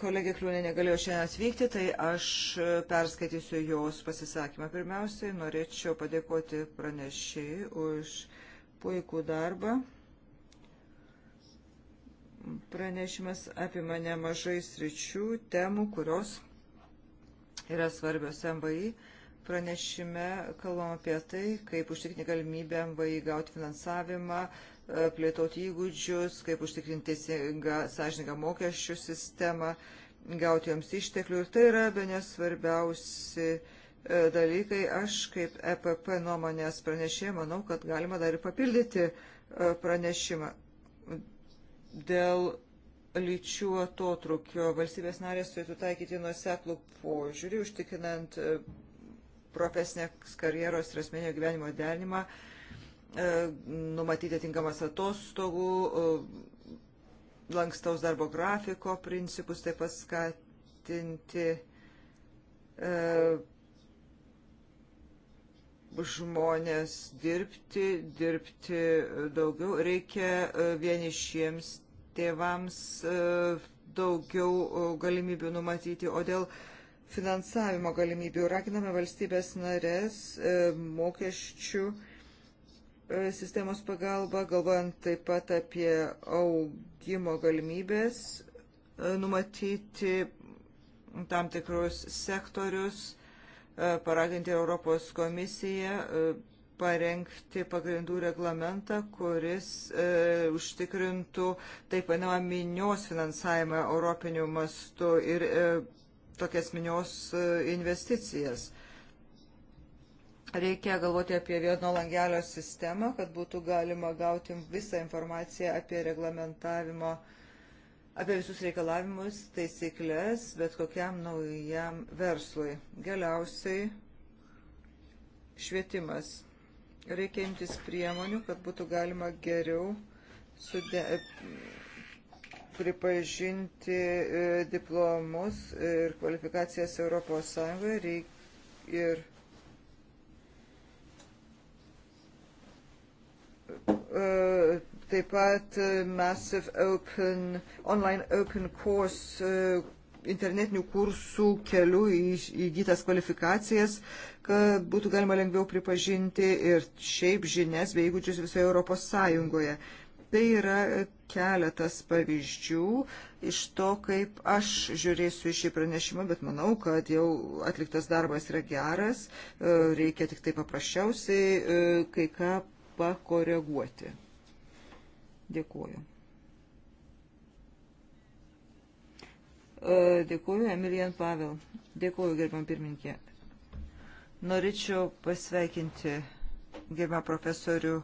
kolegė Kliūnė negalėjo šiandien atvykti, tai aš e, perskaitysiu jos pasisakymą. Pirmiausiai norėčiau padėkoti pranešėjai už puikų darbą. Pranešimas apima nemažai sričių, temų, kurios yra svarbios MVI. Pranešime kalbam apie tai, kaip užtikrinti galimybę MVI gauti finansavimą, uh, plėtoti įgūdžius, kaip užtikrinti sąžininką mokesčių sistemą, gauti joms išteklių. Ir tai yra be nesvarbiausi e, dalykai. Aš kaip EPP nuomonės pranešė, manau, kad galima dar ir papildyti e, pranešimą dėl lyčių atotrukio. Valstybės narės turėtų taikyti nuoseklų požiūrį, užtikrinant e, profesinės karjeros ir asmeninio gyvenimo derinimą E, numatyti tinkamas atostogų, e, lankstaus darbo grafiko principus, taip pat skatinti e, žmonės dirbti, dirbti daugiau. Reikia vienišiems tėvams daugiau galimybių numatyti, o dėl finansavimo galimybių raginame valstybės narės mokesčių E, sistemos pagalba, galvojant taip pat apie augimo galimybės, e, numatyti tam tikrus sektorius, e, paraginti Europos komisiją parengti pagrindų reglamentą, kuris e, užtikrintų taip vadinamą minios finansavimą europiniu mastu ir e, tokias minios e, investicijas. E, Reikia galvoti apie vieno langelio sistemą, kad būtų galima gauti visą informaciją apie reglamentavimo, apie visus reikalavimus, taisyklės, bet kokiam naujam verslui. Galiausiai švietimas. Reikia imtis priemonių, kad būtų galima geriau sude, pripažinti e, diplomus ir kvalifikacijas Europos Sąjungoje ir Uh, taip pat uh, Massive Open, Online Open Course uh, internetinių kursų kelių įgytas kvalifikacijas, kad būtų galima lengviau pripažinti ir šiaip žinias bei įgūdžius visoje Europos Sąjungoje. Tai yra keletas pavyzdžių iš to, kaip aš žiūrėsiu šį pranešimą, bet manau, kad jau atliktas darbas yra geras, e, reikia tik tai paprasčiausiai e, kai ką pakoreguoti. Dėkuoju. E, dėkuoju, Emilijan Pavel. Dėkuoju, gerbam pirminkė. Norėčiau pasveikinti gerbą profesorių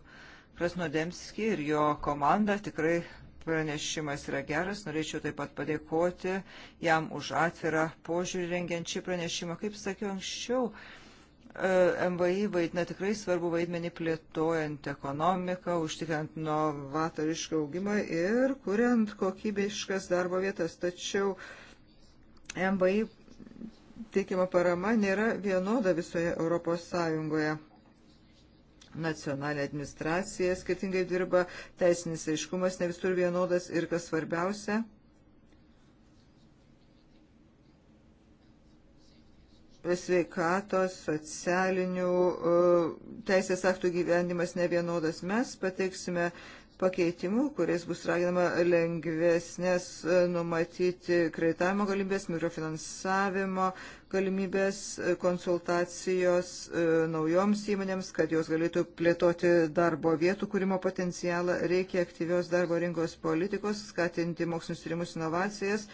Krasnodemskį ir jo komandą. Tikrai pranešimas yra geras. Norėčiau taip pat padėkoti jam už atvirą požiūrį rengiant šį pranešimą. Kaip sakiau anksčiau, uh, MVI vaidina tikrai svarbu vaidmenį plėtojant ekonomiką, užtikrint novatorišką augimą ir kuriant kokybiškas darbo vietas. Tačiau MVI teikiama parama nėra vienoda visoje Europos Sąjungoje. Nacionalinė administracija skirtingai dirba, teisinis aiškumas ne visur vienodas ir, kas svarbiausia, sveikatos, socialinių e, teisės aktų gyvendimas nevienodas. Mes pateiksime pakeitimų, kuriais bus raginama lengvesnės e, numatyti kreitavimo galimybės, mikrofinansavimo galimybės, e, konsultacijos naujoms įmonėms, kad jos galėtų plėtoti darbo vietų kūrimo potencialą, reikia aktyvios darbo rinkos politikos, skatinti mokslinius tyrimus inovacijas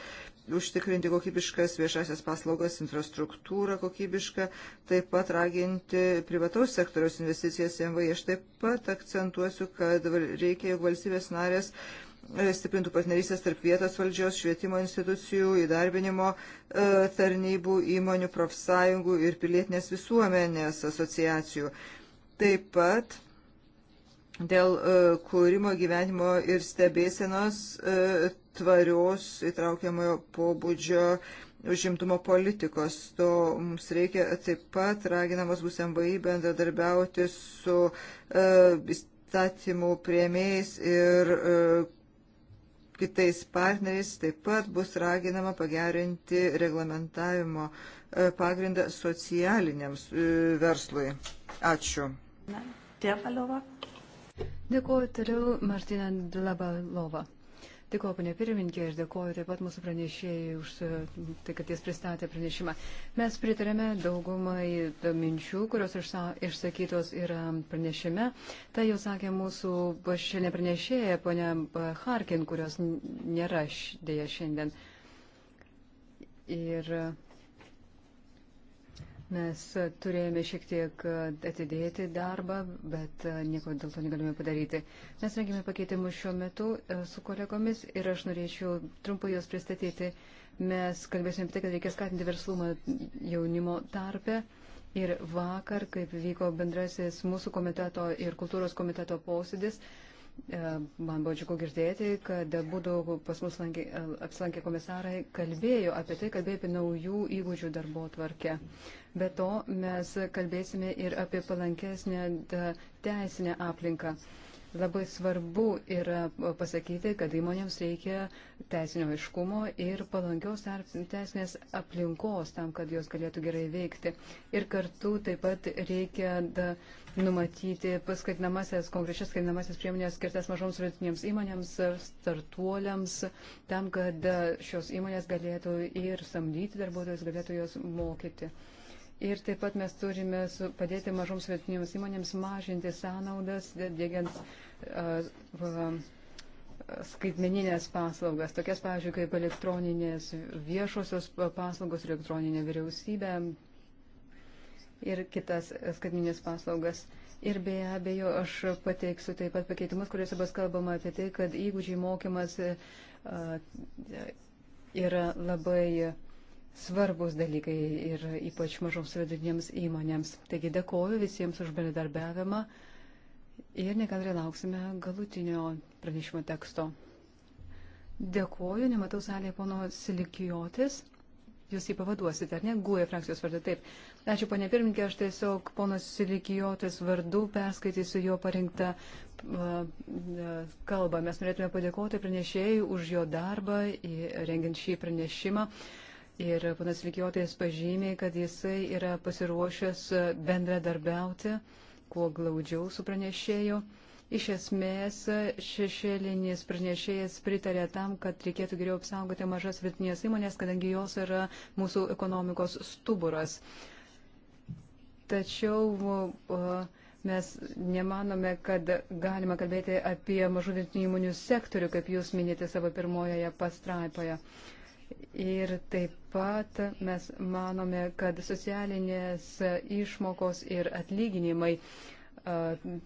užtikrinti kokybiškas viešasias paslaugas, infrastruktūrą kokybišką, taip pat raginti privataus sektoriaus investicijas MVI. Aš taip pat akcentuosiu, kad reikia, jog valstybės narės e, stiprintų partnerystės tarp vietos valdžios, švietimo institucijų, įdarbinimo e, tarnybų, įmonių, profsąjungų ir pilietinės visuomenės asociacijų. Taip pat dėl e, kūrimo gyvenimo ir stebėsenos e, tvarios įtraukiamojo pobūdžio užimtumo politikos. To mums reikia taip pat raginamos bus MVI bendradarbiauti su e, įstatymų prieimėjais ir kitais partneriais taip pat bus raginama pagerinti reglamentavimo pagrindą socialiniams verslui. Ačiū. Na, tėvalova. Dėkuoju toliau Martina Dlabalova. Dėkuoju, panė pirmininkė, ir dėkuoju taip pat mūsų pranešėjai už e, tai, kad jis pristatė pranešimą. Mes pritarėme daugumai minčių, kurios išsakytos yra pranešime. Tai jau sakė mūsų šiandien pranešėja, ponė Harkin, kurios nėra dėja šiandien. Ir Mes turėjome šiek tiek atidėti darbą, bet e, nieko dėl to negalime padaryti. Mes rengėme pakeitimus šiuo metu e, su kolegomis ir aš norėčiau trumpai juos pristatyti. Mes kalbėsime apie tai, kad reikia skatinti verslumą jaunimo tarpe. Ir vakar, kaip vyko bendrasis mūsų komiteto ir kultūros komiteto posėdis, e, man buvo džiugu girdėti, kad būdų pas mus lankė, apsilankė komisarai, kalbėjo apie tai, kalbėjo apie naujų įgūdžių darbo tvarkę. Be to mes kalbėsime ir apie palankesnę teisinę aplinką. Labai svarbu yra pasakyti, kad įmonėms reikia teisinio aiškumo ir palankios teisinės aplinkos tam, kad jos galėtų gerai veikti. Ir kartu taip pat reikia da, numatyti paskatinamasias, konkrečias skatinamasias priemonės skirtas mažoms vidutinėms įmonėms, startuoliams, tam, kad šios įmonės galėtų ir samdyti darbuotojus, galėtų juos mokyti. Ir taip pat mes turime padėti mažoms vietinėms įmonėms mažinti sąnaudas, dėgiant uh, skaitmeninės paslaugas, tokias, pavyzdžiui, kaip elektroninės viešosios paslaugos, elektroninė vyriausybė ir kitas skaitmeninės paslaugas. Ir be abejo, aš pateiksiu taip pat pakeitimus, kuriuose bus kalbama apie tai, kad įgūdžiai mokymas uh, yra labai svarbus dalykai ir ypač mažoms vidutinėms įmonėms. Taigi dėkoju visiems už bendradarbiavimą ir nekantrai lauksime galutinio pranešimo teksto. Dėkoju, nematau salėje pono Silikijotis. Jūs jį pavaduosite, ar ne? Guoja frakcijos vardu. Taip. Ačiū, ponė pirmininkė, aš tiesiog ponas Silikijotis vardu perskaitysiu jo parinktą kalbą. Mes norėtume padėkoti pranešėjai už jo darbą rengiant šį pranešimą. Uh, Ir panas Likiotis pažymė, kad jisai yra pasiruošęs bendradarbiauti, kuo glaudžiau su pranešėju. Iš esmės, šešėlinis pranešėjas pritarė tam, kad reikėtų geriau apsaugoti mažas vidinės įmonės, kadangi jos yra mūsų ekonomikos stuburas. Tačiau mes nemanome, kad galima kalbėti apie mažų vidinių įmonių sektorių, kaip jūs minėte savo pirmojoje pastraipoje. Ir taip pat mes manome, kad socialinės išmokos ir atlyginimai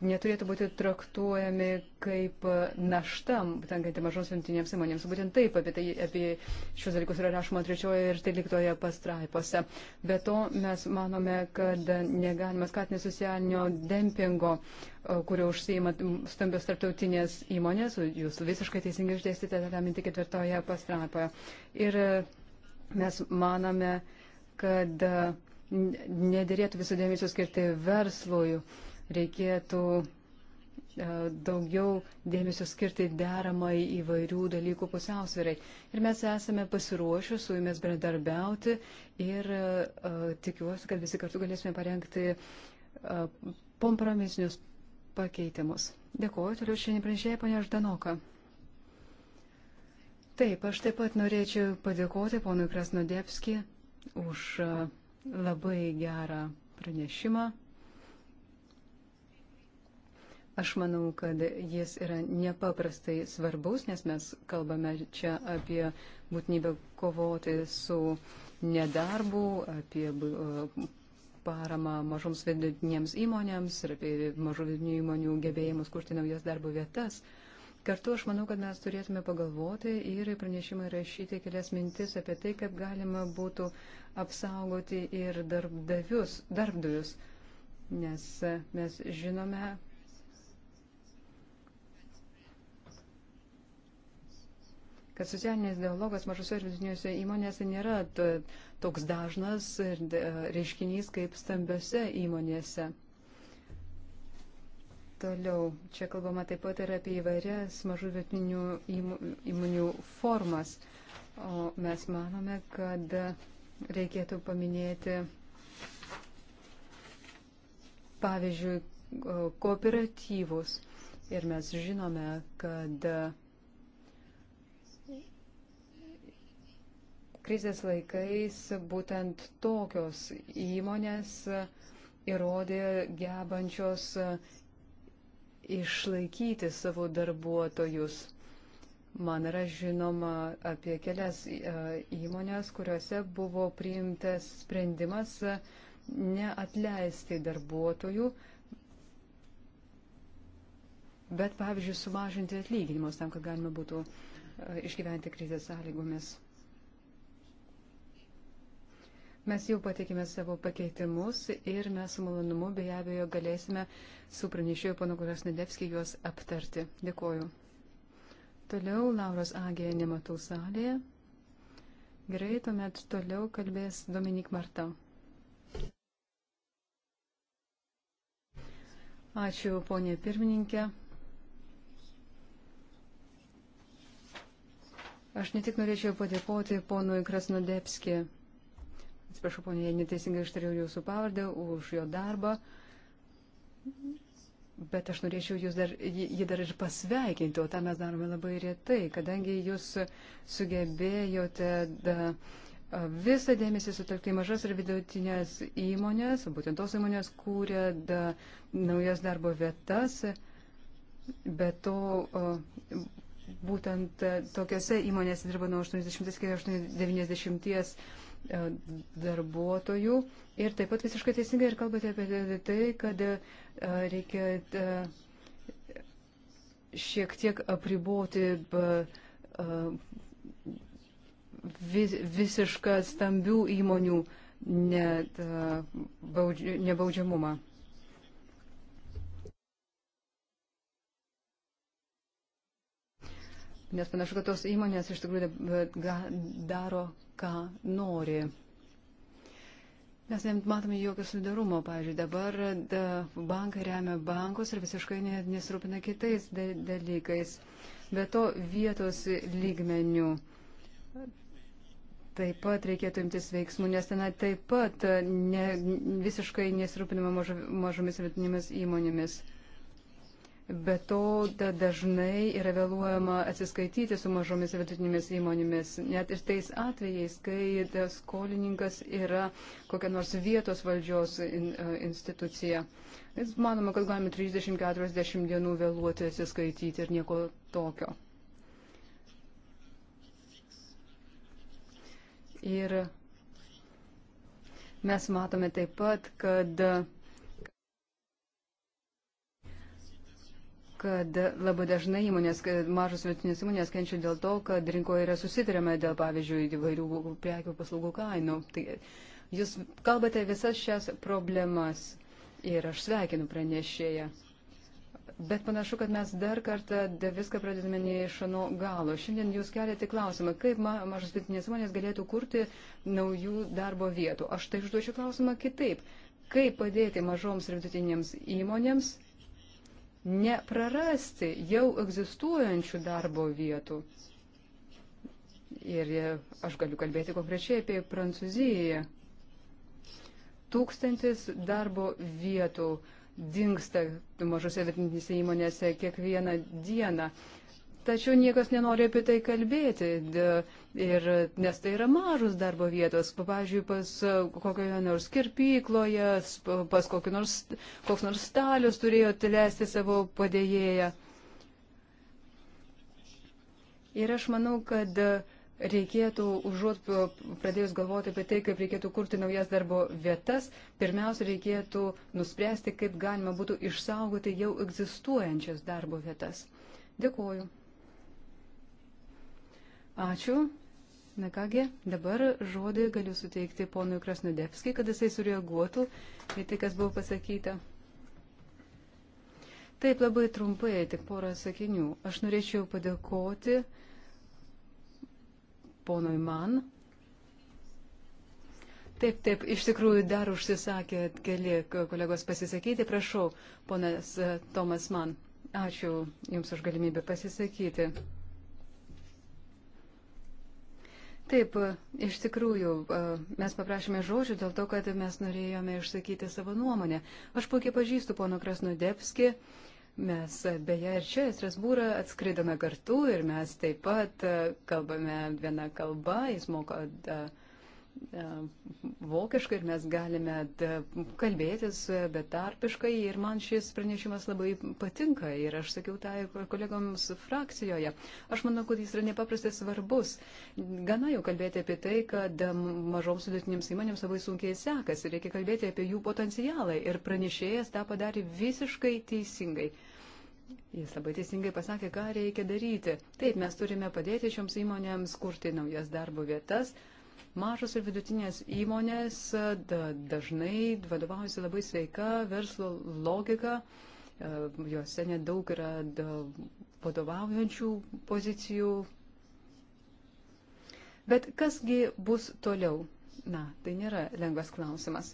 neturėtų būti traktuojami kaip naštam tenkanti mažos jungtinėms įmonėms. Būtent taip apie, tai, apie šios dalykus yra rašoma trečioje ir tryliktoje pastraipose. Be to mes manome, kad negalime skatinti socialinio dempingo, kurio užsieima stambios tarptautinės įmonės. Jūs visiškai teisingai išdėstėte tą mintį ketvirtoje pastraipoje. Ir mes manome, kad nedėrėtų visų dėmesio skirti verslui reikėtų e, daugiau dėmesio skirti deramai įvairių dalykų pusiausvirai. Ir mes esame pasiruošę su jumis bendarbiauti ir uh, tikiuosi, kad visi kartu galėsime parengti uh, kompromisinius pakeitimus. Dėkuoju, toliau šiandien pranešėjai ponia Ždanoka. Taip, aš taip pat norėčiau padėkoti ponui Krasnodėpski už uh, labai gerą pranešimą. Aš manau, kad jis yra nepaprastai svarbus, nes mes kalbame čia apie būtinybę kovoti su nedarbu, apie e, paramą mažoms vidutinėms įmonėms ir apie mažų vidutinių įmonių gebėjimus kurti naujas darbo vietas. Kartu aš manau, kad mes turėtume pagalvoti ir į pranešimą rašyti kelias mintis apie tai, kaip galima būtų apsaugoti ir darbdavius, darbdavius. Nes mes žinome, kad socialinis dialogas mažose ir vidutinėse įmonėse nėra toks dažnas e, reiškinys kaip stambiose įmonėse. Toliau, čia kalbama taip pat ir apie įvairias mažų vietinių įmonių formas. O mes manome, kad reikėtų paminėti, pavyzdžiui, kooperatyvus. Ir mes žinome, kad Krizės laikais būtent tokios įmonės įrodė gebančios išlaikyti savo darbuotojus. Man yra žinoma apie kelias e, įmonės, kuriuose buvo priimtas sprendimas neatleisti darbuotojų, bet, pavyzdžiui, sumažinti atlyginimus tam, kad galima būtų e, išgyventi krizės sąlygomis. Mes jau pateikėme savo pakeitimus ir mes su malonumu be abejo galėsime su pranešėju panu Kuras Nedevski juos aptarti. Dėkuoju. Toliau Lauros Agėje nematau salėje. Gerai, tuomet toliau kalbės Dominik Marta. Ačiū, ponė pirmininkė. Aš ne tik norėčiau padėkoti ponui Krasnodepskijai atsiprašau, ponė, jei neteisingai ištariau jūsų pavardę, už jo darbą. Bet aš norėčiau jūs dar, jį dar ir pasveikinti, o tą mes darome labai retai, kadangi jūs sugebėjote da, visą dėmesį sutelkti į mažas ir vidutinės įmonės, būtent tos įmonės kūrė da, naujas darbo vietas, bet to o, būtent tokiose įmonėse dirba nuo 80 iki 90 E, darbuotojų. Ir taip pat visiškai teisingai ir kalbate apie tai, kad e, reikia e, šiek tiek apriboti vis, visišką stambių įmonių nebaudžiamumą. Nes panašu, kad tos įmonės iš tikrųjų daro ką nori. Mes nematome jokio solidarumo, pavyzdžiui, dabar da, bankai remia bankus ir visiškai nesirūpina kitais dalykais. Be to vietos lygmenių taip pat reikėtų imtis veiksmų, nes ten taip pat ne, visiškai nesirūpinama mažomis ir vidutinėmis įmonėmis. Be to, da, dažnai yra vėluojama atsiskaityti su mažomis ir vidutinėmis įmonėmis, net ir tais atvejais, kai da, skolininkas yra kokia nors vietos valdžios in, uh, institucija. Jis manoma, kad galime 30-40 dienų vėluoti atsiskaityti ir nieko tokio. Ir mes matome taip pat, kad uh, kad labai dažnai įmonės, mažos vietinės įmonės kenčia dėl to, kad rinkoje yra susitariama dėl, pavyzdžiui, įvairių prekių paslaugų kainų. Tai jūs kalbate visas šias problemas ir aš sveikinu pranešėją. Bet panašu, kad mes dar kartą viską pradedame ne iš ano galo. Šiandien jūs keliate klausimą, kaip ma mažos vietinės įmonės galėtų kurti naujų darbo vietų. Aš tai užduočiau klausimą kitaip. Kaip padėti mažoms ir vidutinėms įmonėms neprarasti jau egzistuojančių darbo vietų. Ir aš galiu kalbėti konkrečiai apie Prancūziją. Tūkstantis darbo vietų dinksta mažose vietinėse įmonėse kiekvieną dieną. Tačiau niekas nenori apie tai kalbėti, ir, nes tai yra mažus darbo vietos. Pavyzdžiui, pas e, kokioje nors kirpykloje, pas nors, koks nors stalius turėjo leisti savo padėjėją. Ir aš manau, kad reikėtų, užuot pradėjus galvoti apie tai, kaip reikėtų kurti naujas darbo vietas, pirmiausia, reikėtų nuspręsti, kaip galima būtų išsaugoti jau egzistuojančias darbo vietas. Dėkuoju. Ačiū. Na kągi, dabar žodį galiu suteikti ponui Krasnodevskiai, kad jisai sureaguotų į tai, kas buvo pasakyta. Taip labai trumpai, tik porą sakinių. Aš norėčiau padėkoti ponui man. Taip, taip, iš tikrųjų dar užsisakė keli kolegos pasisakyti. Prašau, ponas Tomas man. Ačiū Jums už galimybę pasisakyti. Taip, iš tikrųjų, mes paprašėme žodžių dėl to, kad mes norėjome išsakyti savo nuomonę. Aš puikiai pažįstu pono Krasnodepski, mes beje ir čia, Strasbūrą, atskridome kartu ir mes taip pat kalbame vieną kalbą, jis moka da, E, vokiškai ir mes galime e, kalbėtis e, betarpiškai ir man šis pranešimas labai patinka ir aš sakiau tą tai kolegoms frakcijoje. Aš manau, kad jis yra nepaprastai svarbus. Gana jau kalbėti apie tai, kad mažoms sudėtinėms įmonėms labai sunkiai sekasi, reikia kalbėti apie jų potencialą ir pranešėjas tą padarė visiškai teisingai. Jis labai teisingai pasakė, ką reikia daryti. Taip, mes turime padėti šioms įmonėms kurti naujas darbo vietas, Mažos ir vidutinės įmonės dažnai vadovaujasi labai sveika verslo logika, e, juose nedaug yra vadovaujančių pozicijų. Bet kasgi bus toliau? Na, tai nėra lengvas klausimas.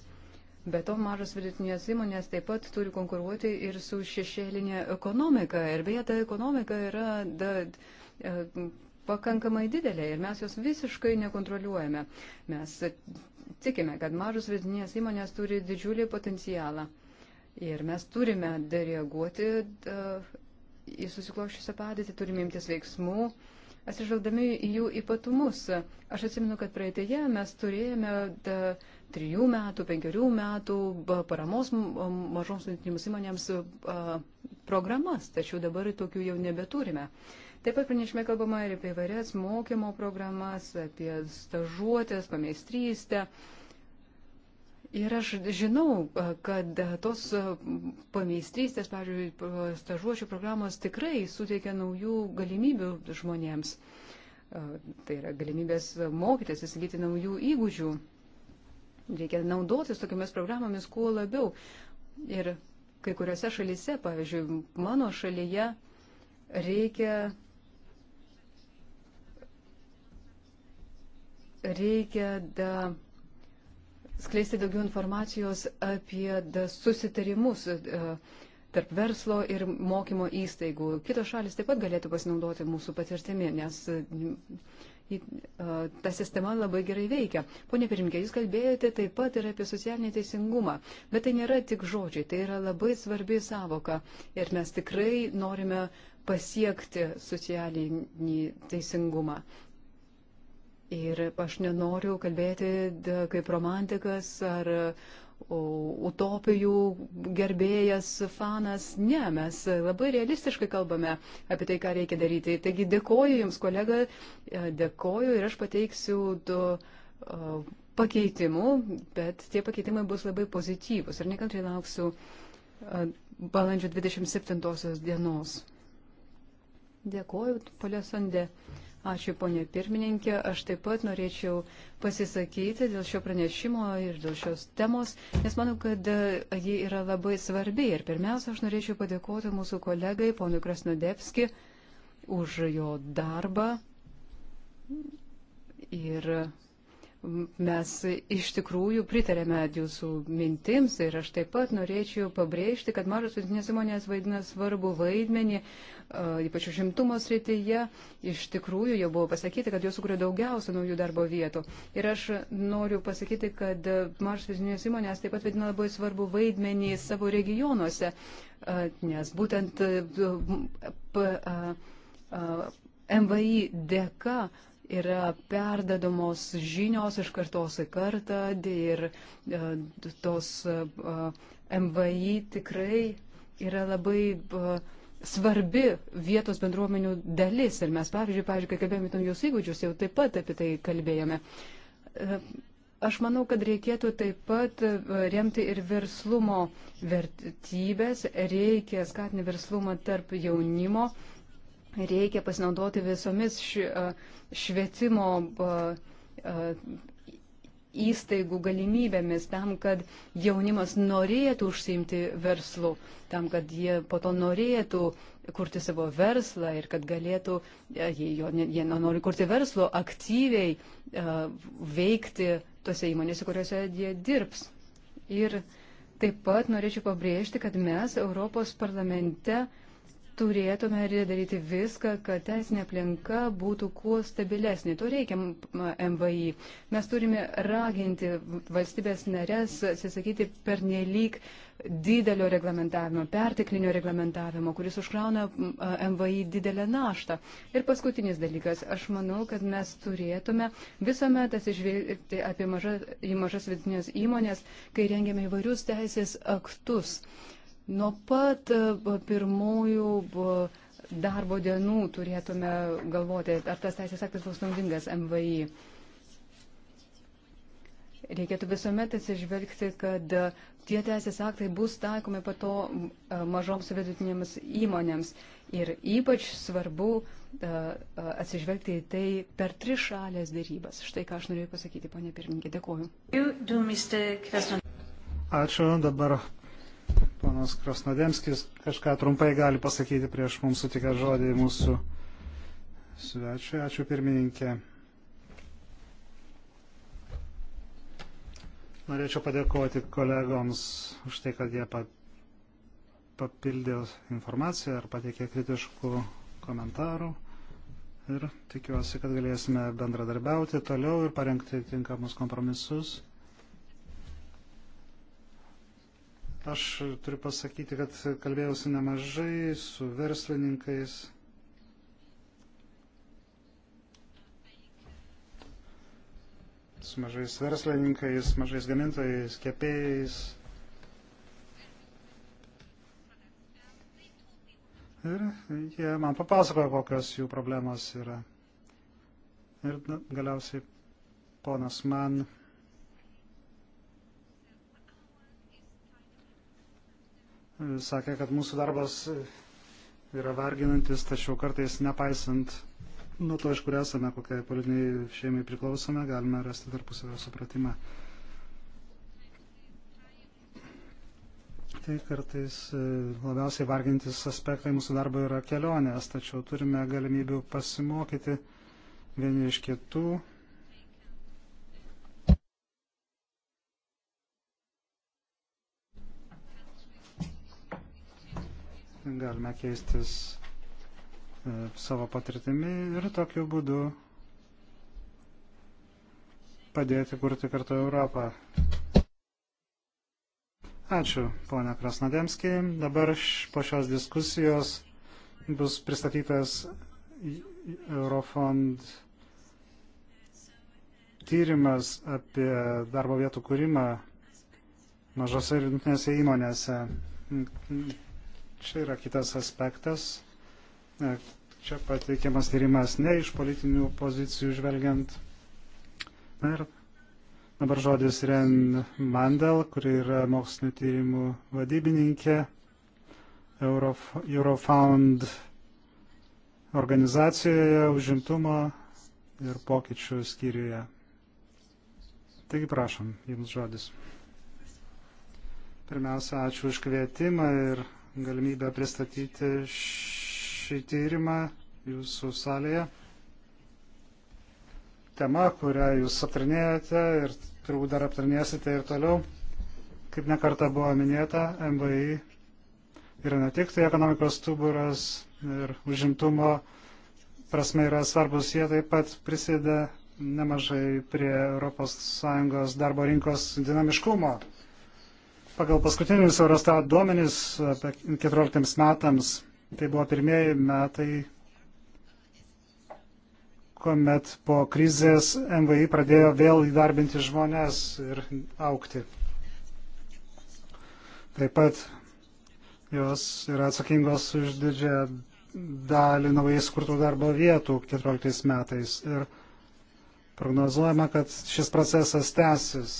Be to, mažos vidutinės įmonės taip pat turi konkuruoti ir su šešėlinė ekonomika. Ir beje, ta ekonomika yra da, e, pakankamai didelė ir mes jos visiškai nekontroliuojame. Mes tikime, kad mažos vidinės įmonės turi didžiulį potencialą ir mes turime reaguoti į susikloščiusią padėtį, turime imtis veiksmų, atsižvelgdami į jų ypatumus. Aš atsimenu, kad praeitėje mes turėjome da, trijų metų, penkerių metų paramos mažoms vidutinėms įmonėms a, programas, tačiau dabar tokių jau nebeturime. A, Taip pat pranešime kalbama ir apie įvairias mokymo programas, apie stažuotės, pameistrystę. Ir aš žinau, kad tos pameistrystės, pavyzdžiui, stažuočių programos tikrai suteikia naujų galimybių žmonėms. Tai yra galimybės mokytis, įsigyti naujų įgūdžių. Reikia naudotis tokiamis programomis kuo labiau. Ir kai kuriuose šalyse, pavyzdžiui, mano šalyje reikia reikia da, skleisti daugiau informacijos apie da, susitarimus da, tarp verslo ir mokymo įstaigų. Kitos šalis taip pat galėtų pasinaudoti mūsų patirtimi, nes mm, ta sistema labai gerai veikia. Pone pirmininkė, jūs kalbėjote taip pat ir apie socialinį teisingumą, bet tai nėra tik žodžiai, tai yra labai svarbi savoka ir mes tikrai norime pasiekti socialinį teisingumą. Ir aš nenoriu kalbėti kaip romantikas ar utopijų gerbėjas, fanas. Ne, mes labai realistiškai kalbame apie tai, ką reikia daryti. Taigi dėkoju Jums, kolega, e, dėkoju ir aš pateiksiu du e, pakeitimų, bet tie pakeitimai bus labai pozityvus ir nekantriai lauksiu e, balandžio 27 dienos. Dėkoju, polė Sandė. Ačiū, ponė pirmininkė. Aš taip pat norėčiau pasisakyti dėl šio pranešimo ir dėl šios temos, nes manau, kad e, ji yra labai svarbi. Ir pirmiausia, aš norėčiau padėkoti mūsų kolegai, ponui Krasnodepski, už jo darbą. Ir Mes iš tikrųjų pritarėme jūsų mintims ir aš taip pat norėčiau pabrėžti, kad mažos vidutinės įmonės vaidina svarbu vaidmenį, ypač užimtumo srityje. Iš tikrųjų jau buvo pasakyti, kad jos sukuria daugiausia naujų darbo vietų. Ir aš noriu pasakyti, kad mažos vidutinės įmonės taip pat vaidina labai svarbu vaidmenį savo regionuose, nes būtent MVI dėka yra perdadamos žinios iš kartos į kartą ir e, tos e, e, MVI tikrai yra labai svarbi vietos bendruomenių dalis. Ir mes, pavyzdžiui, pavyzdžiui kai kalbėjome apie naujus įgūdžius, jau taip pat apie tai kalbėjome. Aš manau, kad reikėtų taip pat remti ir verslumo vertybės, reikia skatinti verslumą tarp jaunimo, reikia pasinaudoti visomis švietimo įstaigų galimybėmis tam, kad jaunimas norėtų užsiimti verslu, tam, kad jie po to norėtų kurti savo verslą ir kad galėtų, jei jie nori kurti verslo, aktyviai veikti tose įmonėse, kuriuose jie dirbs. Ir taip pat norėčiau pabrėžti, kad mes Europos parlamente uh, turėtume daryti viską, kad teisinė aplinka būtų kuo stabilesnė. To reikia MVI. Mes turime raginti valstybės narės atsisakyti pernelyg didelio reglamentavimo, perteklinio reglamentavimo, kuris užkrauna MVI didelę naštą. Ir paskutinis dalykas, aš manau, kad mes turėtume visuomet atsižvelgti apie mažas, į mažas vidinės įmonės, kai rengiame įvairius teisės aktus. Uh, Nuo pat e, pirmųjų e, darbo dienų turėtume galvoti, ar tas teisės aktas bus naudingas MVI. Reikėtų visuomet atsižvelgti, kad e, tie teisės aktai bus taikomi pato mažoms vidutinėms įmonėms. Ir ypač svarbu atsižvelgti į tai per trišalės dėrybas. Štai ką aš norėjau pasakyti, ponė pirmininkė. Dėkuoju. Ačiū. Dabar Ponas Krasnodemskis kažką trumpai gali pasakyti prieš mums sutikę žodį mūsų svečiui. Ačiū pirmininkė. Norėčiau padėkoti kolegoms už tai, kad jie papildė informaciją ar pateikė kritiškų komentarų. Ir tikiuosi, kad galėsime bendradarbiauti toliau ir parengti tinkamus kompromisus. Aš turiu pasakyti, kad kalbėjausi nemažai su verslininkais. su mažais verslininkais, mažais gamintojais, kepėjais. Ir jie man papasakojo, kokios jų problemos yra. Ir na, galiausiai ponas man sakė, kad mūsų darbas yra varginantis, tačiau kartais nepaisant nuo to, iš kur esame, kokiai politiniai šeimai priklausome, galime rasti tarpusavio supratimą. Tai kartais e, labiausiai vargintis aspektai mūsų darbo yra kelionės, tačiau turime galimybių pasimokyti vieni iš kitų galime keistis e, savo patirtimi ir tokiu būdu padėti kurti kartu Europą. Ačiū, ponia Krasnodemski. Dabar po šios diskusijos bus pristatytas Eurofond tyrimas apie darbo vietų kūrimą mažose ir vidutinėse įmonėse Čia yra kitas aspektas. E, čia pateikiamas tyrimas ne iš politinių pozicijų žvelgiant. Na ir dabar žodis Ren Mandel, kuri yra mokslinio tyrimų vadybininkė Eurof Eurofound organizacijoje užimtumo ir pokyčių skyriuje. Taigi prašom, jums žodis. Pirmiausia, ačiū už kvietimą ir galimybę pristatyti šį tyrimą jūsų salėje. Tema, kurią jūs aptarnėjate ir turbūt dar aptarnėsite ir toliau, kaip nekarta buvo minėta, MVI yra ne tik tai ekonomikos stuburas ir užimtumo prasme yra svarbus, jie taip pat prisideda nemažai prie ES darbo rinkos dinamiškumo. Pagal paskutinius Eurostat duomenys apie 14 metams, tai buvo pirmieji metai, kuomet po krizės MVI pradėjo vėl įdarbinti žmonės ir aukti. Taip pat jos yra atsakingos už didžiąją dalį naujai skurtų darbo vietų 14 metais ir prognozuojama, kad šis procesas tęsis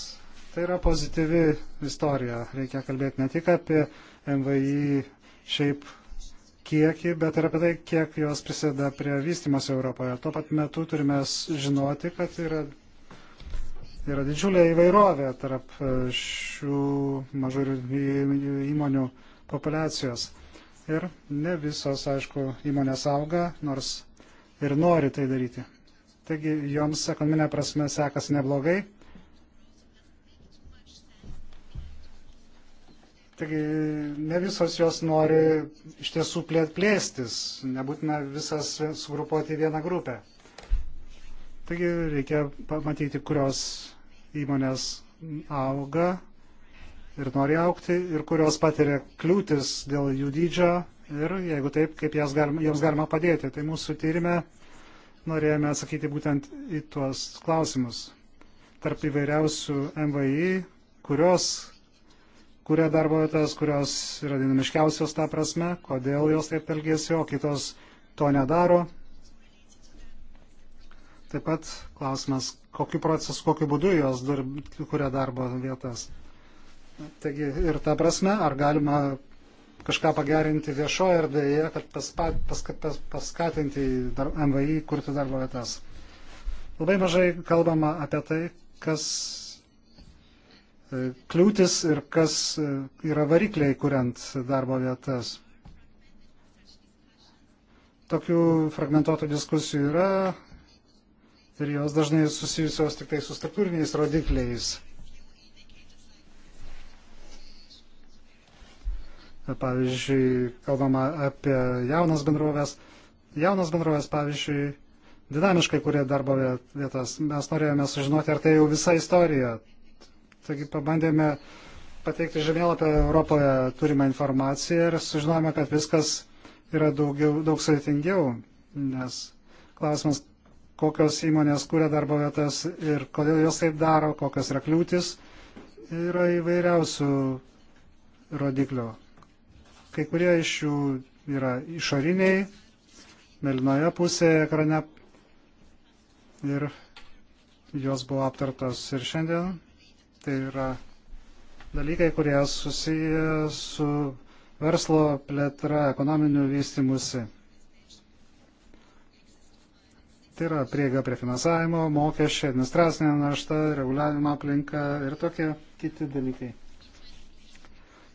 Tai yra pozityvi istorija. Reikia kalbėti ne tik apie MVI šiaip kiekį, bet ir apie tai, kiek jos prisėda prie vystimas Europoje. Tuo pat metu turime žinoti, kad yra, yra didžiulė įvairovė tarp e, šių mažų įmonių populacijos. Ir ne visos, aišku, įmonės auga, nors ir nori tai daryti. Taigi joms ekonominė prasme sekasi neblogai Taigi ne visos jos nori iš tiesų plėstis, nebūtina visas sugrupuoti į vieną grupę. Taigi reikia pamatyti, kurios įmonės auga ir nori aukti, ir kurios patiria kliūtis dėl jų dydžio ir jeigu taip, kaip galima, jiems galima padėti. Tai mūsų tyrimė norėjome atsakyti būtent į tuos klausimus. Tarp įvairiausių MVI, kurios kuria darbo vietas, kurios yra dinamiškiausios tą prasme, kodėl jos taip elgėsi, o kitos to nedaro. Taip pat klausimas, kokiu procesu, kokiu būdu jos darb, kuria darbo vietas. Taigi ir ta prasme, ar galima kažką pagerinti viešoje erdvėje, kad paspa, pas, pas, paskatinti dar, MVI kurti darbo vietas. Labai mažai kalbama apie tai, kas E, kliūtis ir kas e, yra varikliai, kuriant darbo vietas. Tokių fragmentuotų diskusijų yra ir jos dažnai susijusios tik tai su struktūriniais rodikliais. Pavyzdžiui, kalbama apie jaunas bendrovės. Jaunas bendrovės, pavyzdžiui, dinamiškai kuria darbo vietas. Mes norėjome sužinoti, ar tai jau visa istorija. Taigi pabandėme pateikti žemėlapį Europoje turimą informaciją ir sužinojome, kad viskas yra daugiau, daug sudėtingiau, nes klausimas, kokios įmonės kūrė darbo vietas ir kodėl jos taip daro, kokios yra kliūtis, yra įvairiausių rodiklių. Kai kurie iš jų yra išoriniai, melinoje pusėje ekrane ir jos buvo aptartos ir šiandien. Tai yra dalykai, kurie susiję su verslo plėtra, ekonominiu vystimusi. Tai yra prieiga prie finansavimo, mokesčiai, administracinė našta, reguliavimo aplinka ir tokie kiti dalykai.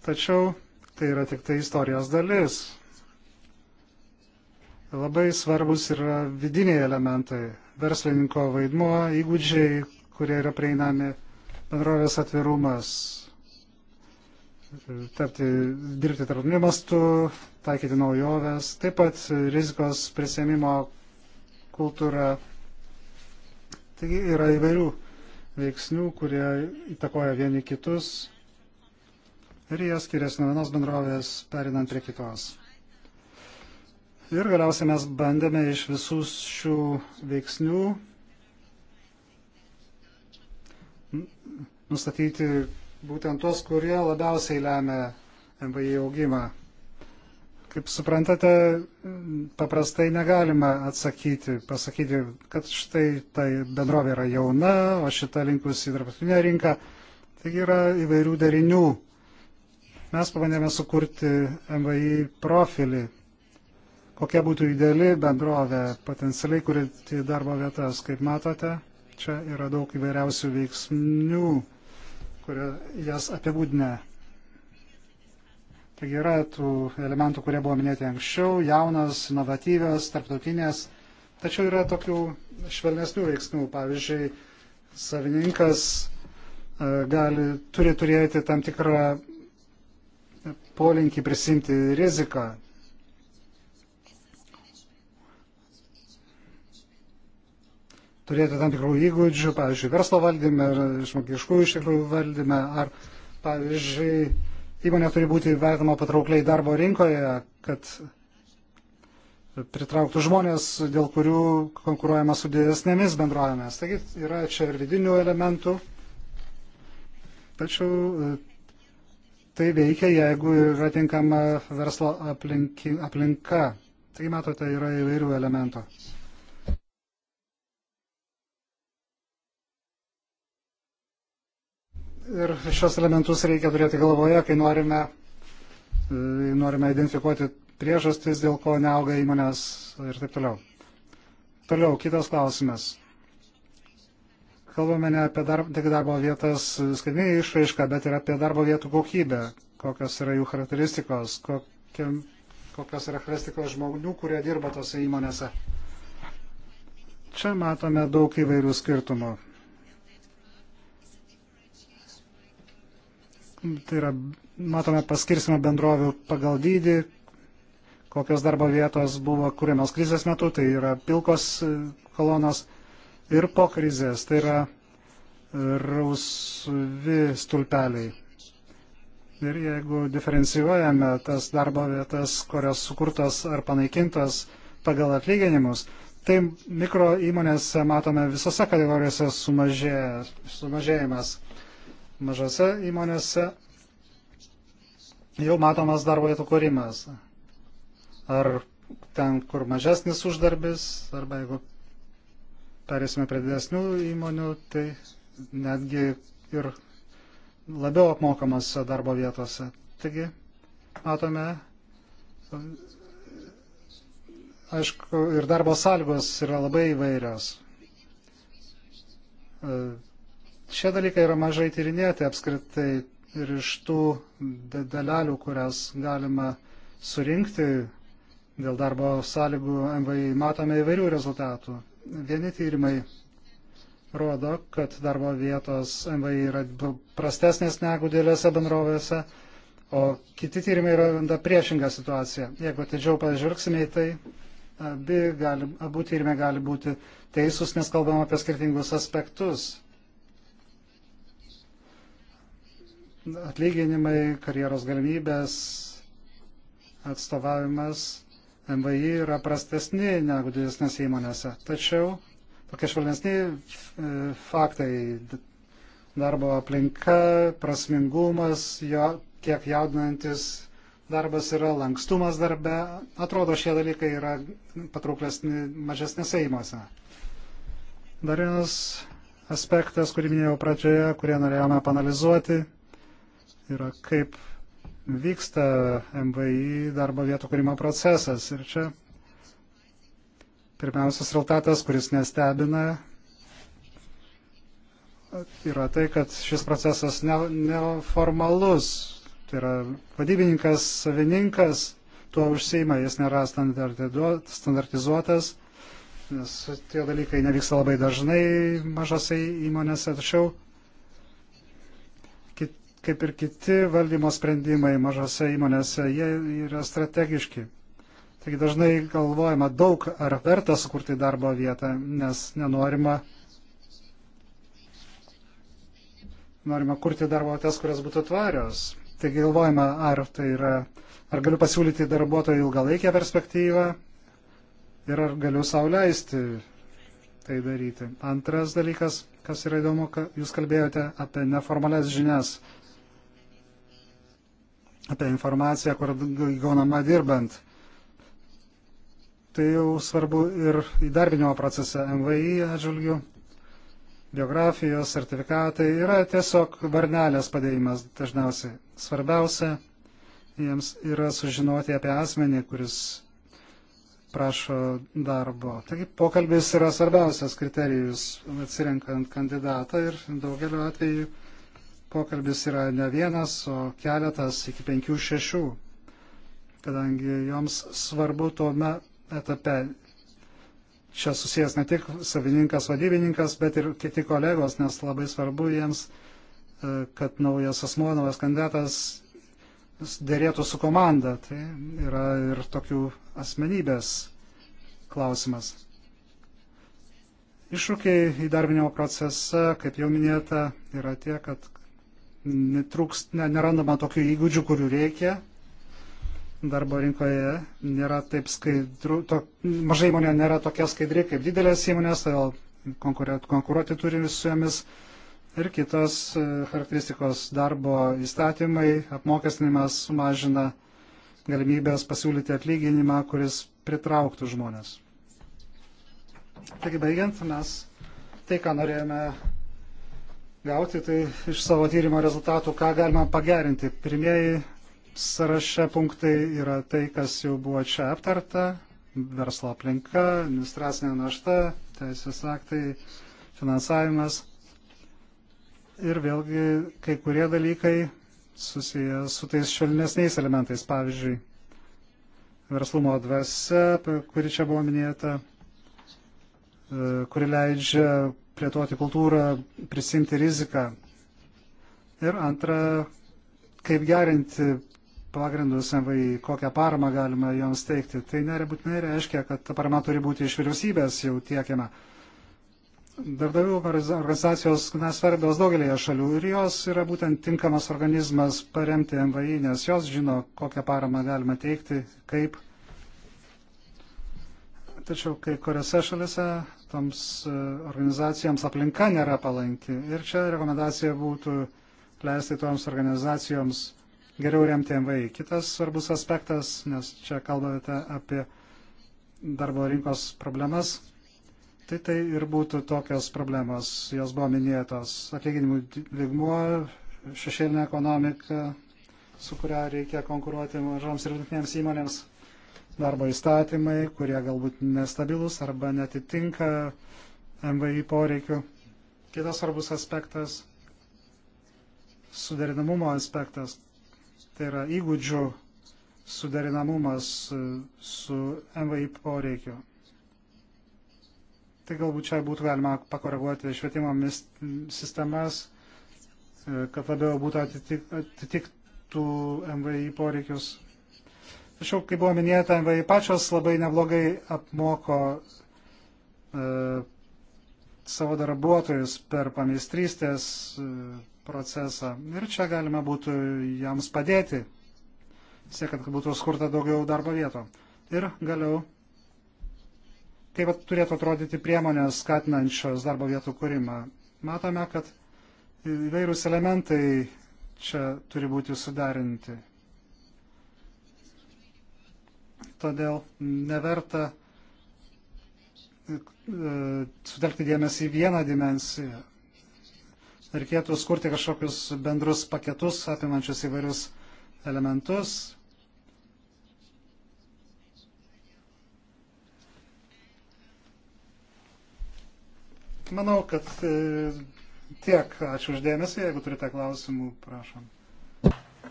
Tačiau tai yra tik tai istorijos dalis. Labai svarbus yra vidiniai elementai, verslininko vaidmuo, įgūdžiai, kurie yra prieinami bendrovės atvirumas tapti, dirbti tarptautiniu mastu, taikyti naujoves, taip pat rizikos prisėmimo kultūra. Taigi yra įvairių veiksnių, kurie įtakoja vieni kitus ir jie skiriasi nuo vienos bendrovės perinant prie kitos. Ir galiausiai mes bandėme iš visų šių veiksnių nustatyti būtent tuos, kurie labiausiai lemia MVI augimą. Kaip suprantate, paprastai negalima atsakyti, pasakyti, kad štai tai bendrovė yra jauna, o šita linkusi į tarptautinę rinką. Taigi yra įvairių darinių. Mes pabandėme sukurti MVI profilį, kokia būtų ideali bendrovė potencialiai kurinti darbo vietas. Kaip matote, čia yra daug įvairiausių veiksnių kurie jas apibūdina. Taigi yra tų elementų, kurie buvo minėti anksčiau - jaunas, inovatyvios, tarptautinės. Tačiau yra tokių švelnesnių veiksnių. Pavyzdžiui, savininkas e, gali, turi turėti tam tikrą polinkį prisimti riziką. turėti tam tikrų įgūdžių, pavyzdžiui, verslo valdyme ar žmogiškųjų išteklių valdyme, ar, pavyzdžiui, įmonė turi būti vertama patraukliai darbo rinkoje, kad pritrauktų žmonės, dėl kurių konkuruojama su didesnėmis bendrovėmis. Taigi yra čia ir vidinių elementų, tačiau e, tai veikia, jeigu yra tinkama verslo aplinki, aplinka. Tai matote, yra įvairių elementų. Ir šios elementus reikia turėti galvoje, kai norime, e, norime identifikuoti priežastis, dėl ko neauga įmonės ir taip toliau. Toliau, kitas klausimas. Kalbame ne apie darb, tik darbo vietas skaitinį išraišką, bet ir apie darbo vietų kokybę, kokios yra jų charakteristikos, kokie, kokios yra charakteristikos žmonių, kurie dirba tose įmonėse. Čia matome daug įvairių skirtumų. tai yra, matome paskirstimą bendrovių pagal dydį, kokios darbo vietos buvo kūriamos krizės metu, tai yra pilkos e, kolonos ir po krizės, tai yra e, rausvi stulpeliai. Ir jeigu diferencijuojame tas darbo vietas, kurios sukurtos ar panaikintos pagal atlyginimus, tai mikro įmonėse matome visose kategorijose sumažėjimas mažose įmonėse jau matomas darbo vietų kūrimas. Ar ten, kur mažesnis uždarbis, arba jeigu perėsime prie didesnių įmonių, tai netgi ir labiau apmokamose darbo vietose. Taigi, matome, aišku, ir darbo sąlygos yra labai įvairios. Šie dalykai yra mažai tyrinėti apskritai ir iš tų dalelių, kurias galima surinkti dėl darbo sąlygų MVI, matome įvairių rezultatų. Vieni tyrimai rodo, kad darbo vietos MVI yra prastesnės negu dėlėse bendrovėse, o kiti tyrimai randa priešingą situaciją. Jeigu atidžiau pažvelgsime į tai, abi gali, abu tyrimai gali būti teisūs, nes kalbam apie skirtingus aspektus. atlyginimai, karjeros galimybės, atstovavimas MVI yra prastesni negu didesnės įmonėse. Tačiau tokie švelnesni e, faktai - darbo aplinka, prasmingumas, jo kiek jaudinantis darbas yra lankstumas darbe. Atrodo, šie dalykai yra patrauklesni mažesnėse įmonėse. Dar vienas aspektas, kurį minėjau pradžioje, kurį norėjome panalizuoti Tai yra kaip vyksta MVI darbo vietų kūrimo procesas. Ir čia pirmiausias rezultatas, kuris nestebina, yra tai, kad šis procesas neformalus. Ne tai yra vadybininkas, savininkas tuo užseima, jis nėra standartizuotas, nes tie dalykai nevyksta labai dažnai mažose įmonėse, tačiau kaip ir kiti valdymo sprendimai mažose įmonėse, jie yra strategiški. Taigi dažnai galvojama daug, ar verta sukurti darbo vietą, nes nenorima norima kurti darbo vietas, kurios būtų tvarios. Taigi galvojama, ar tai yra, ar galiu pasiūlyti darbuotojų ilgalaikę perspektyvą ir ar galiu sauliaisti tai daryti. Antras dalykas, kas yra įdomu, jūs kalbėjote apie neformalias žinias apie informaciją, kur gaunama dirbant. Tai jau svarbu ir įdarbinimo procese MVI atžvilgių. Biografijos, sertifikatai yra tiesiog varnelės padėjimas dažniausiai. Svarbiausia jiems yra sužinoti apie asmenį, kuris prašo darbo. Taigi pokalbis yra svarbiausias kriterijus atsirinkant kandidatą ir daugeliu atveju pokalbis yra ne vienas, o keletas iki penkių šešių, kadangi joms svarbu tuome etape. Čia susijęs ne tik savininkas, vadybininkas, bet ir kiti kolegos, nes labai svarbu jiems, e, kad naujas asmuo, naujas kandidatas dėrėtų su komanda. Tai yra ir tokių asmenybės klausimas. Iššūkiai įdarbinimo procese, kaip jau minėta, yra tie, kad netruks, ne, nerandama tokių įgūdžių, kurių reikia. Darbo rinkoje nėra taip skaidru, to, mažai įmonė nėra tokia skaidri kaip didelės įmonės, todėl konkuruoti turi su jomis. Ir kitos e, charakteristikos darbo įstatymai, apmokestinimas sumažina galimybės pasiūlyti atlyginimą, kuris pritrauktų žmonės. Taigi baigiant, mes tai, ką norėjome gauti tai iš savo tyrimo rezultatų, ką galima pagerinti. Pirmieji sąraše punktai yra tai, kas jau buvo čia aptarta - verslo aplinka, administracinė našta, teisės aktai, finansavimas. Ir vėlgi kai kurie dalykai susiję su tais švelnesniais elementais, pavyzdžiui, verslumo dvasia, kuri čia buvo minėta, e, kuri leidžia plėtoti kultūrą, prisimti riziką. Ir antra, kaip gerinti pagrindus MVI, kokią paramą galima joms teikti. Tai nebūtinai reiškia, kad ta parama turi būti iš vyriausybės jau tiekiama. Darbdavių organizacijos nesvarbios daugelėje šalių ir jos yra būtent tinkamas organizmas paremti MVI, nes jos žino, kokią paramą galima teikti, kaip. Tačiau kai kuriuose šalise toms e, organizacijoms aplinka nėra palanki. Ir čia rekomendacija būtų leisti toms organizacijoms geriau remti MVI. Kitas svarbus aspektas, nes čia kalbate apie darbo rinkos problemas, tai tai ir būtų tokios problemos, jos buvo minėtos, atlyginimų lygmuo, šešėlinė ekonomika, su kuria reikia konkuruoti mažoms ir vidutinėms įmonėms darbo įstatymai, kurie galbūt nestabilus arba netitinka MVI poreikių. Kitas svarbus aspektas - suderinamumo aspektas. Tai yra įgūdžių suderinamumas su MVI poreikiu. Tai galbūt čia būtų galima pakoreguoti švietimo sistemas, e, kad labiau būtų atitik, atitiktų MVI poreikius Tačiau, kaip buvo minėta, MVI pačios labai neblogai apmoko e, savo darbuotojus per pameistrystės e, procesą. Ir čia galima būtų jams padėti, siekiant, kad būtų skurta daugiau darbo vietų. Ir galiau, kaip turėtų atrodyti priemonės skatinančios darbo vietų kūrimą. Matome, kad įvairūs elementai čia turi būti sudarinti. todėl neverta e, sutelkti dėmesį į vieną dimensiją. Reikėtų skurti kažkokius bendrus paketus apimančius įvairius elementus. Manau, kad e, tiek. Ačiū uždėmesį. Jeigu turite klausimų, prašom.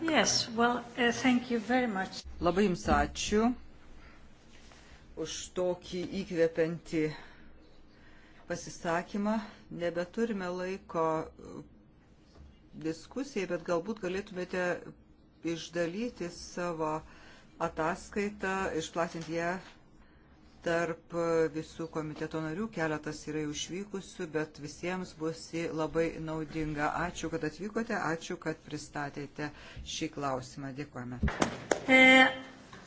Yes, well, uh, Labai jums ačiū už tokį įkvepiantį pasisakymą. Nebeturime laiko diskusijai, bet galbūt galėtumėte išdalyti savo ataskaitą, išplatinti ją tarp visų komiteto narių, keletas yra jau išvykusių, bet visiems bus labai naudinga. Ačiū, kad atvykote, ačiū, kad pristatėte šį klausimą. Dėkojame. E...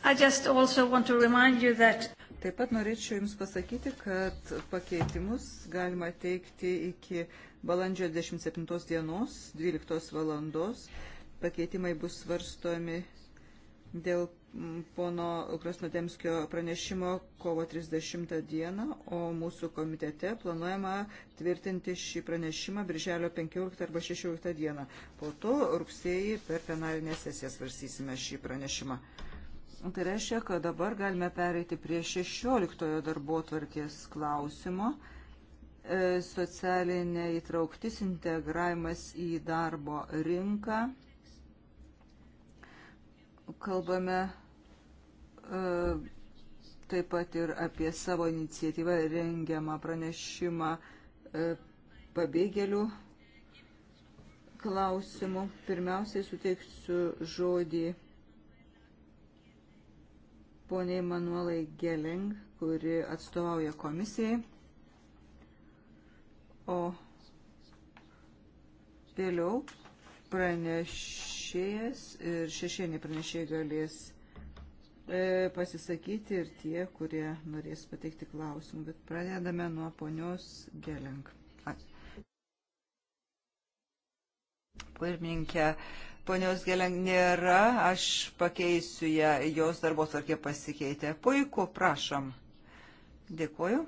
That... Taip pat norėčiau Jums pasakyti, kad pakeitimus galima teikti iki balandžio 27 dienos, 12 valandos. Pakeitimai bus svarstomi dėl pono Krasnodemskio pranešimo kovo 30 dieną, o mūsų komitete planuojama tvirtinti šį pranešimą birželio 15 arba 16 dieną. Po to rugsėjį per plenarinę sesiją svarstysime šį pranešimą. Tai reiškia, kad dabar galime pereiti prie 16 darbo tvarkės klausimo e, - socialinė įtrauktis, integravimas į darbo rinką. Kalbame e, taip pat ir apie savo iniciatyvą rengiamą pranešimą e, pabėgėlių klausimų. Pirmiausiai suteiksiu žodį poniai Manuolai Geling, kuri atstovauja komisijai. O vėliau pranešėjas ir šešėniai pranešėjai galės e, pasisakyti ir tie, kurie norės pateikti klausimų. Bet pradedame nuo ponios Gelink. Pirmininkė, ponios Geleng nėra, aš pakeisiu ją, jos darbo tvarkė pasikeitė. Puiku, prašom. Dėkuoju.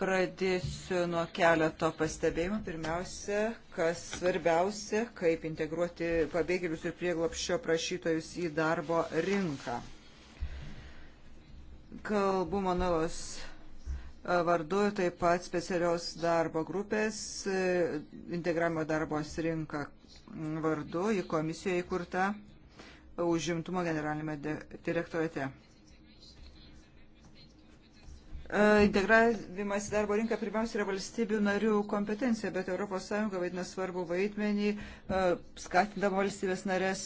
Pradėsiu nuo keleto pastebėjimų. Pirmiausia, kas svarbiausia, kaip integruoti pabėgėlius ir prieglopščio prašytojus į darbo rinką. Kalbu Manolos vardu, taip pat specialios darbo grupės e, integravimo darbos rinka vardu į komisiją įkurta užimtumo generalinėme direktorate. Integravimas į darbo rinką pirmiausia yra valstybių narių kompetencija, bet ES vaidina svarbu vaidmenį, skatindama valstybės narės,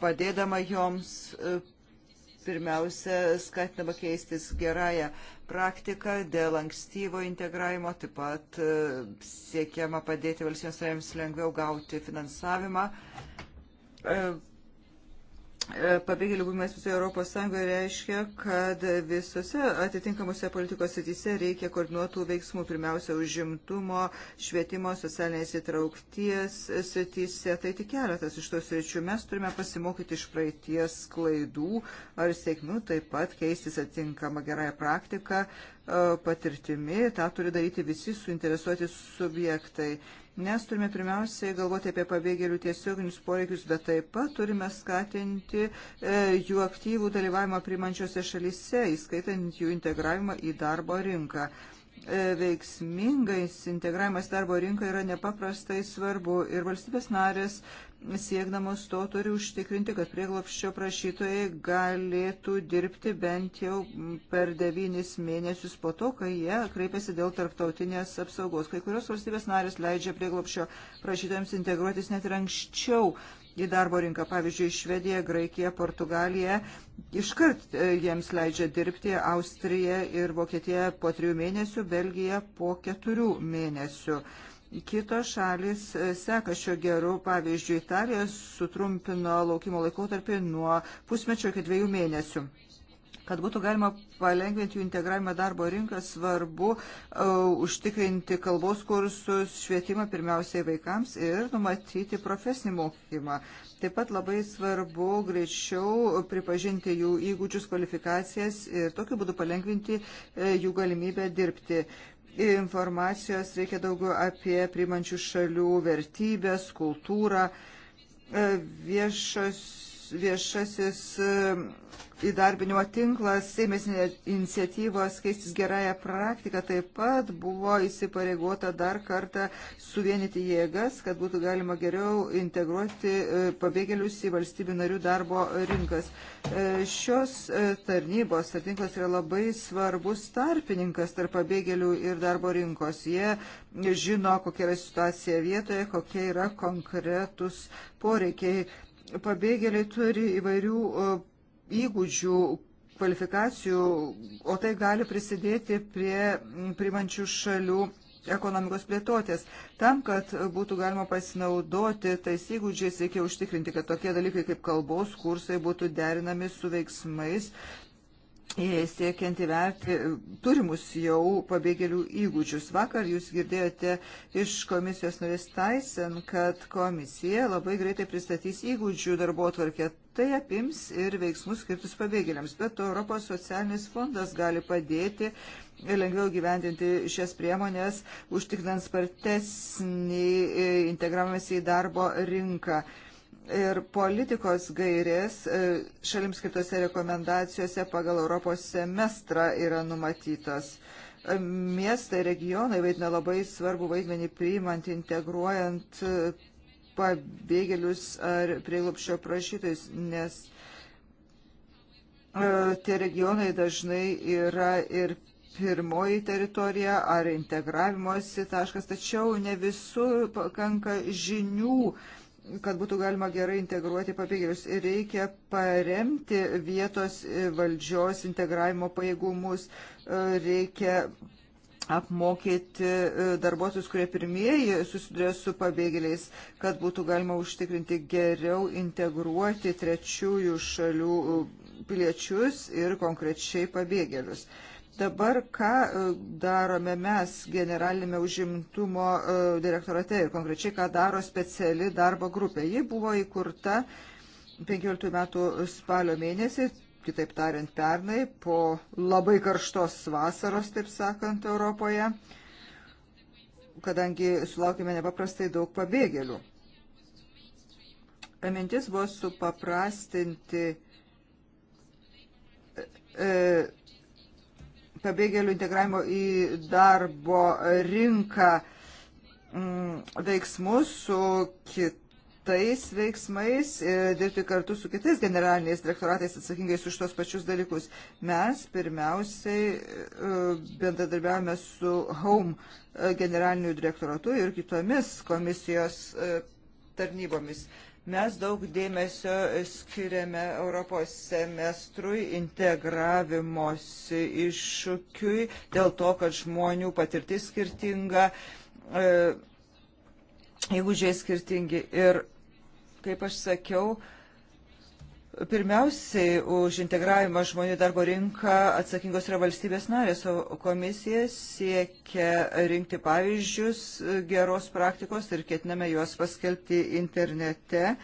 padėdama joms pirmiausia, skatinama keistis gerąją praktiką dėl ankstyvo integravimo, taip pat e, siekiama padėti valstybės narėms lengviau gauti finansavimą e, E, pabėgėlių buvimas visoje Europos Sąjungoje reiškia, kad visose atitinkamuose politikos srityse reikia koordinuotų veiksmų, pirmiausia, užimtumo, švietimo, socialinės įtraukties srityse. Tai tik keletas iš tos sričių. Mes turime pasimokyti iš praeities klaidų ar sėkmių, taip pat keistis atitinkamą gerąją praktiką e, patirtimi. Ta turi daryti visi suinteresuoti subjektai. Nes turime pirmiausiai galvoti apie pabėgėlių tiesioginius poreikius, bet taip pat turime skatinti e, jų aktyvų dalyvavimą primančiose šalyse, įskaitant jų integravimą į darbo rinką e, veiksmingais integravimas darbo rinkoje yra nepaprastai svarbu ir valstybės narės siekdamos to turi užtikrinti, kad prieglopščio prašytojai galėtų dirbti bent jau per devynis mėnesius po to, kai jie kreipiasi dėl tarptautinės apsaugos. Kai kurios valstybės narės leidžia prieglopščio prašytojams integruotis net ir anksčiau į darbo rinką. Pavyzdžiui, Švedija, Graikija, Portugalija iškart e, jiems leidžia dirbti, Austrija ir Vokietija po trijų mėnesių, Belgija po keturių mėnesių. Kitos šalis e, seka šio geru, pavyzdžiui, Italija sutrumpino laukimo laikotarpį nuo pusmečio iki dviejų mėnesių. Kad būtų galima palengvinti jų integravimą darbo rinką, svarbu uh, užtikrinti kalbos kursus, švietimą pirmiausiai vaikams ir numatyti profesinį mokymą. Taip pat labai svarbu greičiau pripažinti jų įgūdžius, kvalifikacijas ir tokiu būdu palengvinti uh, jų galimybę dirbti. Uh, informacijos reikia daugiau apie primančių šalių vertybės, kultūrą, e, viešos viešasis e, įdarbinimo tinklas ėmėsi iniciatyvos keistis gerąją praktiką, taip pat buvo įsipareigota dar kartą suvienyti jėgas, kad būtų galima geriau integruoti e, pabėgėlius į valstybių narių darbo rinkas. E, šios tarnybos, ar tinklas yra labai svarbus tarpininkas tarp pabėgėlių ir darbo rinkos. Jie žino, kokia yra situacija vietoje, kokie yra konkretus poreikiai pabėgėliai turi įvairių e, įgūdžių, kvalifikacijų, o tai gali prisidėti prie primančių šalių ekonomikos plėtotės. Tam, kad būtų galima pasinaudoti tais įgūdžiais, reikia užtikrinti, kad tokie dalykai kaip kalbos kursai būtų derinami su veiksmais E, siekiant įverti turimus jau pabėgėlių įgūdžius. Vakar jūs girdėjote iš komisijos narės Taisen, kad komisija labai greitai pristatys įgūdžių darbo atvarkę. Tai apims ir veiksmus skirtus pabėgėliams. Bet to Europos socialinis fondas gali padėti lengviau gyvendinti šias priemonės, užtikrinant spartesnį e, integravimąsi į darbo rinką. Uh, ir politikos gairės e, šalims skirtose rekomendacijose pagal Europos semestrą yra numatytas. E, miestai, regionai vaidina labai svarbu vaidmenį priimant, integruojant e, pabėgėlius ar prieglupščio prašytojus, nes tie regionai dažnai yra ir pirmoji teritorija ar integravimosi taškas, tačiau ne visų pakanka žinių kad būtų galima gerai integruoti pabėgėlius. Ir reikia paremti vietos valdžios integravimo pajėgumus, reikia apmokyti darbuotojus, kurie pirmieji susidurė su pabėgėliais, kad būtų galima užtikrinti geriau integruoti trečiųjų šalių piliečius ir konkrečiai pabėgėlius. Uh, Dabar ką e, darome mes generalinėme užimtumo e, direktorate ir konkrečiai ką daro speciali darbo grupė. Ji buvo įkurta 15 metų spalio mėnesį, kitaip tariant pernai, po labai karštos vasaros, taip sakant, Europoje, kadangi sulaukime nepaprastai daug pabėgėlių. Mintis buvo supaprastinti e, pabėgėlių integravimo į darbo rinką mm, veiksmus su kitais veiksmais ir dirbti kartu su kitais generaliniais direktoratais atsakingais už tos pačius dalykus. Mes pirmiausiai e, bendradarbiavome su HOME e, generaliniu direktoratu ir kitomis komisijos e, tarnybomis. Mes daug dėmesio skiriame Europos semestrui, integravimosi iššūkiui, dėl to, kad žmonių patirtis skirtinga, e, įgūdžiai skirtingi. Ir, kaip aš sakiau, Pirmiausiai už integravimą žmonių darbo rinką atsakingos yra valstybės narės, o komisija siekia rinkti pavyzdžius geros praktikos ir ketiname juos paskelbti internete,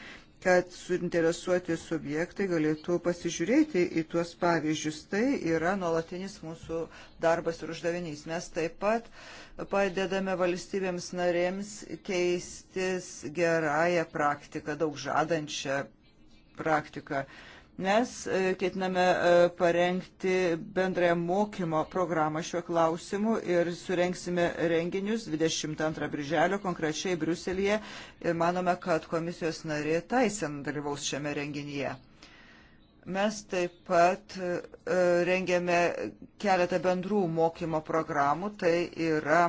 kad suinteresuoti subjektai galėtų pasižiūrėti į tuos pavyzdžius. Tai yra nuolatinis mūsų darbas ir uždavinys. Mes taip pat padedame valstybėms narėms keistis gerąją praktiką, daug žadančią praktiką. Mes e, ketiname e, parengti bendrąją mokymo programą šiuo klausimu ir surenksime renginius 22 birželio konkrečiai Briuselėje ir manome, kad komisijos narė Taisen dalyvaus šiame renginyje. Mes taip pat e, rengiame keletą bendrų mokymo programų, tai yra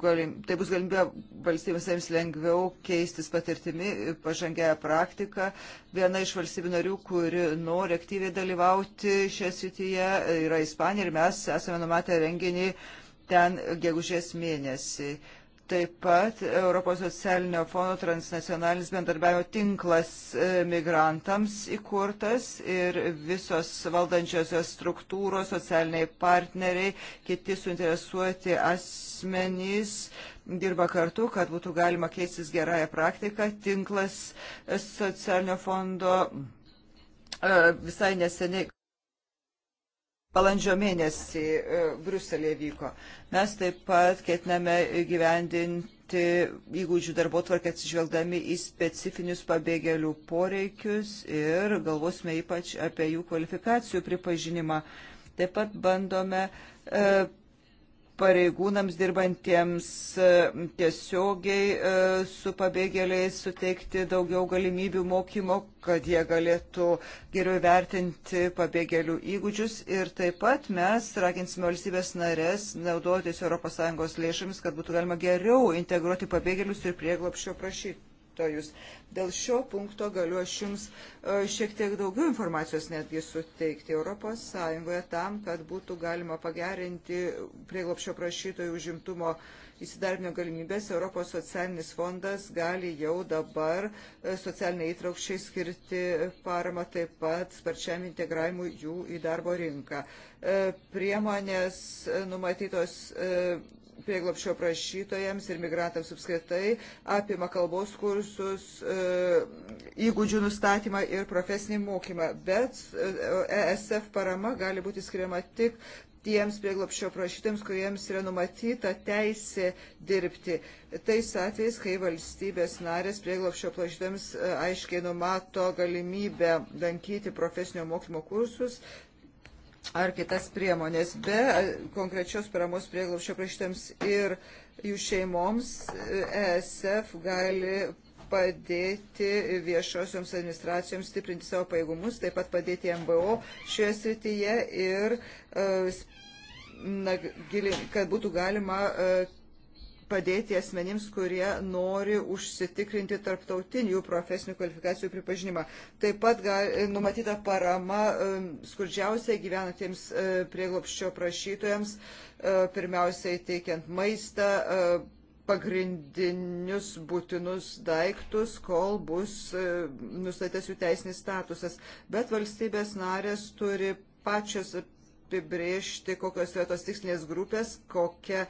galim, tai bus galimybė valstybėms jiems lengviau keistis patirtimi, pažangėja praktika. Viena iš valstybių narių, kuri nori aktyviai dalyvauti šią srityje, yra Ispanija ir mes esame numatę renginį ten gegužės mėnesį. Taip pat Europos socialinio fondo transnacionalinis bendarbiavimo tinklas e, migrantams įkurtas ir visos valdančiosios struktūros, socialiniai partneriai, kiti suinteresuoti asmenys dirba kartu, kad būtų galima keistis gerąją praktiką. Tinklas e, socialinio fondo e, visai neseniai balandžio mėnesį e, Bruselėje vyko. Mes taip pat ketiname gyvendinti įgūdžių darbo tvarkę atsižvelgdami į specifinius pabėgėlių poreikius ir galvosime ypač apie jų kvalifikacijų pripažinimą. Taip pat bandome e, pareigūnams dirbantiems e, tiesiogiai e, su pabėgėliais suteikti daugiau galimybių mokymo, kad jie galėtų geriau vertinti pabėgėlių įgūdžius. Ir taip pat mes raginsime valstybės narės naudotis ES lėšomis, kad būtų galima geriau integruoti pabėgėlius ir prieglopščio prašyt, gyventojus. Dėl šio punkto galiu aš Jums e, šiek tiek daugiau informacijos netgi suteikti Europos Sąjungoje tam, kad būtų galima pagerinti prieglopšio prašytojų užimtumo įsidarbinio galimybės. Europos socialinis fondas gali jau dabar e, socialiniai įtraukščiai skirti paramą taip pat sparčiam integravimui jų į darbo rinką. E, priemonės numatytos prieglopšio prašytojams ir migrantams apskritai, apima kalbos kursus, e, įgūdžių nustatymą ir profesinį mokymą. Bet ESF e parama gali būti skiriama tik tiems prieglopščio prašytėms, kuriems yra numatyta teisė dirbti. Tais atvejais, kai valstybės narės prieglopščio prašytėms e, aiškiai numato galimybę lankyti profesinio mokymo kursus, ar kitas priemonės. Be konkrečios paramos prieglaušio prašytams ir jų šeimoms ESF e gali padėti viešosioms administracijoms stiprinti savo paėgumus, taip pat padėti MBO šioje srityje ir e, na, kad būtų galima e, padėti asmenims, kurie nori užsitikrinti tarptautinių profesinių kvalifikacijų pripažinimą. Taip pat gal, numatyta parama um, skurdžiausiai gyvenantiems uh, prieglopščio prašytojams, uh, pirmiausiai teikiant maistą, uh, pagrindinius būtinus daiktus, kol bus nustatytas jų teisinis statusas. Bet valstybės narės turi pačios apibriežti, kokios yra tos tikslinės grupės, kokia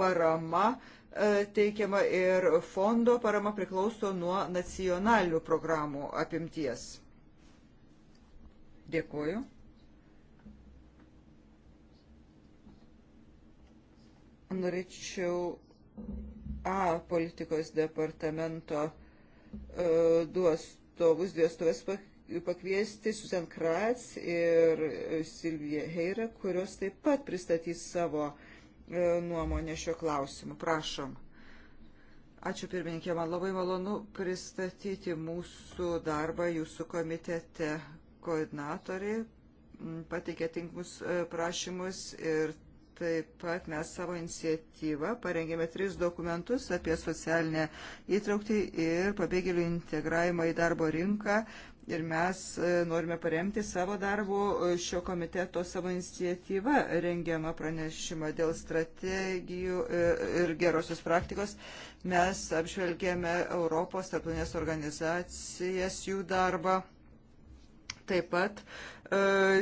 parama E, teikiama ir fondo parama priklauso nuo nacionalinių programų apimties. Dėkuoju. Norėčiau A politikos departamento e, du atstovus, dvi atstovės pakviesti Susan Kratz ir Silvija Heira, kurios taip pat pristatys savo uh, E, nuomonę šiuo klausimu. Prašom. Ačiū pirmininkė, man labai malonu pristatyti mūsų darbą jūsų komitete. Koordinatoriai pateikė tinkamus e, prašymus ir Taip pat mes savo iniciatyvą parengėme tris dokumentus apie socialinę įtraukti ir pabėgėlių integravimą į darbo rinką, ir mes e, norime paremti savo darbu e, šio komiteto savo iniciatyvą rengiamą pranešimą dėl strategijų e, ir gerosios praktikos. Mes apžvelgėme Europos tarptautinės organizacijas, jų darbą. Taip pat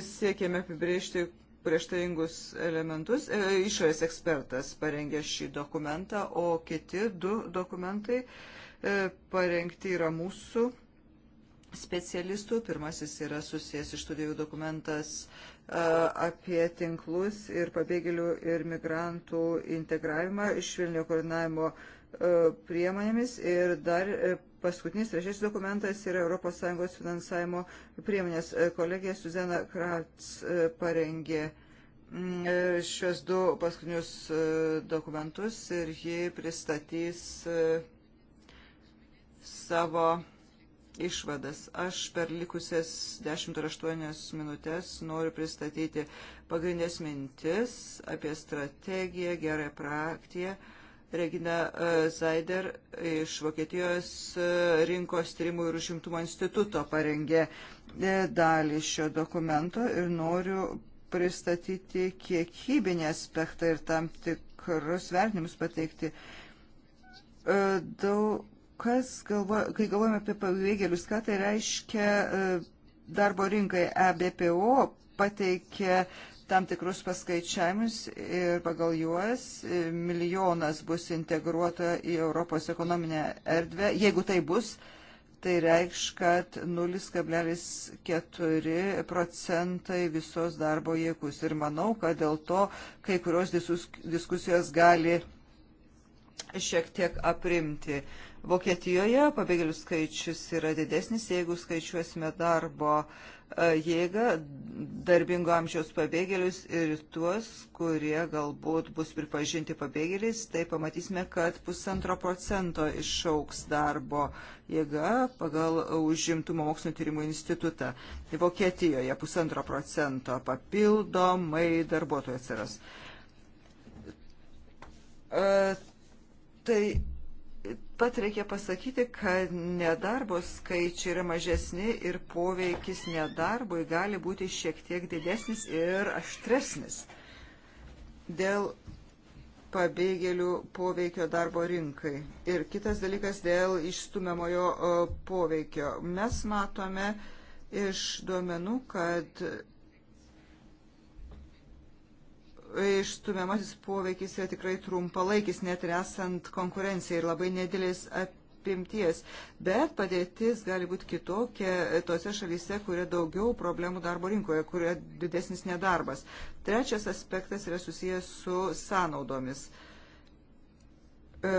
siekėme apibriežti prieštaringus elementus. Išorės ekspertas parengė šį dokumentą, o kiti du dokumentai parengti yra mūsų specialistų. Pirmasis yra susijęs iš studijų dokumentas apie tinklus ir pabėgėlių ir migrantų integravimą švilnio koordinavimo priemonėmis. Ir dar e, paskutinis trečiasis dokumentas yra ES finansavimo priemonės. E, Kolegija Suzana Kratz e, parengė šios du paskutinius dokumentus ir ji pristatys savo išvadas. Aš per likusias 10 ar 8 minutės noriu pristatyti pagrindės mintis apie strategiją, gerąją praktiją. Regina e, Zaider iš Vokietijos e, rinkos tyrimų ir užimtumo instituto parengė e, dalį šio dokumento ir noriu pristatyti kiekybinį aspektą ir tam tikrus vertinimus pateikti. Daug Kas galvo, kai galvojame apie pabėgėlius, ką tai reiškia e, darbo rinkai EBPO pateikė tam tikrus paskaičiavimus ir pagal juos e, milijonas bus integruota į Europos ekonominę erdvę. Jeigu tai bus, tai reikš, kad 0,4 procentai visos darbo jėgus. Ir manau, kad dėl to kai kurios diskusijos gali šiek tiek aprimti. Uh, Vokietijoje pabėgėlių skaičius yra didesnis, jeigu skaičiuosime darbo e, jėgą, darbingo amžiaus pabėgėlius ir tuos, kurie galbūt bus pripažinti pabėgėliais, tai pamatysime, kad pusantro procento išauks darbo jėga pagal užimtumo mokslinio tyrimų institutą. Vokietijoje pusantro procento papildomai darbuotojų atsiras. E, tai pat reikia pasakyti, kad nedarbo skaičiai yra mažesni ir poveikis nedarbui gali būti šiek tiek didesnis ir aštresnis dėl pabėgėlių poveikio darbo rinkai. Ir kitas dalykas dėl išstumiamojo e, poveikio. Mes matome iš duomenų, kad išstumiamasis poveikis yra tikrai trumpalaikis, net ir esant konkurencijai ir labai nedėlės apimties. Bet padėtis gali būti kitokia tose šalyse, kurie daugiau problemų darbo rinkoje, kurie didesnis nedarbas. Trečias aspektas yra susijęs su sąnaudomis. E,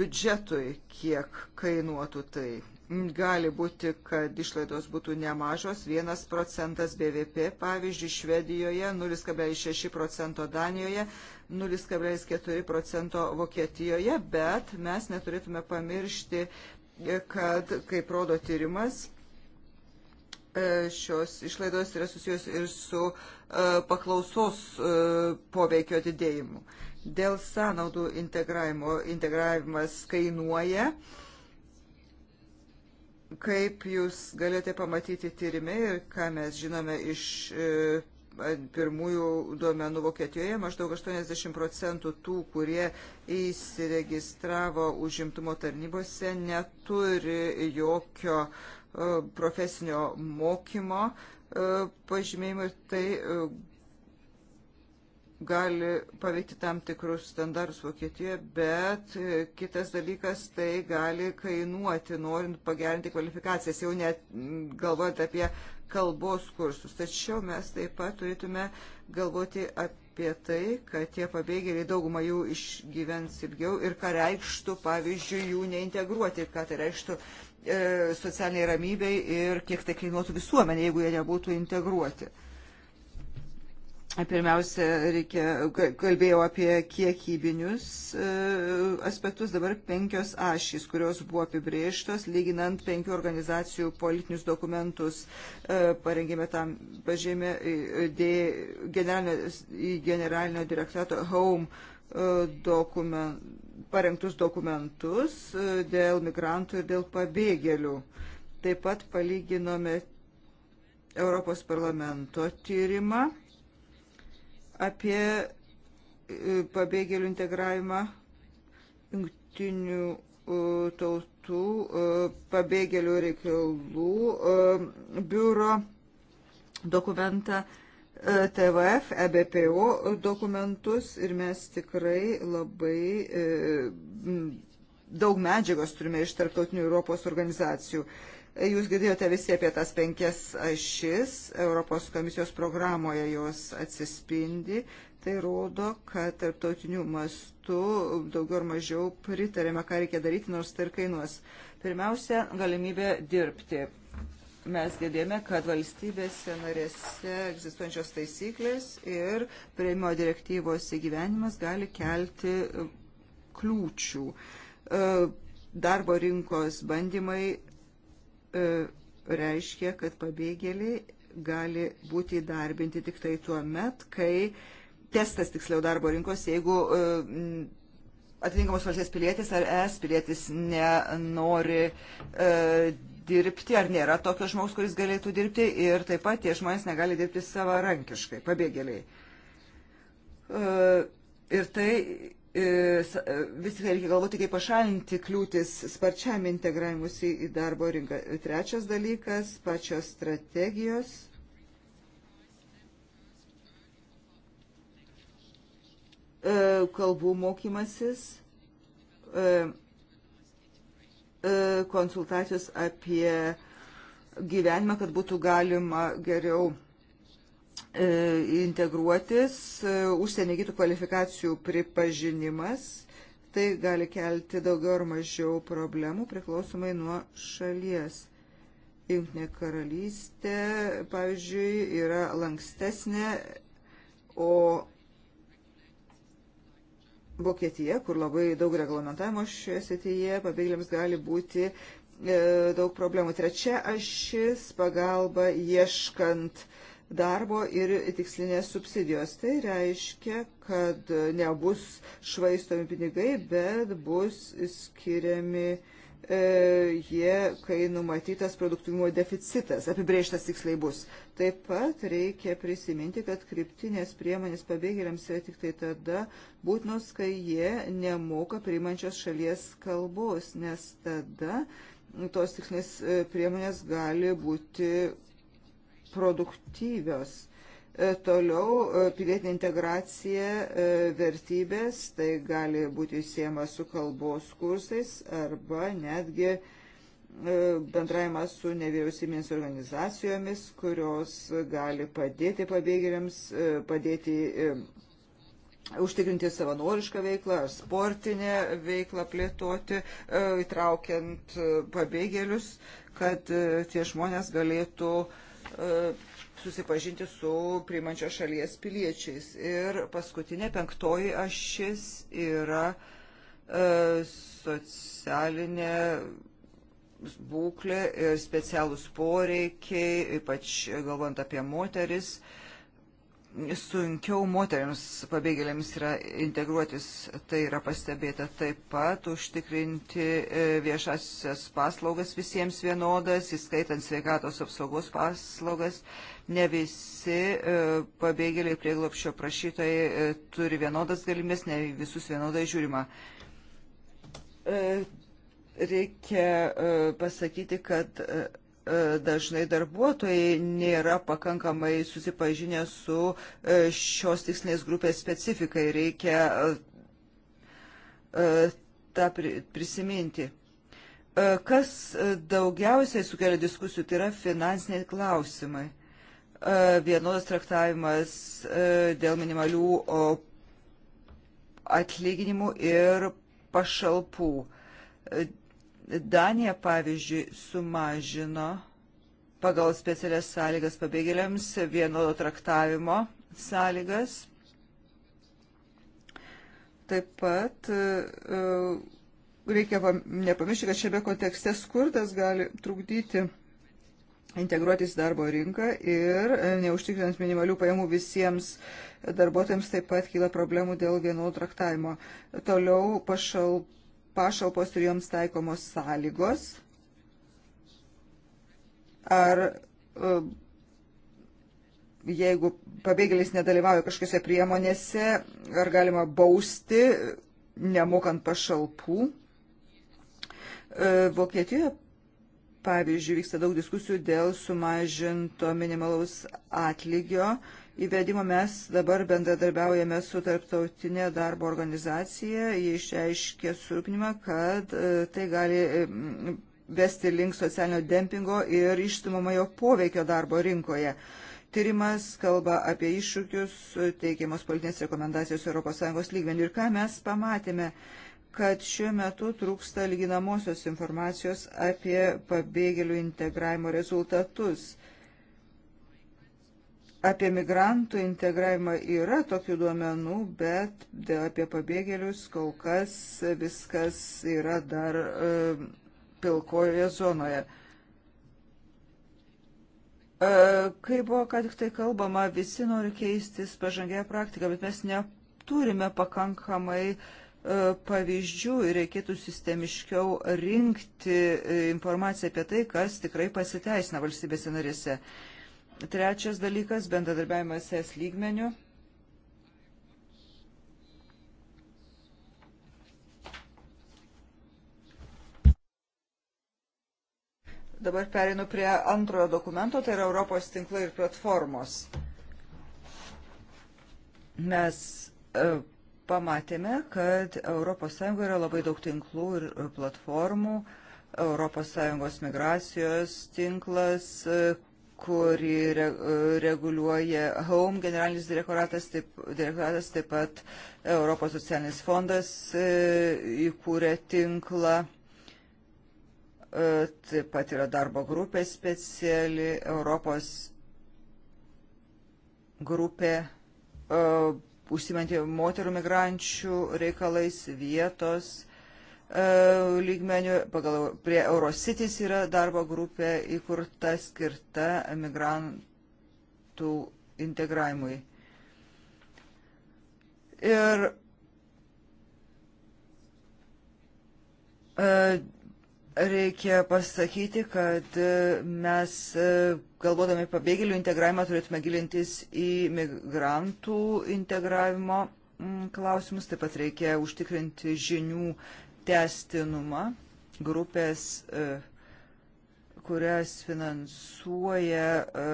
biudžetui kiek kainuotų tai Gali būti, kad išlaidos būtų nemažos, 1 procentas BVP, pavyzdžiui, Švedijoje 0,6 procento Danijoje, 0,4 procento Vokietijoje, bet mes neturėtume pamiršti, e, kad, kaip rodo tyrimas, e, šios išlaidos yra susijęs ir su e, paklausos poveikio didėjimu. Dėl sąnaudų integravimo integravimas kainuoja, Kaip jūs galite pamatyti tyrimė ir ką mes žinome iš e, pirmųjų duomenų Vokietijoje, maždaug 80 procentų tų, kurie įsiregistravo užimtumo tarnybose, neturi jokio e, profesinio mokymo e, pažymėjimų ir tai gali paveikti tam tikrus standartus Vokietijoje, bet e, kitas dalykas tai gali kainuoti, norint pagerinti kvalifikacijas, jau net galvojant apie kalbos kursus. Tačiau mes taip pat turėtume galvoti apie tai, kad tie pabėgėliai daugumą jų išgyvens ilgiau ir ką reikštų, pavyzdžiui, jų neintegruoti, ką tai reikštų e, socialiniai ramybei ir kiek tai kainuotų visuomenė, jeigu jie nebūtų integruoti. E, Pirmiausia, reikia, kalbėjau apie kiekybinius e, aspektus, dabar penkios ašys, kurios buvo apibrėžtos, lyginant penkių organizacijų politinius dokumentus, e, parengėme tam pažymę į generalinio direktorato Home e, dokumen, parengtus dokumentus dėl migrantų ir dėl pabėgėlių. Taip pat palyginome Europos parlamento tyrimą apie e, pabėgėlių integravimą jungtinių e, tautų e, pabėgėlių reikalų biuro dokumentą TVF, EBPO dokumentus ir mes tikrai labai daug medžiagos turime iš tarptautinių Europos organizacijų. Jūs girdėjote visi apie tas penkias ašis, Europos komisijos programoje jos atsispindi. Tai rodo, kad tarptautiniu mastu daugiau ar mažiau pritarėme, ką reikia daryti, nors tai ir kainuos. Pirmiausia, galimybė dirbti. Mes girdėjome, kad valstybėse narėse egzistuojančios taisyklės ir prieimimo direktyvos įgyvenimas gali kelti kliūčių e, darbo rinkos bandymai E, reiškia, kad pabėgėliai gali būti įdarbinti tik tai tuo met, kai testas tiksliau darbo rinkos, jeigu e, atitinkamos valstybės pilietis ar es pilietis nenori e, dirbti, ar nėra tokio žmogaus, kuris galėtų dirbti ir taip pat tie žmonės negali dirbti savarankiškai, pabėgėliai. Ir tai E, e, vis tik reikia galvoti, kaip pašalinti kliūtis sparčiam integravimusi į darbo rinką. Trečias dalykas - pačios strategijos. E, kalbų mokymasis, konsultacijos apie gyvenimą, kad būtų galima geriau E, integruotis, e, užsienį gytų kvalifikacijų pripažinimas, tai gali kelti daugiau ar mažiau problemų priklausomai nuo šalies. Junktinė karalystė, pavyzdžiui, yra lankstesnė, o Vokietija, kur labai daug reglamentavimo šioje srityje, pabėgėliams gali būti e, daug problemų. Trečia ašis pagalba ieškant uh, darbo ir tikslinės subsidijos. Tai reiškia, kad nebus švaistomi pinigai, bet bus skiriami e, jie, kai numatytas produktyvumo deficitas, apibrėžtas tiksliai bus. Taip pat reikia prisiminti, kad kryptinės priemonės pabėgėliams yra tik tai tada būtinos, kai jie nemoka priimančios šalies kalbos, nes tada tos tikslinės e, priemonės gali būti produktyvios. E, toliau e, pilietinė integracija, e, vertybės, tai gali būti siema su kalbos kursais arba netgi bendravimas su nevyriausybinės organizacijomis, kurios gali padėti pabėgėliams, padėti užtikrinti savanorišką veiklą ar sportinę veiklą plėtoti, įtraukiant pabėgėlius, kad tie žmonės galėtų uh, E, susipažinti su priimančios šalies piliečiais. Ir paskutinė penktoji ašis yra e, socialinė būklė ir specialūs poreikiai, ypač galvant apie moteris. E, sunkiau moteriams pabėgėliams yra integruotis, tai yra pastebėta taip pat, užtikrinti e, viešasias paslaugas visiems vienodas, įskaitant sveikatos apsaugos paslaugas. Ne visi e, pabėgėliai prieglopščio prašytojai e, turi vienodas galimės, ne visus vienodai žiūrima. Reikia pasakyti, kad E, dažnai darbuotojai nėra pakankamai susipažinę su e, šios tikslinės grupės specifikai. Reikia e, tą prisiminti. Kas daugiausiai sukelia diskusijų, tai yra finansiniai klausimai. Vienodas traktavimas dėl minimalių atlyginimų ir pašalpų Danija, pavyzdžiui, sumažino pagal specialias sąlygas pabėgėliams vienodo traktavimo sąlygas. Taip pat e, reikia nepamiršti, kad šiame kontekste skurdas gali trukdyti integruotis į darbo rinką ir e, neužtikrinant minimalių pajamų visiems darbuotojams taip pat kyla problemų dėl vienodų traktavimo. Toliau pašalpų pašalpos ir joms taikomos sąlygos, ar e, jeigu pabėgėlis nedalyvauja kažkokiose priemonėse, ar galima bausti, nemokant pašalpų. E, Vokietijoje, pavyzdžiui, vyksta daug diskusijų dėl sumažinto minimalaus atlygio įvedimo mes dabar bendradarbiaujame su tarptautinė darbo organizacija. Jie išreiškė surūpinimą, kad e, tai gali vesti link socialinio dempingo ir išstumamojo poveikio darbo rinkoje. Tyrimas kalba apie iššūkius, teikiamos politinės rekomendacijos ES lygmenių. Ir ką mes pamatėme, kad šiuo metu trūksta lyginamosios informacijos apie pabėgėlių integravimo rezultatus Apie migrantų integravimą yra tokių duomenų, bet apie pabėgėlius kol kas viskas yra dar e, pilkojoje zonoje. E, kai buvo, kad tik tai kalbama, visi nori keistis pažangę praktiką, bet mes neturime pakankamai e, pavyzdžių ir reikėtų sistemiškiau rinkti e, informaciją apie tai, kas tikrai pasiteisina valstybėse narėse. E, Trečias dalykas - bendradarbiavimas es lygmenių. Dabar perinu prie antrojo dokumento, tai yra Europos tinklai ir platformos. Mes e, pamatėme, kad ES yra labai daug tinklų ir e, platformų. ES migracijos tinklas, e, kuri re, reguliuoja Home generalinis direktoratas, taip, direktoratas, taip pat Europos socialinis fondas e, įkūrė tinklą. E, taip pat yra darbo grupė speciali Europos grupė e, užsimanti moterų migrančių reikalais vietos E, lygmenių, pagal, prie Eurocities yra darbo grupė įkurta skirta migrantų integravimui. Ir e, Reikia pasakyti, kad e, mes, galvodami pabėgėlių integravimą, turėtume gilintis į migrantų integravimo klausimus. Taip pat reikia užtikrinti žinių testinumą grupės, e, kurias finansuoja e,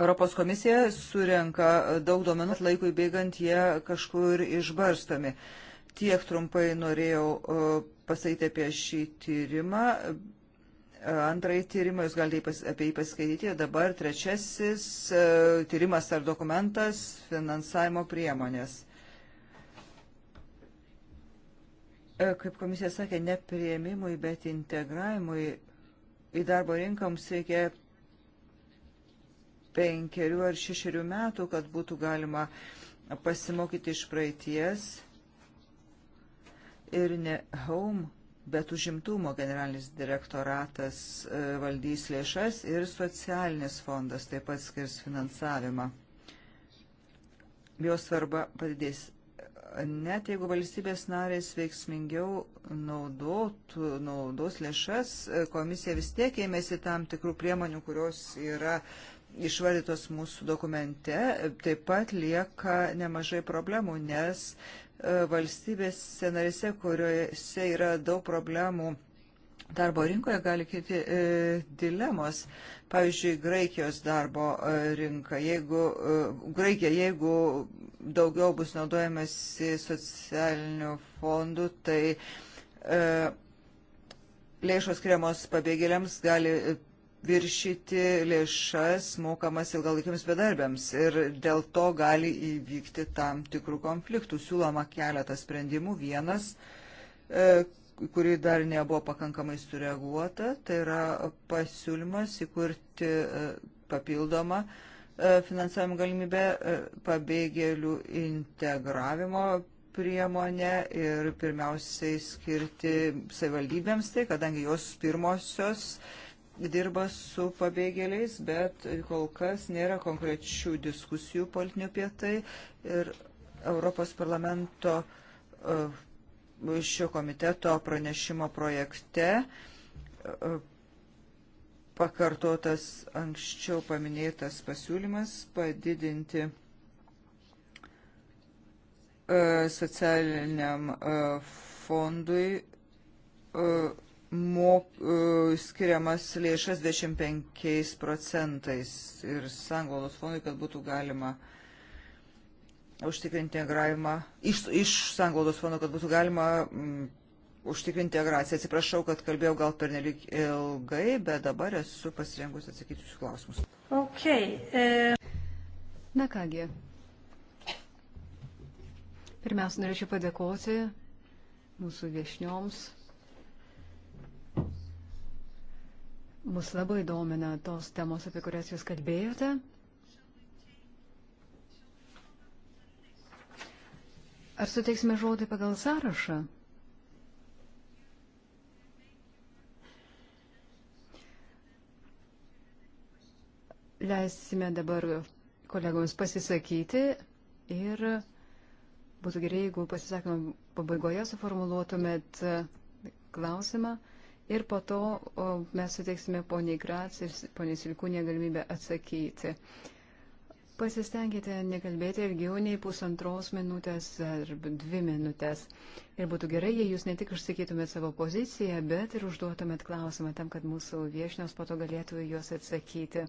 Europos komisija, surenka daug duomenų, laikui bėgant jie kažkur išbarstami. Tiek trumpai norėjau e, pasakyti apie šį tyrimą. Antrąjį tyrimą jūs galite apie jį paskaityti. Dabar trečiasis tyrimas ar dokumentas - finansavimo priemonės. E, kaip komisija sakė, ne prieimimui, bet integravimui į darbo rinkoms reikia penkerių ar šešerių metų, kad būtų galima pasimokyti iš praeities ir ne home, bet užimtumo generalinis direktoratas e, valdys lėšas ir socialinis fondas taip pat skirs finansavimą. Jo svarba padidės net jeigu valstybės narės veiksmingiau naudotų, naudos lėšas, komisija vis tiek ėmėsi tam tikrų priemonių, kurios yra išvardytos mūsų dokumente, taip pat lieka nemažai problemų, nes e, valstybės scenarise, kuriuose yra daug problemų darbo rinkoje gali kiti e, dilemos. Pavyzdžiui, Graikijos darbo e, rinka. Jeigu, e, Graikija, jeigu daugiau bus naudojamasi socialinių fondų, tai e, lėšos skiriamos pabėgėliams gali viršyti lėšas mokamas ilgalaikiams bedarbiams ir dėl to gali įvykti tam tikrų konfliktų. Siūloma keletas sprendimų. Vienas e, kuri dar nebuvo pakankamai sureaguota, tai yra pasiūlymas įkurti e, papildomą e, finansavimo galimybę e, pabėgėlių integravimo priemonę ir pirmiausiai skirti savivaldybėms tai, kadangi jos pirmosios dirba su pabėgėliais, bet kol kas nėra konkrečių diskusijų politinių apie tai ir Europos parlamento uh, šio komiteto pranešimo projekte e, pakartotas anksčiau paminėtas pasiūlymas padidinti e, socialiniam e, fondui mok, skiriamas lėšas 25 procentais ir sanglaudos fondui, kad būtų galima uh, užtikrinti integravimą iš, iš sanglaudos fondo, kad būtų galima m, mm, užtikrinti integraciją. Atsiprašau, kad kalbėjau gal per nelik ilgai, bet dabar esu pasirengusi atsakyti jūsų klausimus. Okay, e... Na kągi. Pirmiausia, norėčiau padėkoti mūsų viešnioms. Mus labai domina tos temos, apie kurias jūs kalbėjote. Ar suteiksime žodį pagal sąrašą? Leisime dabar kolegoms pasisakyti ir būtų gerai, jeigu pasisakymą pabaigoje suformuluotumėt klausimą ir po to mes suteiksime poniai Grats ir poniai Silkūnė galimybę atsakyti. Uh, pasistengite nekalbėti ilgiau nei pusantros minutės ar dvi minutės. Ir būtų gerai, jei jūs ne tik išsakytumėt savo poziciją, bet ir užduotumėt klausimą tam, kad mūsų viešnios po to galėtų juos atsakyti.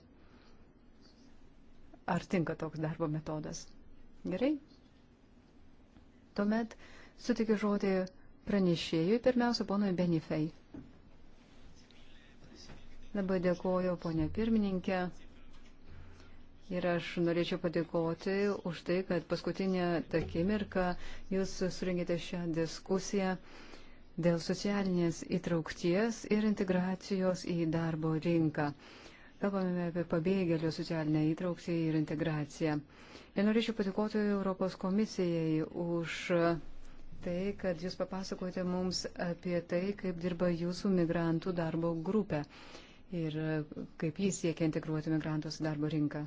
Ar tinka toks darbo metodas? Gerai. Tuomet sutikiu žodį pranešėjui, pirmiausia, ponui Benifei. Labai dėkoju, ponė pirmininkė. Ir aš norėčiau padėkoti už tai, kad paskutinę akimirką jūs suringėte šią diskusiją dėl socialinės įtraukties ir integracijos į darbo rinką. Kalbame apie pabėgėlių socialinę įtraukti ir integraciją. Ir norėčiau padėkoti Europos komisijai už tai, kad jūs papasakote mums apie tai, kaip dirba jūsų migrantų darbo grupė ir kaip jis siekia integruoti migrantus į darbo rinką.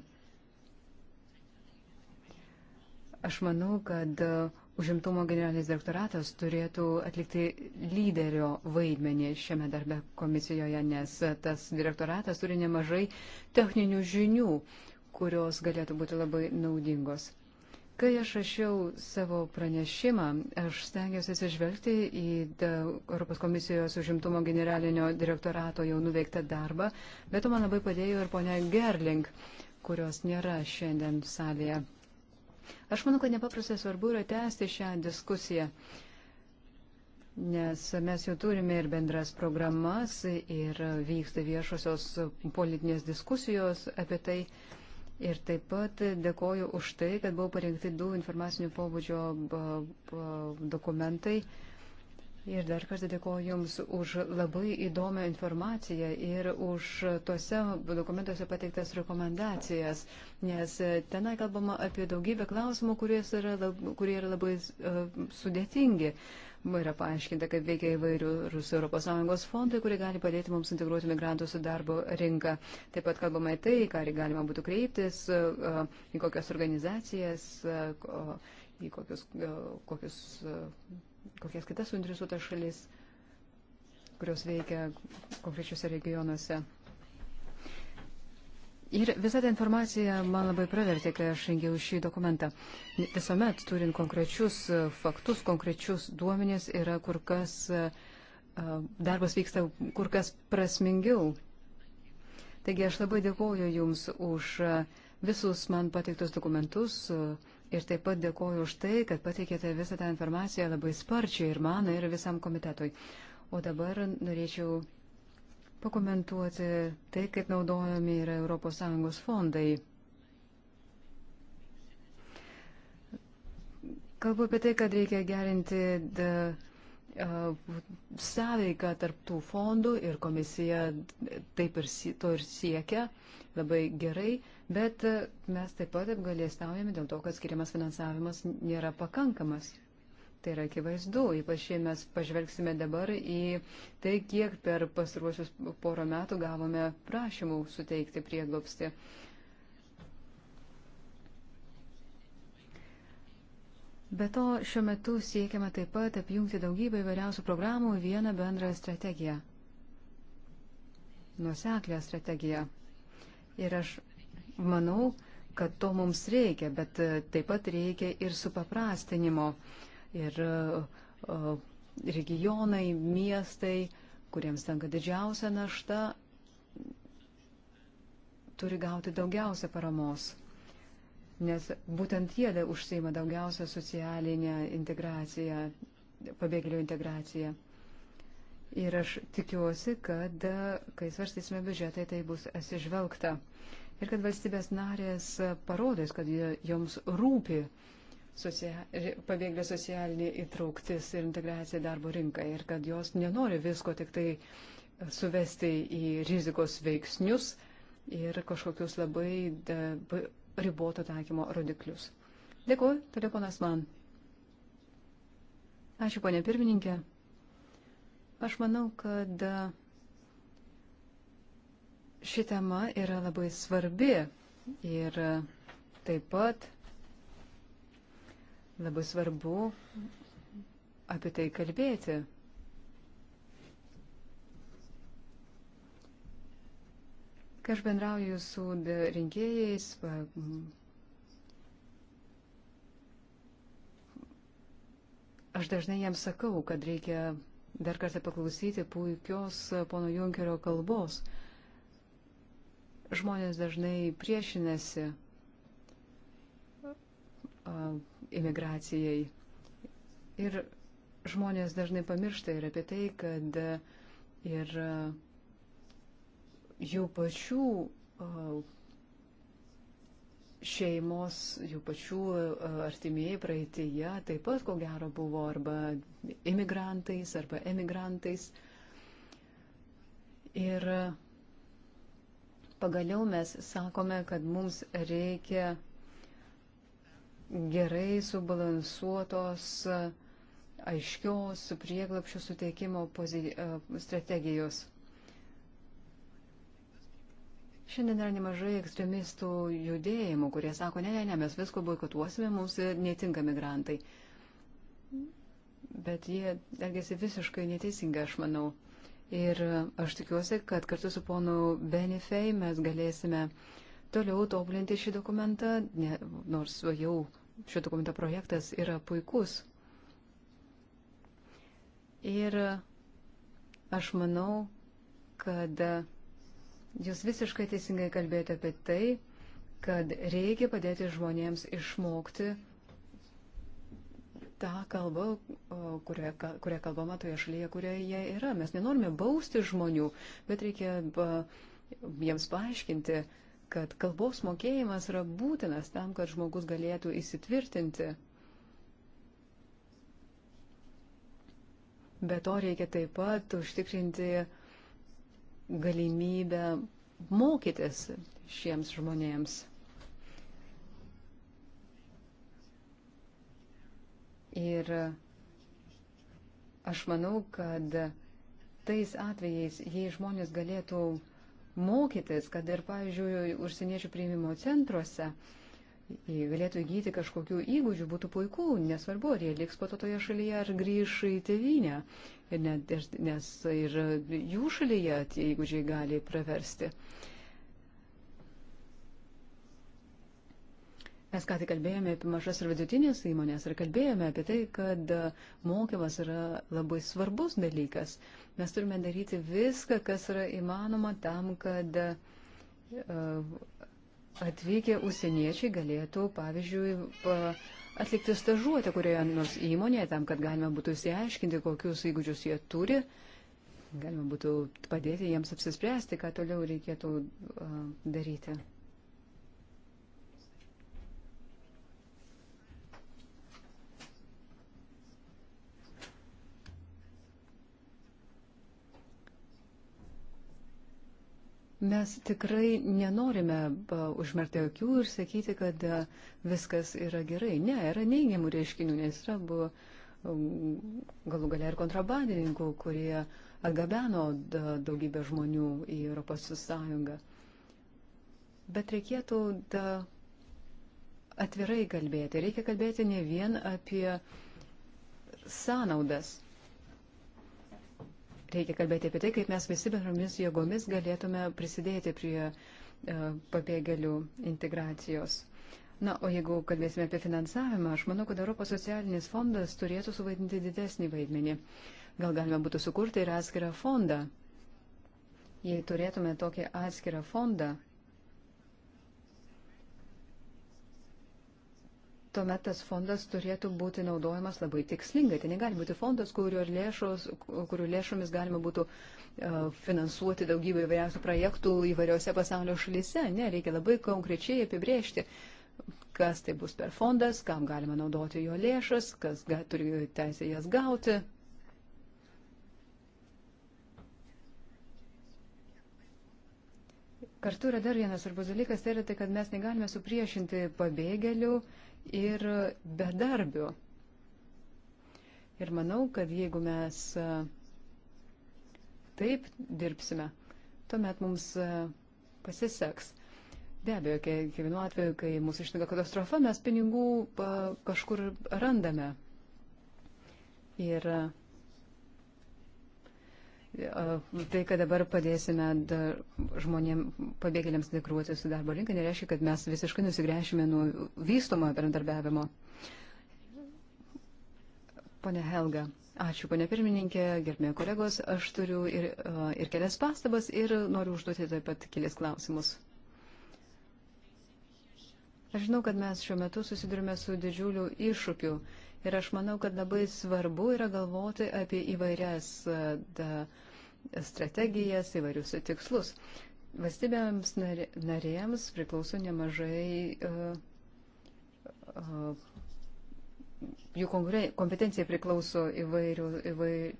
Aš manau, kad e, užimtumo generalinis direktoratas turėtų atlikti lyderio vaidmenį šiame darbe komisijoje, nes e, tas direktoratas turi nemažai techninių žinių, kurios galėtų būti labai naudingos. Kai aš rašiau savo pranešimą, aš stengiausi atsižvelgti į e, Europos komisijos užimtumo generalinio direktorato jau nuveiktą darbą, bet to man labai padėjo ir ponia Gerling, kurios nėra šiandien salėje. Aš manau, kad nepaprastai svarbu yra tęsti šią diskusiją, nes mes jau turime ir bendras programas, ir vyksta viešosios politinės diskusijos apie tai. Ir taip pat dėkoju už tai, kad buvo parengti du informacinio pobūdžio dokumentai. Uh, Ir dar kartą dėkoju Jums už labai įdomią informaciją ir už tuose dokumentuose pateiktas rekomendacijas, nes tenai kalbama apie daugybę klausimų, yra, kurie yra labai uh, sudėtingi. Yra paaiškinta, kaip veikia įvairius ES fondai, kurie gali padėti mums integruoti migrantus į darbo rinką. Taip pat kalbama į tai, ką galima būtų kreiptis, uh, į kokias organizacijas, uh, į kokius, kokius kokias kitas suinteresuotas šalis, kurios veikia konkrečiuose regionuose. Ir visą tą informaciją man labai pravertė, kai aš rengiau šį dokumentą. Visuomet turint konkrečius faktus, konkrečius duomenys yra kur kas, darbas vyksta kur kas prasmingiau. Taigi aš labai dėkoju Jums už visus man pateiktus dokumentus, Ir taip pat dėkoju už tai, kad pateikėte visą tą informaciją labai sparčiai ir man, ir visam komitetui. O dabar norėčiau pakomentuoti tai, kaip naudojami yra ES fondai. Kalbu apie tai, kad reikia gerinti. De, E, sąveika tarptų fondų ir komisija taip ir to ir siekia labai gerai, bet e, mes taip pat apgalėstaujame dėl to, kad skiriamas finansavimas nėra pakankamas. Tai yra akivaizdu, ypač jei mes pažvelgsime dabar į tai, kiek per pastaruosius porą metų gavome prašymų suteikti prieglopsti. Uh, Be to, šiuo metu siekiama taip pat apjungti daugybę įvairiausių programų į vieną bendrą strategiją. Nuseklę strategiją. Ir aš manau, kad to mums reikia, bet e, taip pat reikia ir supaprastinimo. Ir e, regionai, miestai, kuriems tenka didžiausia našta, turi gauti daugiausia paramos nes būtent jie da užsima daugiausia socialinę integraciją, pabėgėlių integraciją. Ir aš tikiuosi, kad e, kai svarstysime biudžetą, tai bus atsižvelgta. Ir kad valstybės narės parodys, kad joms rūpi socia pabėgėlių socialinė įtrauktis ir integracija darbo rinką. Ir kad jos nenori visko tik tai suvesti į rizikos veiksnius ir kažkokius labai riboto taikymo rodiklius. Dėkuoju, telefonas man. Ačiū, ponė pirmininkė. Aš manau, kad ši tema yra labai svarbi ir taip pat labai svarbu apie tai kalbėti. Kai aš bendrauju su rinkėjais, aš dažnai jiems sakau, kad reikia dar kartą paklausyti puikios pono Junkerio kalbos. Žmonės dažnai priešinasi imigracijai. Ir žmonės dažnai pamiršta ir apie tai, kad ir jų pačių šeimos, jų pačių artimieji praeitėje taip pat, ko gero, buvo arba imigrantais, arba emigrantais. Ir pagaliau mes sakome, kad mums reikia gerai subalansuotos, aiškios prieglapščių suteikimo strategijos. Šiandien yra nemažai ekstremistų judėjimų, kurie sako, ne, ne, ne, mes visko boikotuosime, mums netinka migrantai. Bet jie elgesi visiškai neteisingai, aš manau. Ir aš tikiuosi, kad kartu su ponu Benifei mes galėsime toliau tobulinti šį dokumentą, ne, nors jau šio dokumento projektas yra puikus. Ir aš manau, kad Jūs visiškai teisingai kalbėjote apie tai, kad reikia padėti žmonėms išmokti tą kalbą, kurioje, kurioje kalbama toje šalyje, kurioje jie yra. Mes nenorime bausti žmonių, bet reikia jiems paaiškinti, kad kalbos mokėjimas yra būtinas tam, kad žmogus galėtų įsitvirtinti. Be to reikia taip pat užtikrinti uh, galimybę mokytis šiems žmonėms. Ir aš manau, kad tais atvejais, jei žmonės galėtų mokytis, kad ir, pavyzdžiui, užsieniečių priimimo centruose, uh, jei galėtų įgyti kažkokių įgūdžių, būtų puiku, nesvarbu, ar jie liks po to toje šalyje, ar grįš į tėvynę, ir net, nes ir jų šalyje tie įgūdžiai gali praversti. Mes ką tik kalbėjome apie mažas ir vidutinės įmonės ir kalbėjome apie tai, kad mokymas yra labai svarbus dalykas. Mes turime daryti viską, kas yra įmanoma tam, kad uh, atvykę užsieniečiai galėtų, pavyzdžiui, atlikti stažuotę kurioje nors įmonėje, tam, kad galima būtų įsiaiškinti, kokius įgūdžius jie turi, galima būtų padėti jiems apsispręsti, ką toliau reikėtų daryti. Mes tikrai nenorime užmerkti akių ir sakyti, kad viskas yra gerai. Ne, yra neigiamų reiškinių, nes yra buvo um, galų galia ir kontrabandininkų, kurie atgabeno daugybę žmonių į Europos Sąjungą. Bet reikėtų atvirai kalbėti. Reikia kalbėti ne vien apie sąnaudas. Reikia kalbėti apie tai, kaip mes visi bendromis jėgomis galėtume prisidėti prie e, pabėgėlių integracijos. Na, o jeigu kalbėsime apie finansavimą, aš manau, kad Europos socialinis fondas turėtų suvaidinti didesnį vaidmenį. Gal galima būtų sukurti ir atskirą fondą. Jei turėtume tokį atskirą fondą, tuomet tas fondas turėtų būti naudojamas labai tikslingai. Tai negali būti fondas, kurio, lėšos, kurio lėšomis galima būtų e, finansuoti daugybę įvairiausių projektų įvairiose pasaulio šalyse. Ne, reikia labai konkrečiai apibriežti, kas tai bus per fondas, kam galima naudoti jo lėšas, kas ga, turi teisę jas gauti. Kartu yra dar vienas svarbus dalykas, tai yra tai, kad mes negalime supriešinti pabėgėlių uh, ir bedarbių. Ir manau, kad jeigu mes e, taip dirbsime, tuomet mums e, pasiseks. Be abejo, kiekvienu atveju, kai mūsų ištinka katastrofa, mes pinigų kažkur randame. Ir uh, Tai, kad dabar padėsime žmonėm pabėgėliams integruotis į darbo rinką, nereiškia, kad mes visiškai nusigręšime nuo vystomo bendradarbiavimo. Pone Helga, ačiū, pone pirmininkė, gerbėjo kolegos, aš turiu ir, ir kelias pastabas ir noriu užduoti taip pat kelias klausimus. Aš žinau, kad mes šiuo metu susidurime su didžiuliu iššūkiu Ir aš manau, kad labai svarbu yra galvoti apie įvairias e, da, strategijas, įvairius tikslus. Valstybėms narėms priklauso nemažai, uh, uh, jų kompetencija priklauso įvairių, įvairių,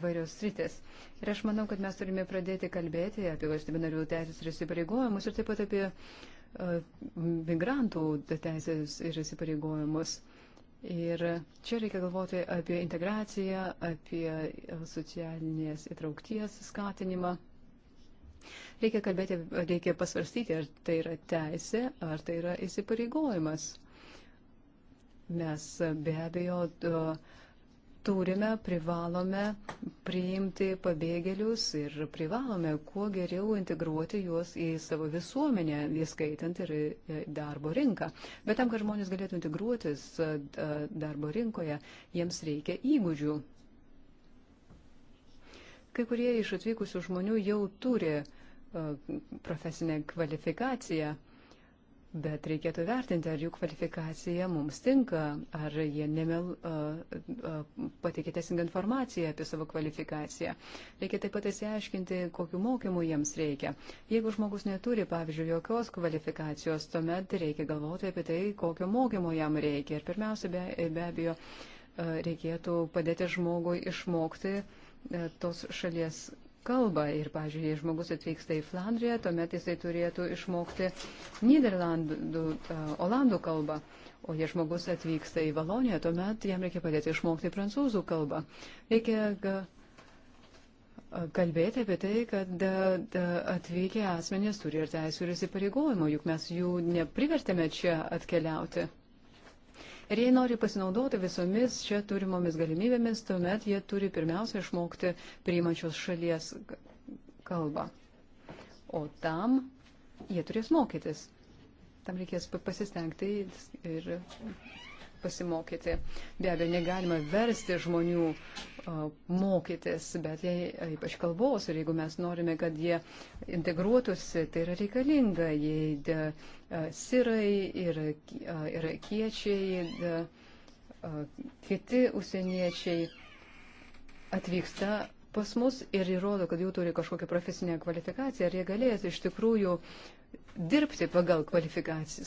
įvairios sritės. Ir aš manau, kad mes turime pradėti kalbėti apie valstybių narių teisės ir įsipareigojimus ir taip pat apie uh, migrantų teisės ir įsipareigojimus. Uh, Ir čia reikia galvoti apie integraciją, apie socialinės įtraukties skatinimą. Reikia kalbėti, reikia pasvarstyti, ar tai yra teisė, ar tai yra įsipareigojimas. Mes be abejo. Uh, turime, privalome priimti pabėgėlius ir privalome kuo geriau integruoti juos į savo visuomenę, įskaitant ir e, darbo rinką. Bet tam, kad žmonės galėtų integruotis e, darbo rinkoje, jiems reikia įgūdžių. Kai kurie iš atvykusių žmonių jau turi e, profesinę kvalifikaciją Bet reikėtų vertinti, ar jų kvalifikacija mums tinka, ar jie nemel, uh, uh, patikė teisingą informaciją apie savo kvalifikaciją. Reikia taip pat įsiaiškinti, kokiu mokymu jiems reikia. Jeigu žmogus neturi, pavyzdžiui, jokios kvalifikacijos, tuomet reikia galvoti apie tai, kokio mokymo jam reikia. Ir pirmiausia, be, be abejo, uh, reikėtų padėti žmogui išmokti uh, tos šalies kalbą. Ir, pažiūrėjau, jei žmogus atvyksta į Flandriją, tuomet jisai turėtų išmokti Niderlandų, Olandų kalbą. O jei žmogus atvyksta į Valoniją, tuomet jam reikia padėti išmokti prancūzų kalbą. Reikia kalbėti apie tai, kad atvykę asmenys turi ir teisų ir įsipareigojimų, juk mes jų neprivertėme čia atkeliauti. Ir jei nori pasinaudoti visomis čia turimomis galimybėmis, tuomet jie turi pirmiausia išmokti priimančios šalies kalbą. O tam jie turės mokytis. Tam reikės pasistengti ir pasimokyti. Be abejo, negalima versti žmonių mokytis, bet jei, ypač kalbos, ir jeigu mes norime, kad jie integruotųsi, tai yra reikalinga, jei de, sirai ir irakiečiai, kiti užsieniečiai atvyksta pas mus ir įrodo, kad jau turi kažkokią profesinę kvalifikaciją, ar jie galės iš tikrųjų dirbti pagal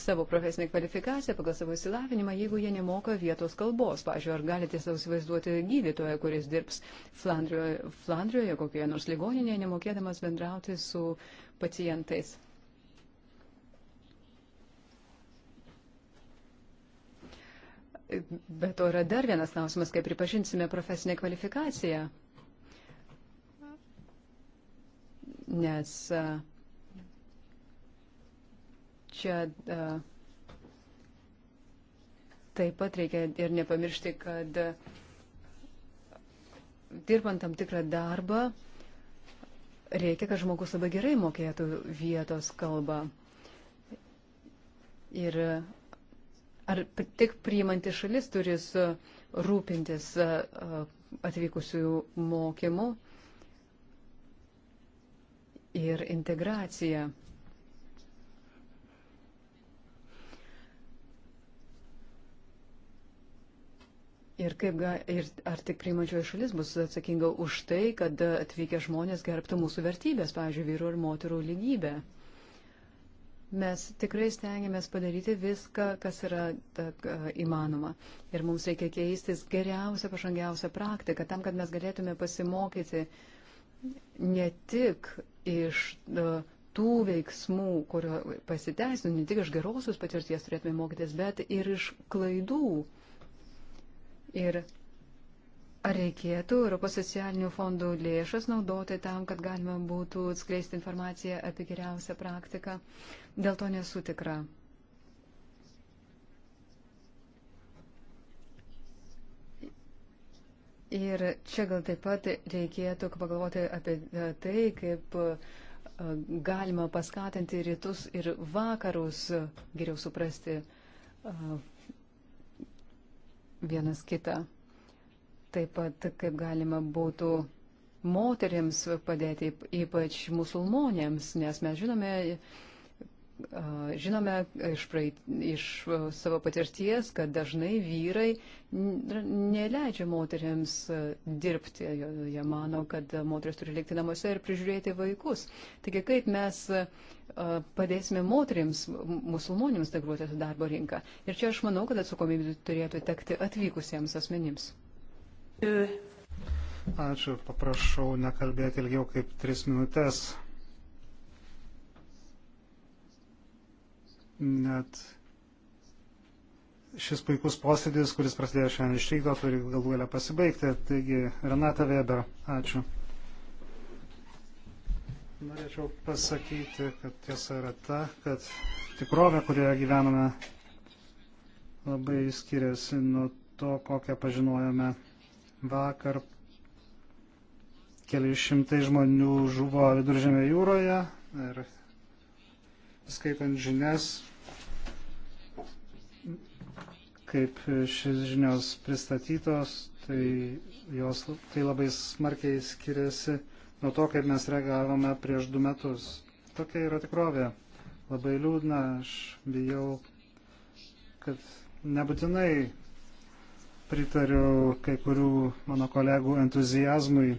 savo profesinę kvalifikaciją, pagal savo įsilavinimą, jeigu jie nemoka vietos kalbos. Pavyzdžiui, ar galite savo įsivaizduoti gydytoją, kuris dirbs Flandrijoje, Flandrijoje kokioje nors ligoninėje, nemokėdamas bendrauti su pacientais. Bet to yra dar vienas klausimas, kaip pripažinsime profesinę kvalifikaciją. nes čia taip pat reikia ir nepamiršti, kad dirbant tam tikrą darbą, reikia, kad žmogus labai gerai mokėtų vietos kalbą. Ir ar tik priimanti šalis turi rūpintis atvykusių mokymų, ir integracija. Ir, kaip, ga, ir ar tik priimančioji šalis bus atsakinga už tai, kad atvykę žmonės gerbtų mūsų vertybės, pavyzdžiui, vyru ir moterų lygybę. Mes tikrai stengiamės padaryti viską, kas yra ta, įmanoma. Ir mums reikia keistis geriausią, pažangiausią praktiką tam, kad mes galėtume pasimokyti uh, ne tik iš e, tų veiksmų, kurio pasiteisino, ne tik iš gerosios patirties turėtume mokytis, bet ir iš klaidų. Ir Ar reikėtų Europos socialinių fondų lėšas naudoti tam, kad galima būtų atskleisti informaciją apie geriausią praktiką? Dėl to nesu tikra. Ir čia gal taip pat reikėtų pagalvoti apie e, tai, kaip e, galima paskatinti rytus ir vakarus geriau suprasti e, vienas kitą. Taip pat, kaip galima būtų moteriams padėti, ypač musulmonėms, nes mes žinome, Žinome iš, praeit, iš savo patirties, kad dažnai vyrai neleidžia moteriams dirbti. Jie mano, kad moteris turi likti namuose ir prižiūrėti vaikus. Taigi kaip mes padėsime moteriams, musulmonėms integruotis į darbo rinką. Ir čia aš manau, kad atsakomybė turėtų tekti atvykusiems asmenims. Ačiū, paprašau nekalbėti ilgiau kaip tris minutės. net šis puikus posėdis, kuris prasidėjo šiandien iš ryto, turi galų galę pasibaigti. Taigi, Renata Weber, ačiū. Norėčiau pasakyti, kad tiesa yra ta, kad tikrovė, kurioje gyvename, labai skiriasi nuo to, kokią pažinojame vakar. Keli šimtai žmonių žuvo viduržėme jūroje ir skaitant žinias, kaip šis žinios pristatytos, tai jos tai labai smarkiai skiriasi nuo to, kaip mes reagavome prieš du metus. Tokia yra tikrovė. Labai liūdna, aš bijau, kad nebūtinai pritariu kai kurių mano kolegų entuzijazmui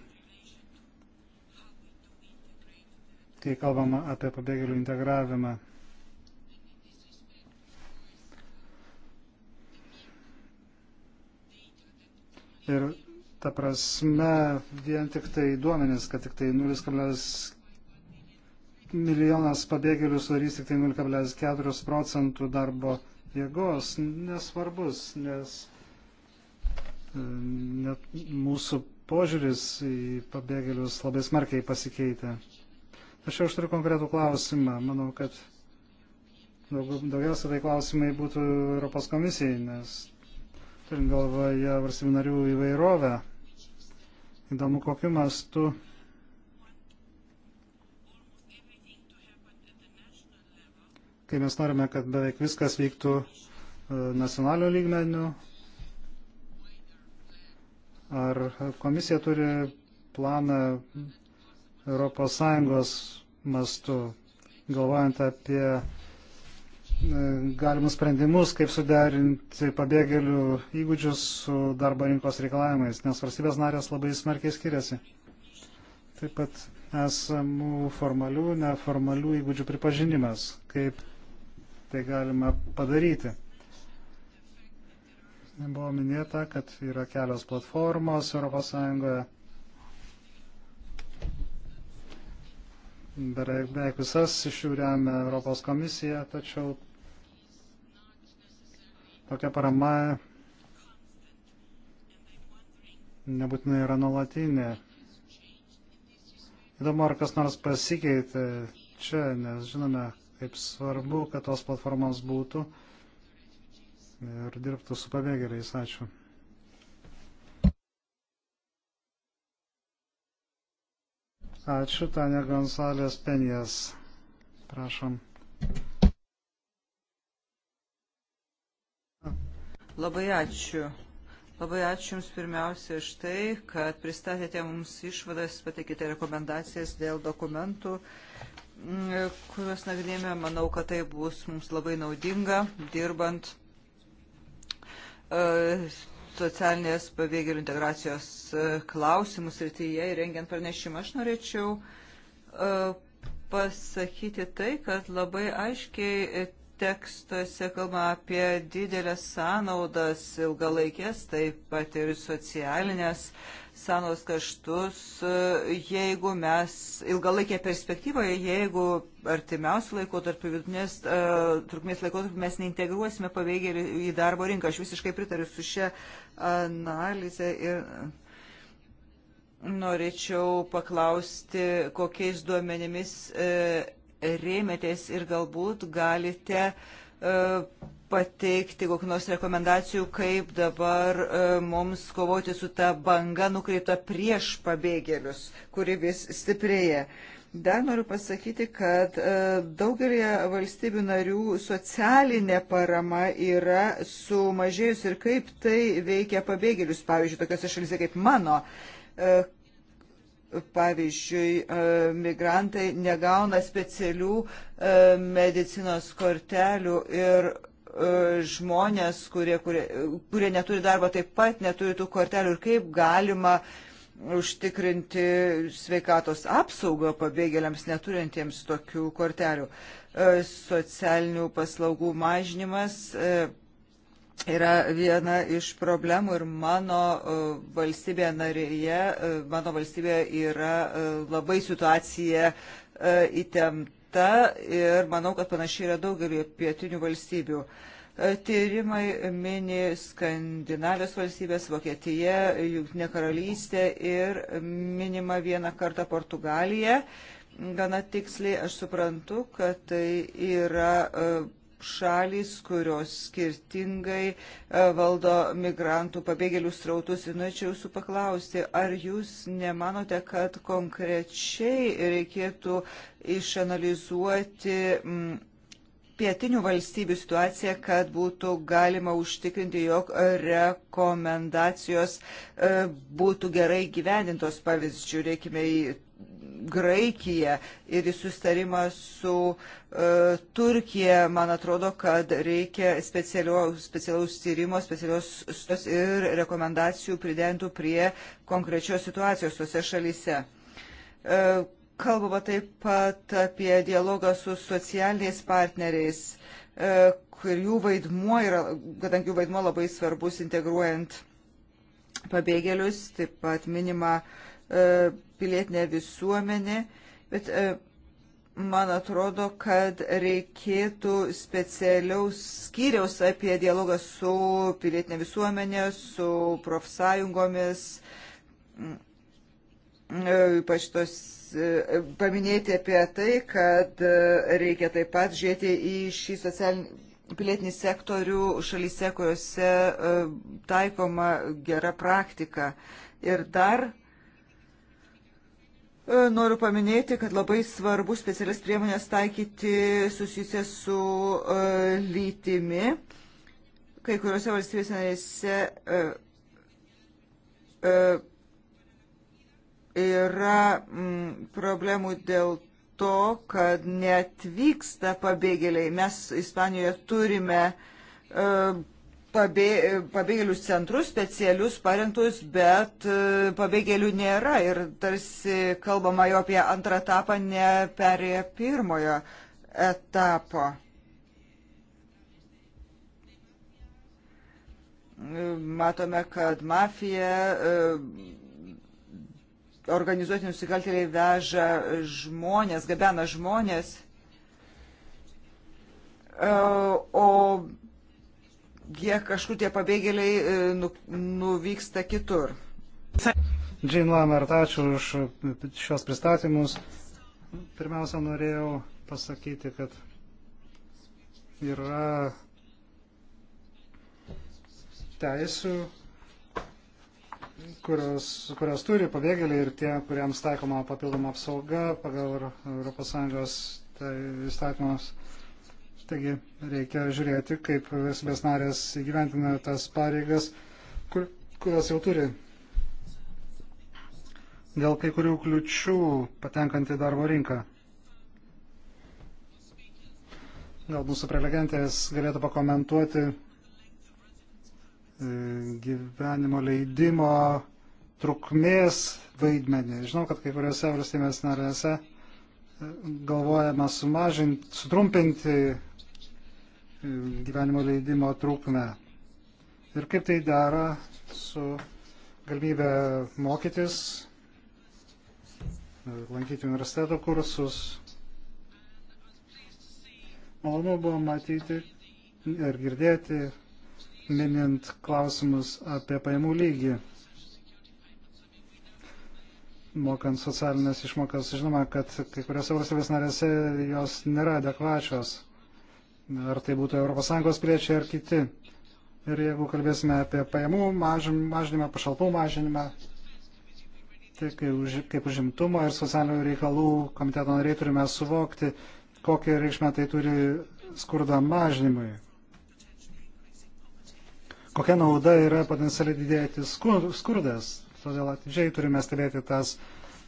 kai kalbama apie pabėgėlių integravimą. Ir ta prasme, vien tik tai duomenis, kad tik tai 0, milijonas pabėgėlių sudarys tik tai 0,4 procentų darbo jėgos, nesvarbus, nes e, net mūsų požiūris į pabėgėlius labai smarkiai pasikeitė. Aš jau aš turiu konkretų klausimą. Manau, kad daugiausia tai klausimai būtų Europos komisijai, nes turint galvoje valstybių narių įvairovę. Įdomu, kokiu mastu kai mes norime, kad beveik viskas vyktų e, nacionalio lygmenių, ar komisija turi planą ES mastu, galvojant apie e, galimus sprendimus, kaip suderinti pabėgėlių įgūdžius su darbo rinkos reikalavimais, nes valstybės narės labai smarkiai skiriasi. Taip pat esamų formalių, neformalių įgūdžių pripažinimas, kaip tai galima padaryti. Buvo minėta, kad yra kelios platformos ES beveik visas iš jų remia Europos komisija, tačiau tokia parama nebūtinai yra nuolatinė. Įdomu, ar kas nors pasikeitė čia, nes žinome, kaip svarbu, kad tos platformos būtų ir dirbtų su pabėgėliais. Ačiū. Ačiū, Tania Gonsalės Penijas. Prašom. Labai ačiū. Labai ačiū Jums pirmiausia iš tai, kad pristatėte mums išvadas, pateikite rekomendacijas dėl dokumentų, mm, kuriuos nagrinėjame. Manau, kad tai bus mums labai naudinga, dirbant e, socialinės pabėgėlių integracijos e, klausimus rytyje ir rengiant pranešimą. Aš norėčiau e, pasakyti tai, kad labai aiškiai tekstuose kalba apie didelės sąnaudas, ilgalaikės, taip pat ir socialinės sąnaudos kaštus, jeigu mes ilgalaikė perspektyvoje, jeigu artimiausių laikotarpių, vidutinės uh, trukmės laikotarpių mes neintegruosime paveigiai į darbo rinką. Aš visiškai pritariu su šia analize ir. Norėčiau paklausti, kokiais duomenimis uh, rėmėtės ir galbūt galite e, pateikti kokių nors rekomendacijų, kaip dabar e, mums kovoti su ta banga nukreipta prieš pabėgėlius, kuri vis stiprėja. Dar noriu pasakyti, kad e, daugelį valstybių narių socialinė parama yra sumažėjus ir kaip tai veikia pabėgėlius, pavyzdžiui, tokiose šalise kaip mano pavyzdžiui, e, migrantai negauna specialių e, medicinos kortelių ir e, žmonės, kurie, kurie, kurie neturi darbo, taip pat neturi tų kortelių ir kaip galima užtikrinti sveikatos apsaugą pabėgėliams neturintiems tokių kortelių. Socialinių paslaugų mažinimas yra viena iš problemų ir mano e, valstybėje narėje, e, mano valstybėje yra e, labai situacija įtempta ir manau, kad panašiai yra daugelį pietinių valstybių. Tyrimai mini Skandinavijos valstybės, Vokietija, Junktinė karalystė ir minima vieną kartą Portugalija. Gana tiksliai aš suprantu, kad tai yra šalys, kurios skirtingai e, valdo migrantų pabėgėlių srautus. Ir norėčiau jūsų paklausti, ar jūs nemanote, kad konkrečiai reikėtų išanalizuoti pietinių valstybių situaciją, kad būtų galima užtikrinti, jog rekomendacijos e, būtų gerai gyvendintos. Pavyzdžiui, reikime į Graikija ir į sustarimą su e, Turkija, man atrodo, kad reikia specialiaus tyrimo, specialiaus ir rekomendacijų pridentų prie konkrečios situacijos tose šalyse. E, kalbama taip pat apie dialogą su socialiniais partneriais, e, kur jų vaidmuo yra, kadangi jų vaidmuo labai svarbus integruojant pabėgėlius, taip pat minima e, pilietinę visuomenę, bet e, man atrodo, kad reikėtų specialiaus skyriaus apie dialogą su pilietinė visuomenė, su profsąjungomis, e, ypač tos e, paminėti apie tai, kad reikia taip pat žiūrėti į šį socialinį pilietinį sektorių šalyse, kuriuose taikoma gera praktika. Ir dar uh, E, noriu paminėti, kad labai svarbu specialias priemonės taikyti susijusias su uh, lytimi. Kai kuriuose valstybės narėse uh, uh, yra mm, problemų dėl to, kad netvyksta pabėgėliai. Mes Ispanijoje turime uh, pabėgėlių centrus specialius parengtus, bet e, pabėgėlių nėra ir tarsi kalbama jau apie antrą etapą, neperėję pirmojo etapo. Matome, kad mafija, e, organizuoti nusikaltėliai veža žmonės, gabena žmonės, e, o jie kažkur tie pabėgėliai e, nu, nuvyksta kitur. Džin Lamert, ačiū už šios pristatymus. Pirmiausia, norėjau pasakyti, kad yra teisų, kurios, kurios turi pabėgėliai ir tie, kuriems taikoma papildoma apsauga pagal ES tai įstatymus Taigi reikia žiūrėti, kaip valstybės narės įgyventina tas pareigas, kur, kurias jau turi. Dėl kai kurių kliučių patenkant į darbo rinką. Gal mūsų prelegentės galėtų pakomentuoti e, gyvenimo leidimo trukmės vaidmenį. Žinau, kad kai kuriuose valstybės narėse e, galvojama sumažinti, sutrumpinti gyvenimo leidimo trukmę. Ir kaip tai dera su galimybė mokytis, lankyti universiteto kursus. Malonu buvo matyti ir girdėti, minint klausimus apie pajamų lygį. Mokant socialinės išmokas, žinoma, kad kai kuriuose valstybės narėse jos nėra adekvačios ar tai būtų ES piliečiai ar kiti. Ir jeigu kalbėsime apie pajamų mažinimą, pašalpų mažinimą, tai kaip užimtumo ir socialinių reikalų komiteto nariai turime suvokti, kokią reikšmę tai turi skurdą mažinimui. Kokia nauda yra potencialiai didėti skurdas. Todėl atidžiai turime stebėti tas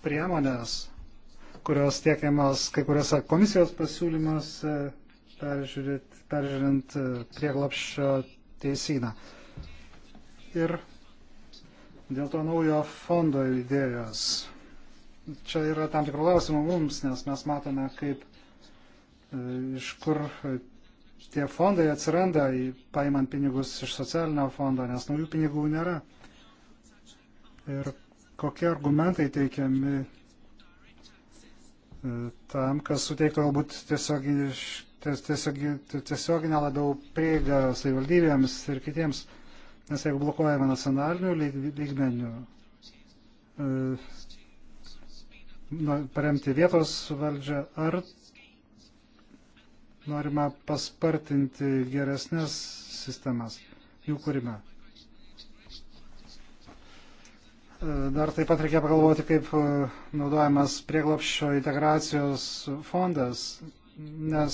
priemonės, kurios tiekiamas kai kuriuose komisijos pasiūlymuose peržiūrint e, prieglapščio teisyną. Ir dėl to naujo fondo idėjos. Čia yra tam tikrų klausimų mums, nes mes matome, kaip e, iš kur e, tie fondai atsiranda, paimant pinigus iš socialinio fondo, nes naujų pinigų nėra. Ir kokie argumentai teikiami tam, kas suteiktų galbūt tiesiog tiesiog, tiesioginę labiau prieigą savivaldybėms ir kitiems, nes jeigu blokuojame nacionalinių lygmenių, e, paremti vietos valdžią, ar norima paspartinti geresnės sistemas, jų kūrime. E, dar taip pat reikia pagalvoti, kaip e, naudojamas prieglopščio integracijos fondas, nes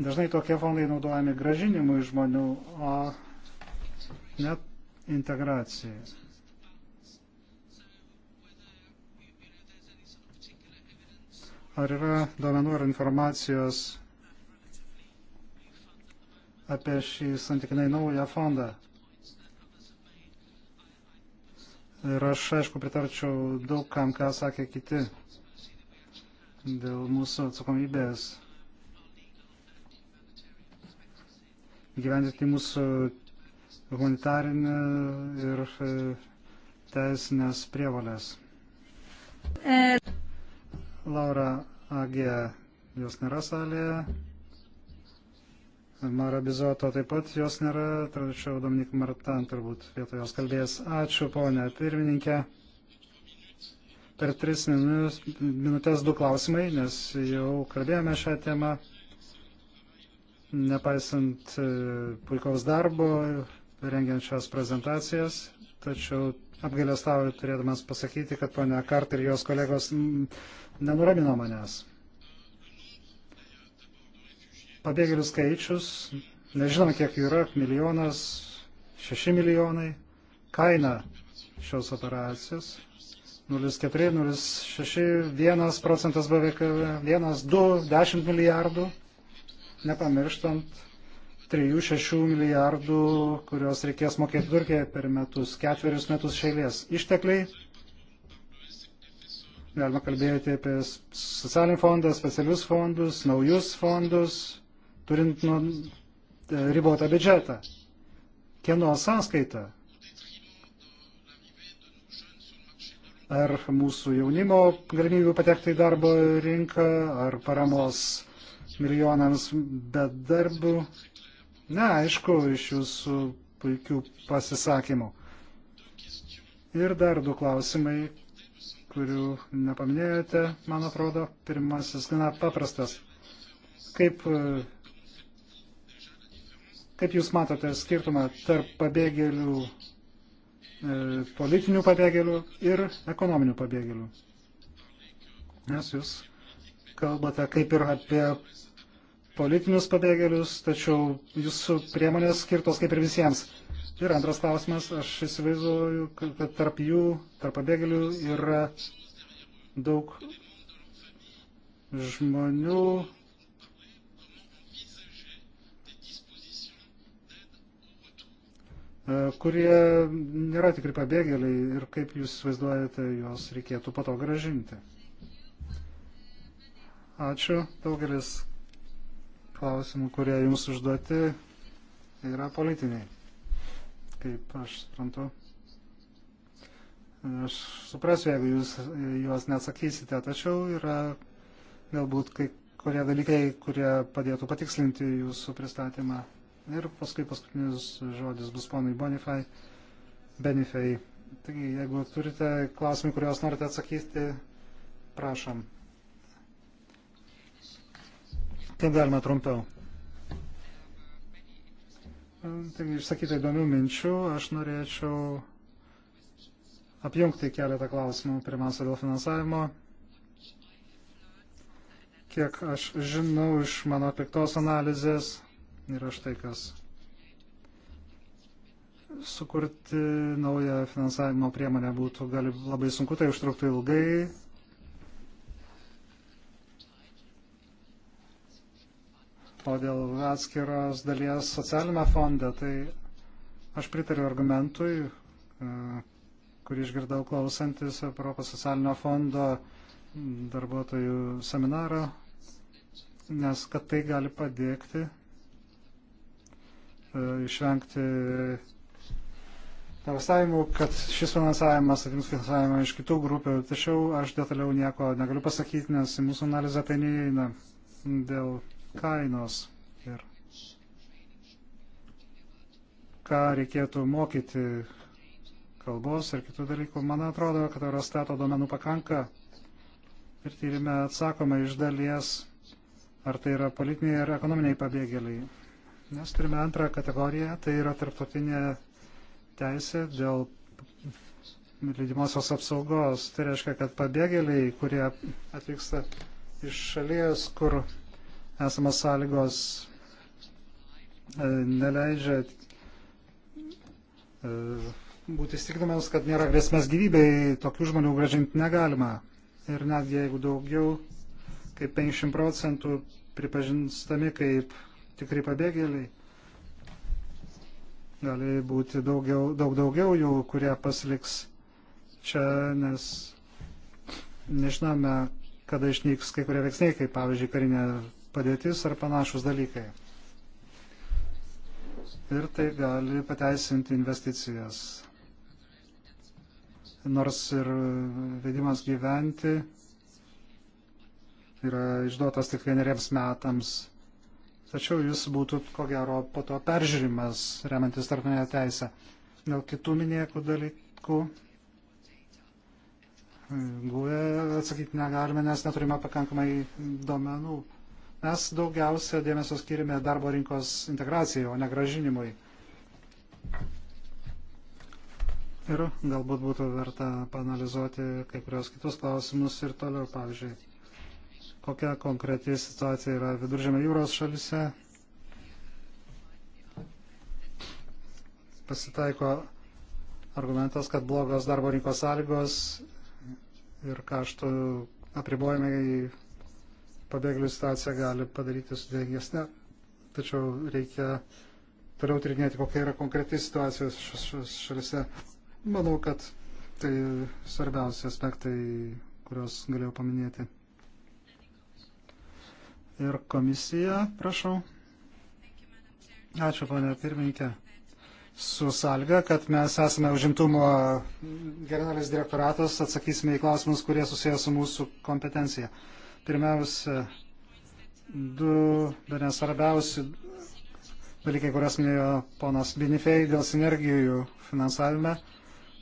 Dažnai tokie fondai naudojami gražinimui žmonių, o net integracijai. Ar yra duomenų ar informacijos apie šį santykinai naują fondą? Ir aš, aišku, pritarčiau daug kam, ką sakė kiti dėl mūsų atsakomybės įgyvendinti mūsų humanitarinę ir e, teisinės prievalės. Laura Agė, jos nėra salėje. Mara Bizoto taip pat jos nėra, tačiau Dominik Martan turbūt vietoj jos kalbės. Ačiū, ponė pirmininkė. Per tris minutės du klausimai, nes jau kalbėjome šią temą nepaisant e, puikaus darbo, rengiančios prezentacijas, tačiau apgailestauju turėdamas pasakyti, kad ponia Kart ir jos kolegos nenuramino manęs. Pabėgėlių skaičius, nežinome kiek jų yra, milijonas, šeši milijonai, kaina šios operacijos 0,4, 0,6, 1 procentas BVK, 1, 2, 10 milijardų nepamirštant 3-6 milijardų, kurios reikės mokėti Turkijai per metus, ketverius metus šeilės. Ištekliai, galima kalbėti apie socialinį fondą, specialius fondus, naujus fondus, turint nu, e, ribotą biudžetą. Kieno sąskaita? Ar mūsų jaunimo galimybių patekti į darbo rinką, ar paramos milijonams bedarbių. Neaišku iš jūsų puikių pasisakymų. Ir dar du klausimai, kurių nepaminėjote, man atrodo. Pirmasis gana paprastas. Kaip, kaip Jūs matote skirtumą tarp pabėgėlių, e, politinių pabėgėlių ir ekonominių pabėgėlių? Nes Jūs kalbate kaip ir apie politinius pabėgėlius, tačiau jūsų priemonės skirtos kaip ir visiems. Ir antras klausimas, aš įsivaizduoju, kad tarp jų, tarp pabėgėlių yra daug žmonių, e, kurie nėra tikri pabėgėliai ir kaip jūs vaizduojate, juos reikėtų po to gražinti. Ačiū. Daugelis klausimų, kurie jums užduoti, yra politiniai. Kaip aš suprantu. Aš suprasiu, jeigu jūs juos neatsakysite, tačiau yra galbūt kai kurie dalykai, kurie padėtų patikslinti jūsų pristatymą. Ir paskui paskutinis žodis bus ponui Bonifai, Benifei. Taigi, jeigu turite klausimų, kuriuos norite atsakyti, prašom kaip galima trumpiau. Taigi išsakyti įdomių minčių, aš norėčiau apjungti keletą klausimų. Pirmiausia, dėl finansavimo. Kiek aš žinau iš mano atliktos analizės, yra štai kas. Sukurti naują finansavimo priemonę būtų gali labai sunku, tai užtruktų ilgai, O dėl atskiros dalies socialinio fondą, tai aš pritariu argumentui, e, kurį išgirdau klausantis Europos socialinio fondo darbuotojų seminaro, nes kad tai gali padėkti e, išvengti nuogastavimų, kad šis finansavimas atims finansavimą iš kitų grupių, tačiau aš detaliau nieko negaliu pasakyti, nes į mūsų analizę tai neįeina dėl kainos ir ką reikėtų mokyti kalbos ir kitų dalykų. Man atrodo, kad Eurostato duomenų pakanka ir tyrime atsakome iš dalies, ar tai yra politiniai ir ekonominiai pabėgėliai. Nes turime antrą kategoriją, tai yra tarptautinė teisė dėl leidimosios apsaugos. Tai reiškia, kad pabėgėliai, kurie atvyksta iš šalies, kur esamas sąlygos e, neleidžia e, būti įstikinamiems, kad nėra grėsmės gyvybei, tokių žmonių gražinti negalima. Ir net jeigu daugiau kaip 50 procentų pripažinstami kaip tikri pabėgėliai, gali būti daugiau, daug daugiau jų, kurie pasiliks čia, nes nežinome, kada išnyks kai kurie veiksniai, kaip pavyzdžiui karinė padėtis ar panašus dalykai. Ir tai gali pateisinti investicijas. Nors ir vedimas gyventi yra išduotas tik vieneriems metams, tačiau jis būtų ko gero po to peržiūrimas, remantis tarptautinę teisę. Dėl kitų minėtų dalykų e, Guvę atsakyti negalime, nes neturime pakankamai duomenų. Mes daugiausia dėmesio skirime darbo rinkos integracijai, o ne gražinimui. Ir galbūt būtų verta panalizuoti kai kurios kitus klausimus ir toliau, pavyzdžiui, kokia konkreti situacija yra viduržėmio jūros šalise. Pasitaiko argumentas, kad blogos darbo rinkos sąlygos ir kaštų apribojimai pabėgėlių situacija gali padaryti sudėtingesnė, tačiau reikia toliau tyrinėti, kokia yra konkreti situacija šalise. Manau, kad tai svarbiausi aspektai, kuriuos galėjau paminėti. Ir komisija, prašau. Ačiū, ponė pirmininkė. Su salga, kad mes esame užimtumo generalinis direktoratas, atsakysime į klausimus, kurie susijęs su mūsų kompetencija. Pirmiausia, du bene svarbiausi dalykai, kurias minėjo ponas Binifei dėl sinergijų finansavime.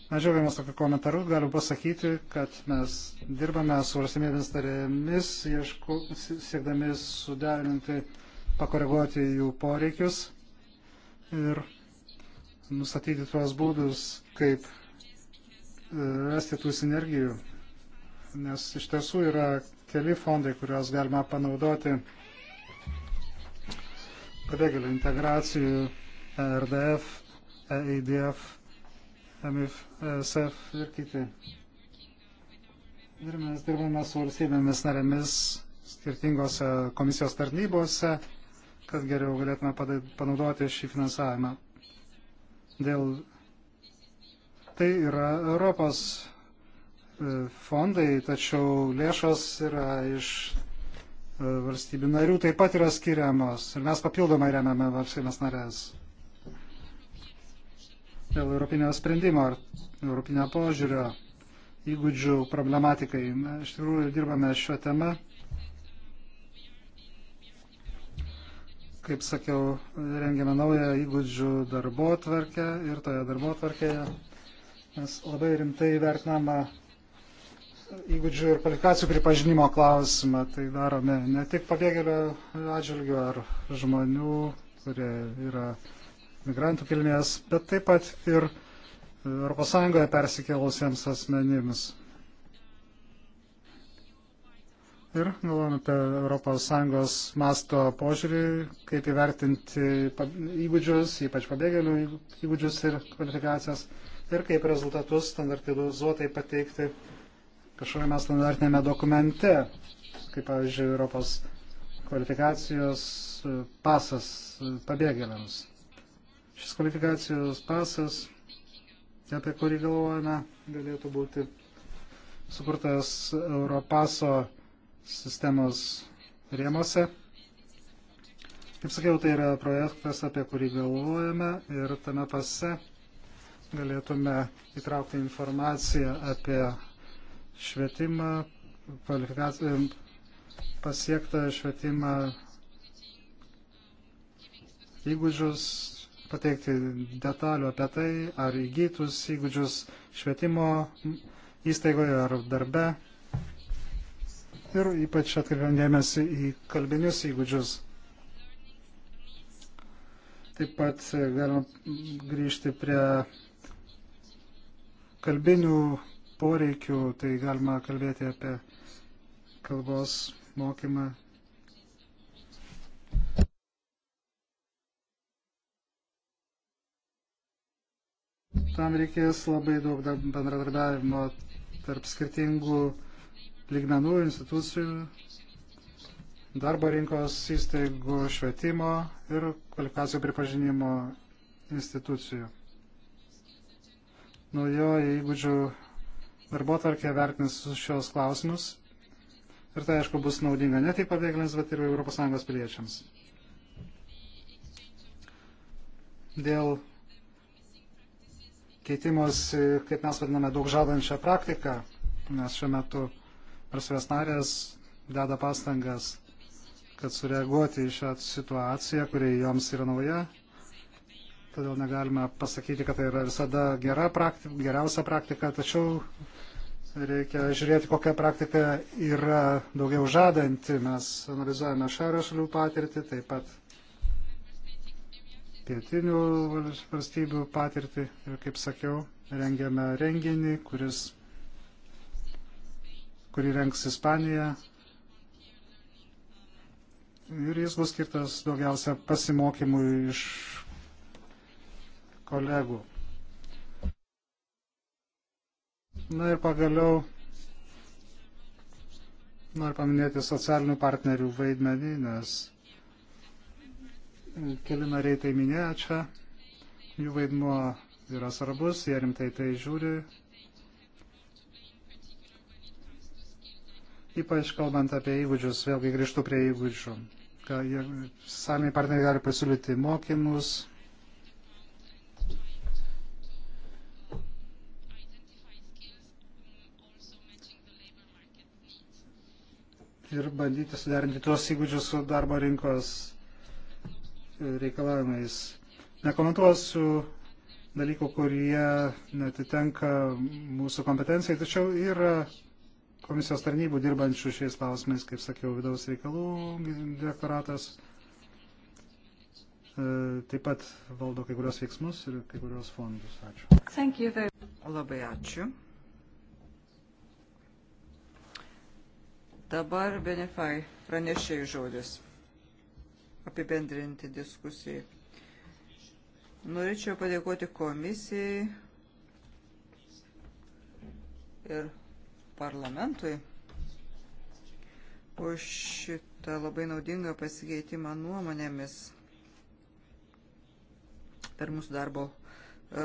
Mes džiaugiamės tokiu komentaru, galiu pasakyti, kad mes dirbame su valstybėmis tarėmis, iešku, siekdami suderinti, pakoreguoti jų poreikius ir nustatyti tuos būdus, kaip e, rasti tų sinergijų nes iš tiesų yra keli fondai, kuriuos galima panaudoti pabėgėlių integracijų, e RDF, EIDF, MIF, SF e ir kiti. Ir mes dirbame su valstybėmis narėmis skirtingose komisijos tarnybose, kad geriau galėtume panaudoti šį finansavimą. Dėl tai yra Europos fondai, tačiau lėšos yra iš e, valstybių narių taip pat yra skiriamos ir mes papildomai remiame valstybės narės dėl europinio sprendimo ar europinio požiūrio įgūdžių problematikai. Na, iš tikrųjų dirbame šią temą. Kaip sakiau, rengiame naują įgūdžių darbo tvarkę ir toje darbo tvarkėje mes labai rimtai vertiname įgūdžių ir kvalifikacijų pripažinimo klausimą. Tai darome ne tik pabėgėlio atžvilgių ar žmonių, kurie yra migrantų kilmės, bet taip pat ir ES persikėlusiems asmenims. Ir galvojame apie ES masto požiūrį, kaip įvertinti įgūdžius, ypač pabėgėlių įgūdžius ir kvalifikacijas, ir kaip rezultatus standartizuotai pateikti kažkokiame standartinėme dokumente, kaip pavyzdžiui, Europos kvalifikacijos pasas pabėgėliams. Šis kvalifikacijos pasas, apie kurį galvojame, galėtų būti sukurtas Europaso sistemos rėmose. Kaip sakiau, tai yra projektas, apie kurį galvojame ir tame pase galėtume įtraukti informaciją apie švietimą, pasiektą švietimą, įgūdžius, pateikti detalių apie tai, ar įgytus įgūdžius švietimo įstaigoje ar darbe. Ir ypač atkreipiam dėmesį į kalbinius įgūdžius. Taip pat e, galima grįžti prie kalbinių poreikių, tai galima kalbėti apie kalbos mokymą. Tam reikės labai daug bendradarbiavimo tarp skirtingų lygmenų institucijų, darbo rinkos įstaigų švietimo ir kvalifikacijų pripažinimo institucijų. Naujoji įgūdžių darbo tarkė vertins šios klausimus. Ir tai, aišku, bus naudinga ne tik pabėgėliams, bet ir ES piliečiams. Dėl keitimos, kaip mes vadiname, daug žadančią praktiką, nes šiuo metu prasidės narės deda pastangas, kad sureaguoti į šią situaciją, kuri joms yra nauja todėl negalime pasakyti, kad tai yra visada gera praktika, geriausia praktika, tačiau reikia žiūrėti, kokia praktika yra daugiau žadanti. Mes analizuojame šiaurės šalių patirtį, taip pat pietinių valstybių patirtį ir, kaip sakiau, rengiame renginį, kuris, kurį rengs Ispanija. Ir jis bus skirtas daugiausia pasimokymui iš kolegų. Na ir pagaliau noriu paminėti socialinių partnerių vaidmenį, nes keli nariai tai minėjo čia. Jų vaidmuo yra svarbus, jie rimtai tai žiūri. Ypač kalbant apie įgūdžius, vėlgi grįžtu prie įgūdžių. Samiai partneriai gali pasiūlyti mokymus, ir bandyti suderinti tuos įgūdžius su darbo rinkos reikalavimais. Nekomentuosiu dalykų, kurie netitenka mūsų kompetencijai, tačiau yra komisijos tarnybų dirbančių šiais klausimais, kaip sakiau, vidaus reikalų direktoratas e, taip pat valdo kai kurios veiksmus ir kai kurios fondus. Ačiū. Labai ačiū. Dabar Benefai pranešėjų žodis apibendrinti diskusijai. Norėčiau padėkoti komisijai ir parlamentui už šitą labai naudingą pasikeitimą nuomonėmis per mūsų darbo e,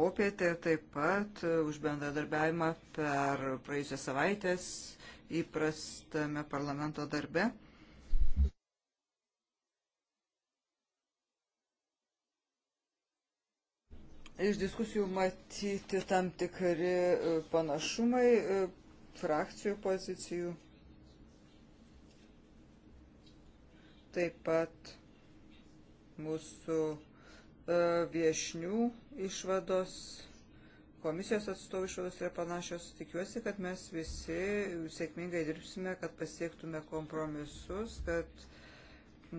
popietę ir taip pat e, už bendradarbiavimą per praėjusią savaitės įprastame parlamento darbe. Iš diskusijų matyti tam tikri e, panašumai e, frakcijų pozicijų. Taip pat mūsų e, viešnių išvados komisijos atstovų išvados yra panašios. Tikiuosi, kad mes visi sėkmingai dirbsime, kad pasiektume kompromisus, kad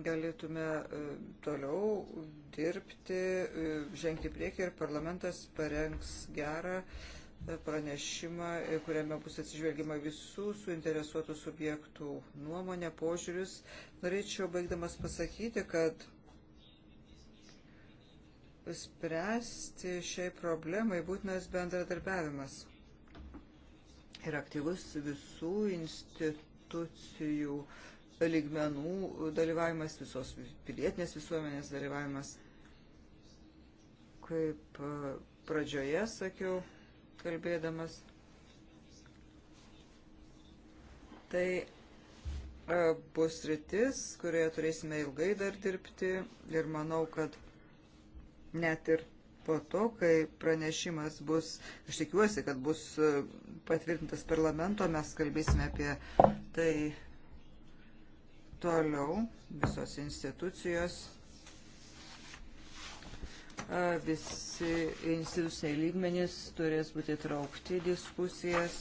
galėtume e, toliau dirbti, e, žengti priekį ir parlamentas parengs gerą e, pranešimą, kuriame bus atsižvelgima visų suinteresuotų subjektų nuomonė, požiūris. Norėčiau baigdamas pasakyti, kad spręsti šiai problemai būtinas bendradarbiavimas ir aktyvus visų institucijų lygmenų dalyvavimas, visos pilietinės visuomenės dalyvavimas. Kaip e, pradžioje sakiau, kalbėdamas, tai e, bus rytis, kurioje turėsime ilgai dar dirbti ir manau, kad net ir po to, kai pranešimas bus, aš tikiuosi, kad bus e, patvirtintas parlamento, mes kalbėsime apie tai toliau, visos institucijos, e, visi instituciniai lygmenys turės būti traukti diskusijas,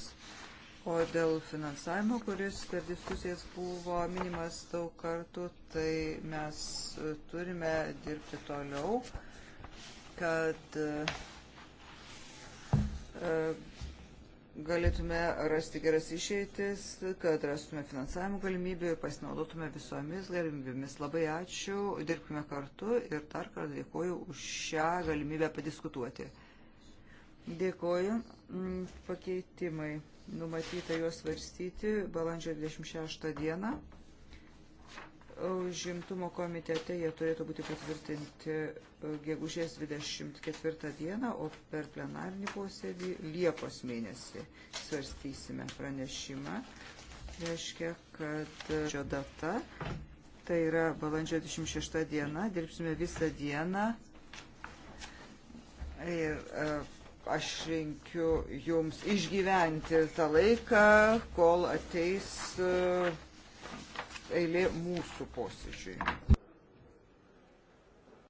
o dėl finansavimo, kuris per diskusijas buvo minimas daug kartų, tai mes turime dirbti toliau kad e, galėtume rasti geras išeitis, kad rastume finansavimo galimybių ir pasinaudotume visomis galimybėmis. Labai ačiū, dirbkime kartu ir dar kartą dėkoju už šią galimybę padiskutuoti. Dėkoju. Mm, pakeitimai numatyta juos svarstyti balandžio 26 dieną. Žimtumo komitete jie turėtų būti patvirtinti e, gegužės 24 dieną, o per plenarinį posėdį Liepos mėnesį svarstysime pranešimą. Reiškia, kad e, šio data, tai yra balandžio 26 diena, dirbsime visą dieną. Ir e, aš linkiu jums išgyventi tą laiką, kol ateis. Uh, eilė mūsų posėdžiui.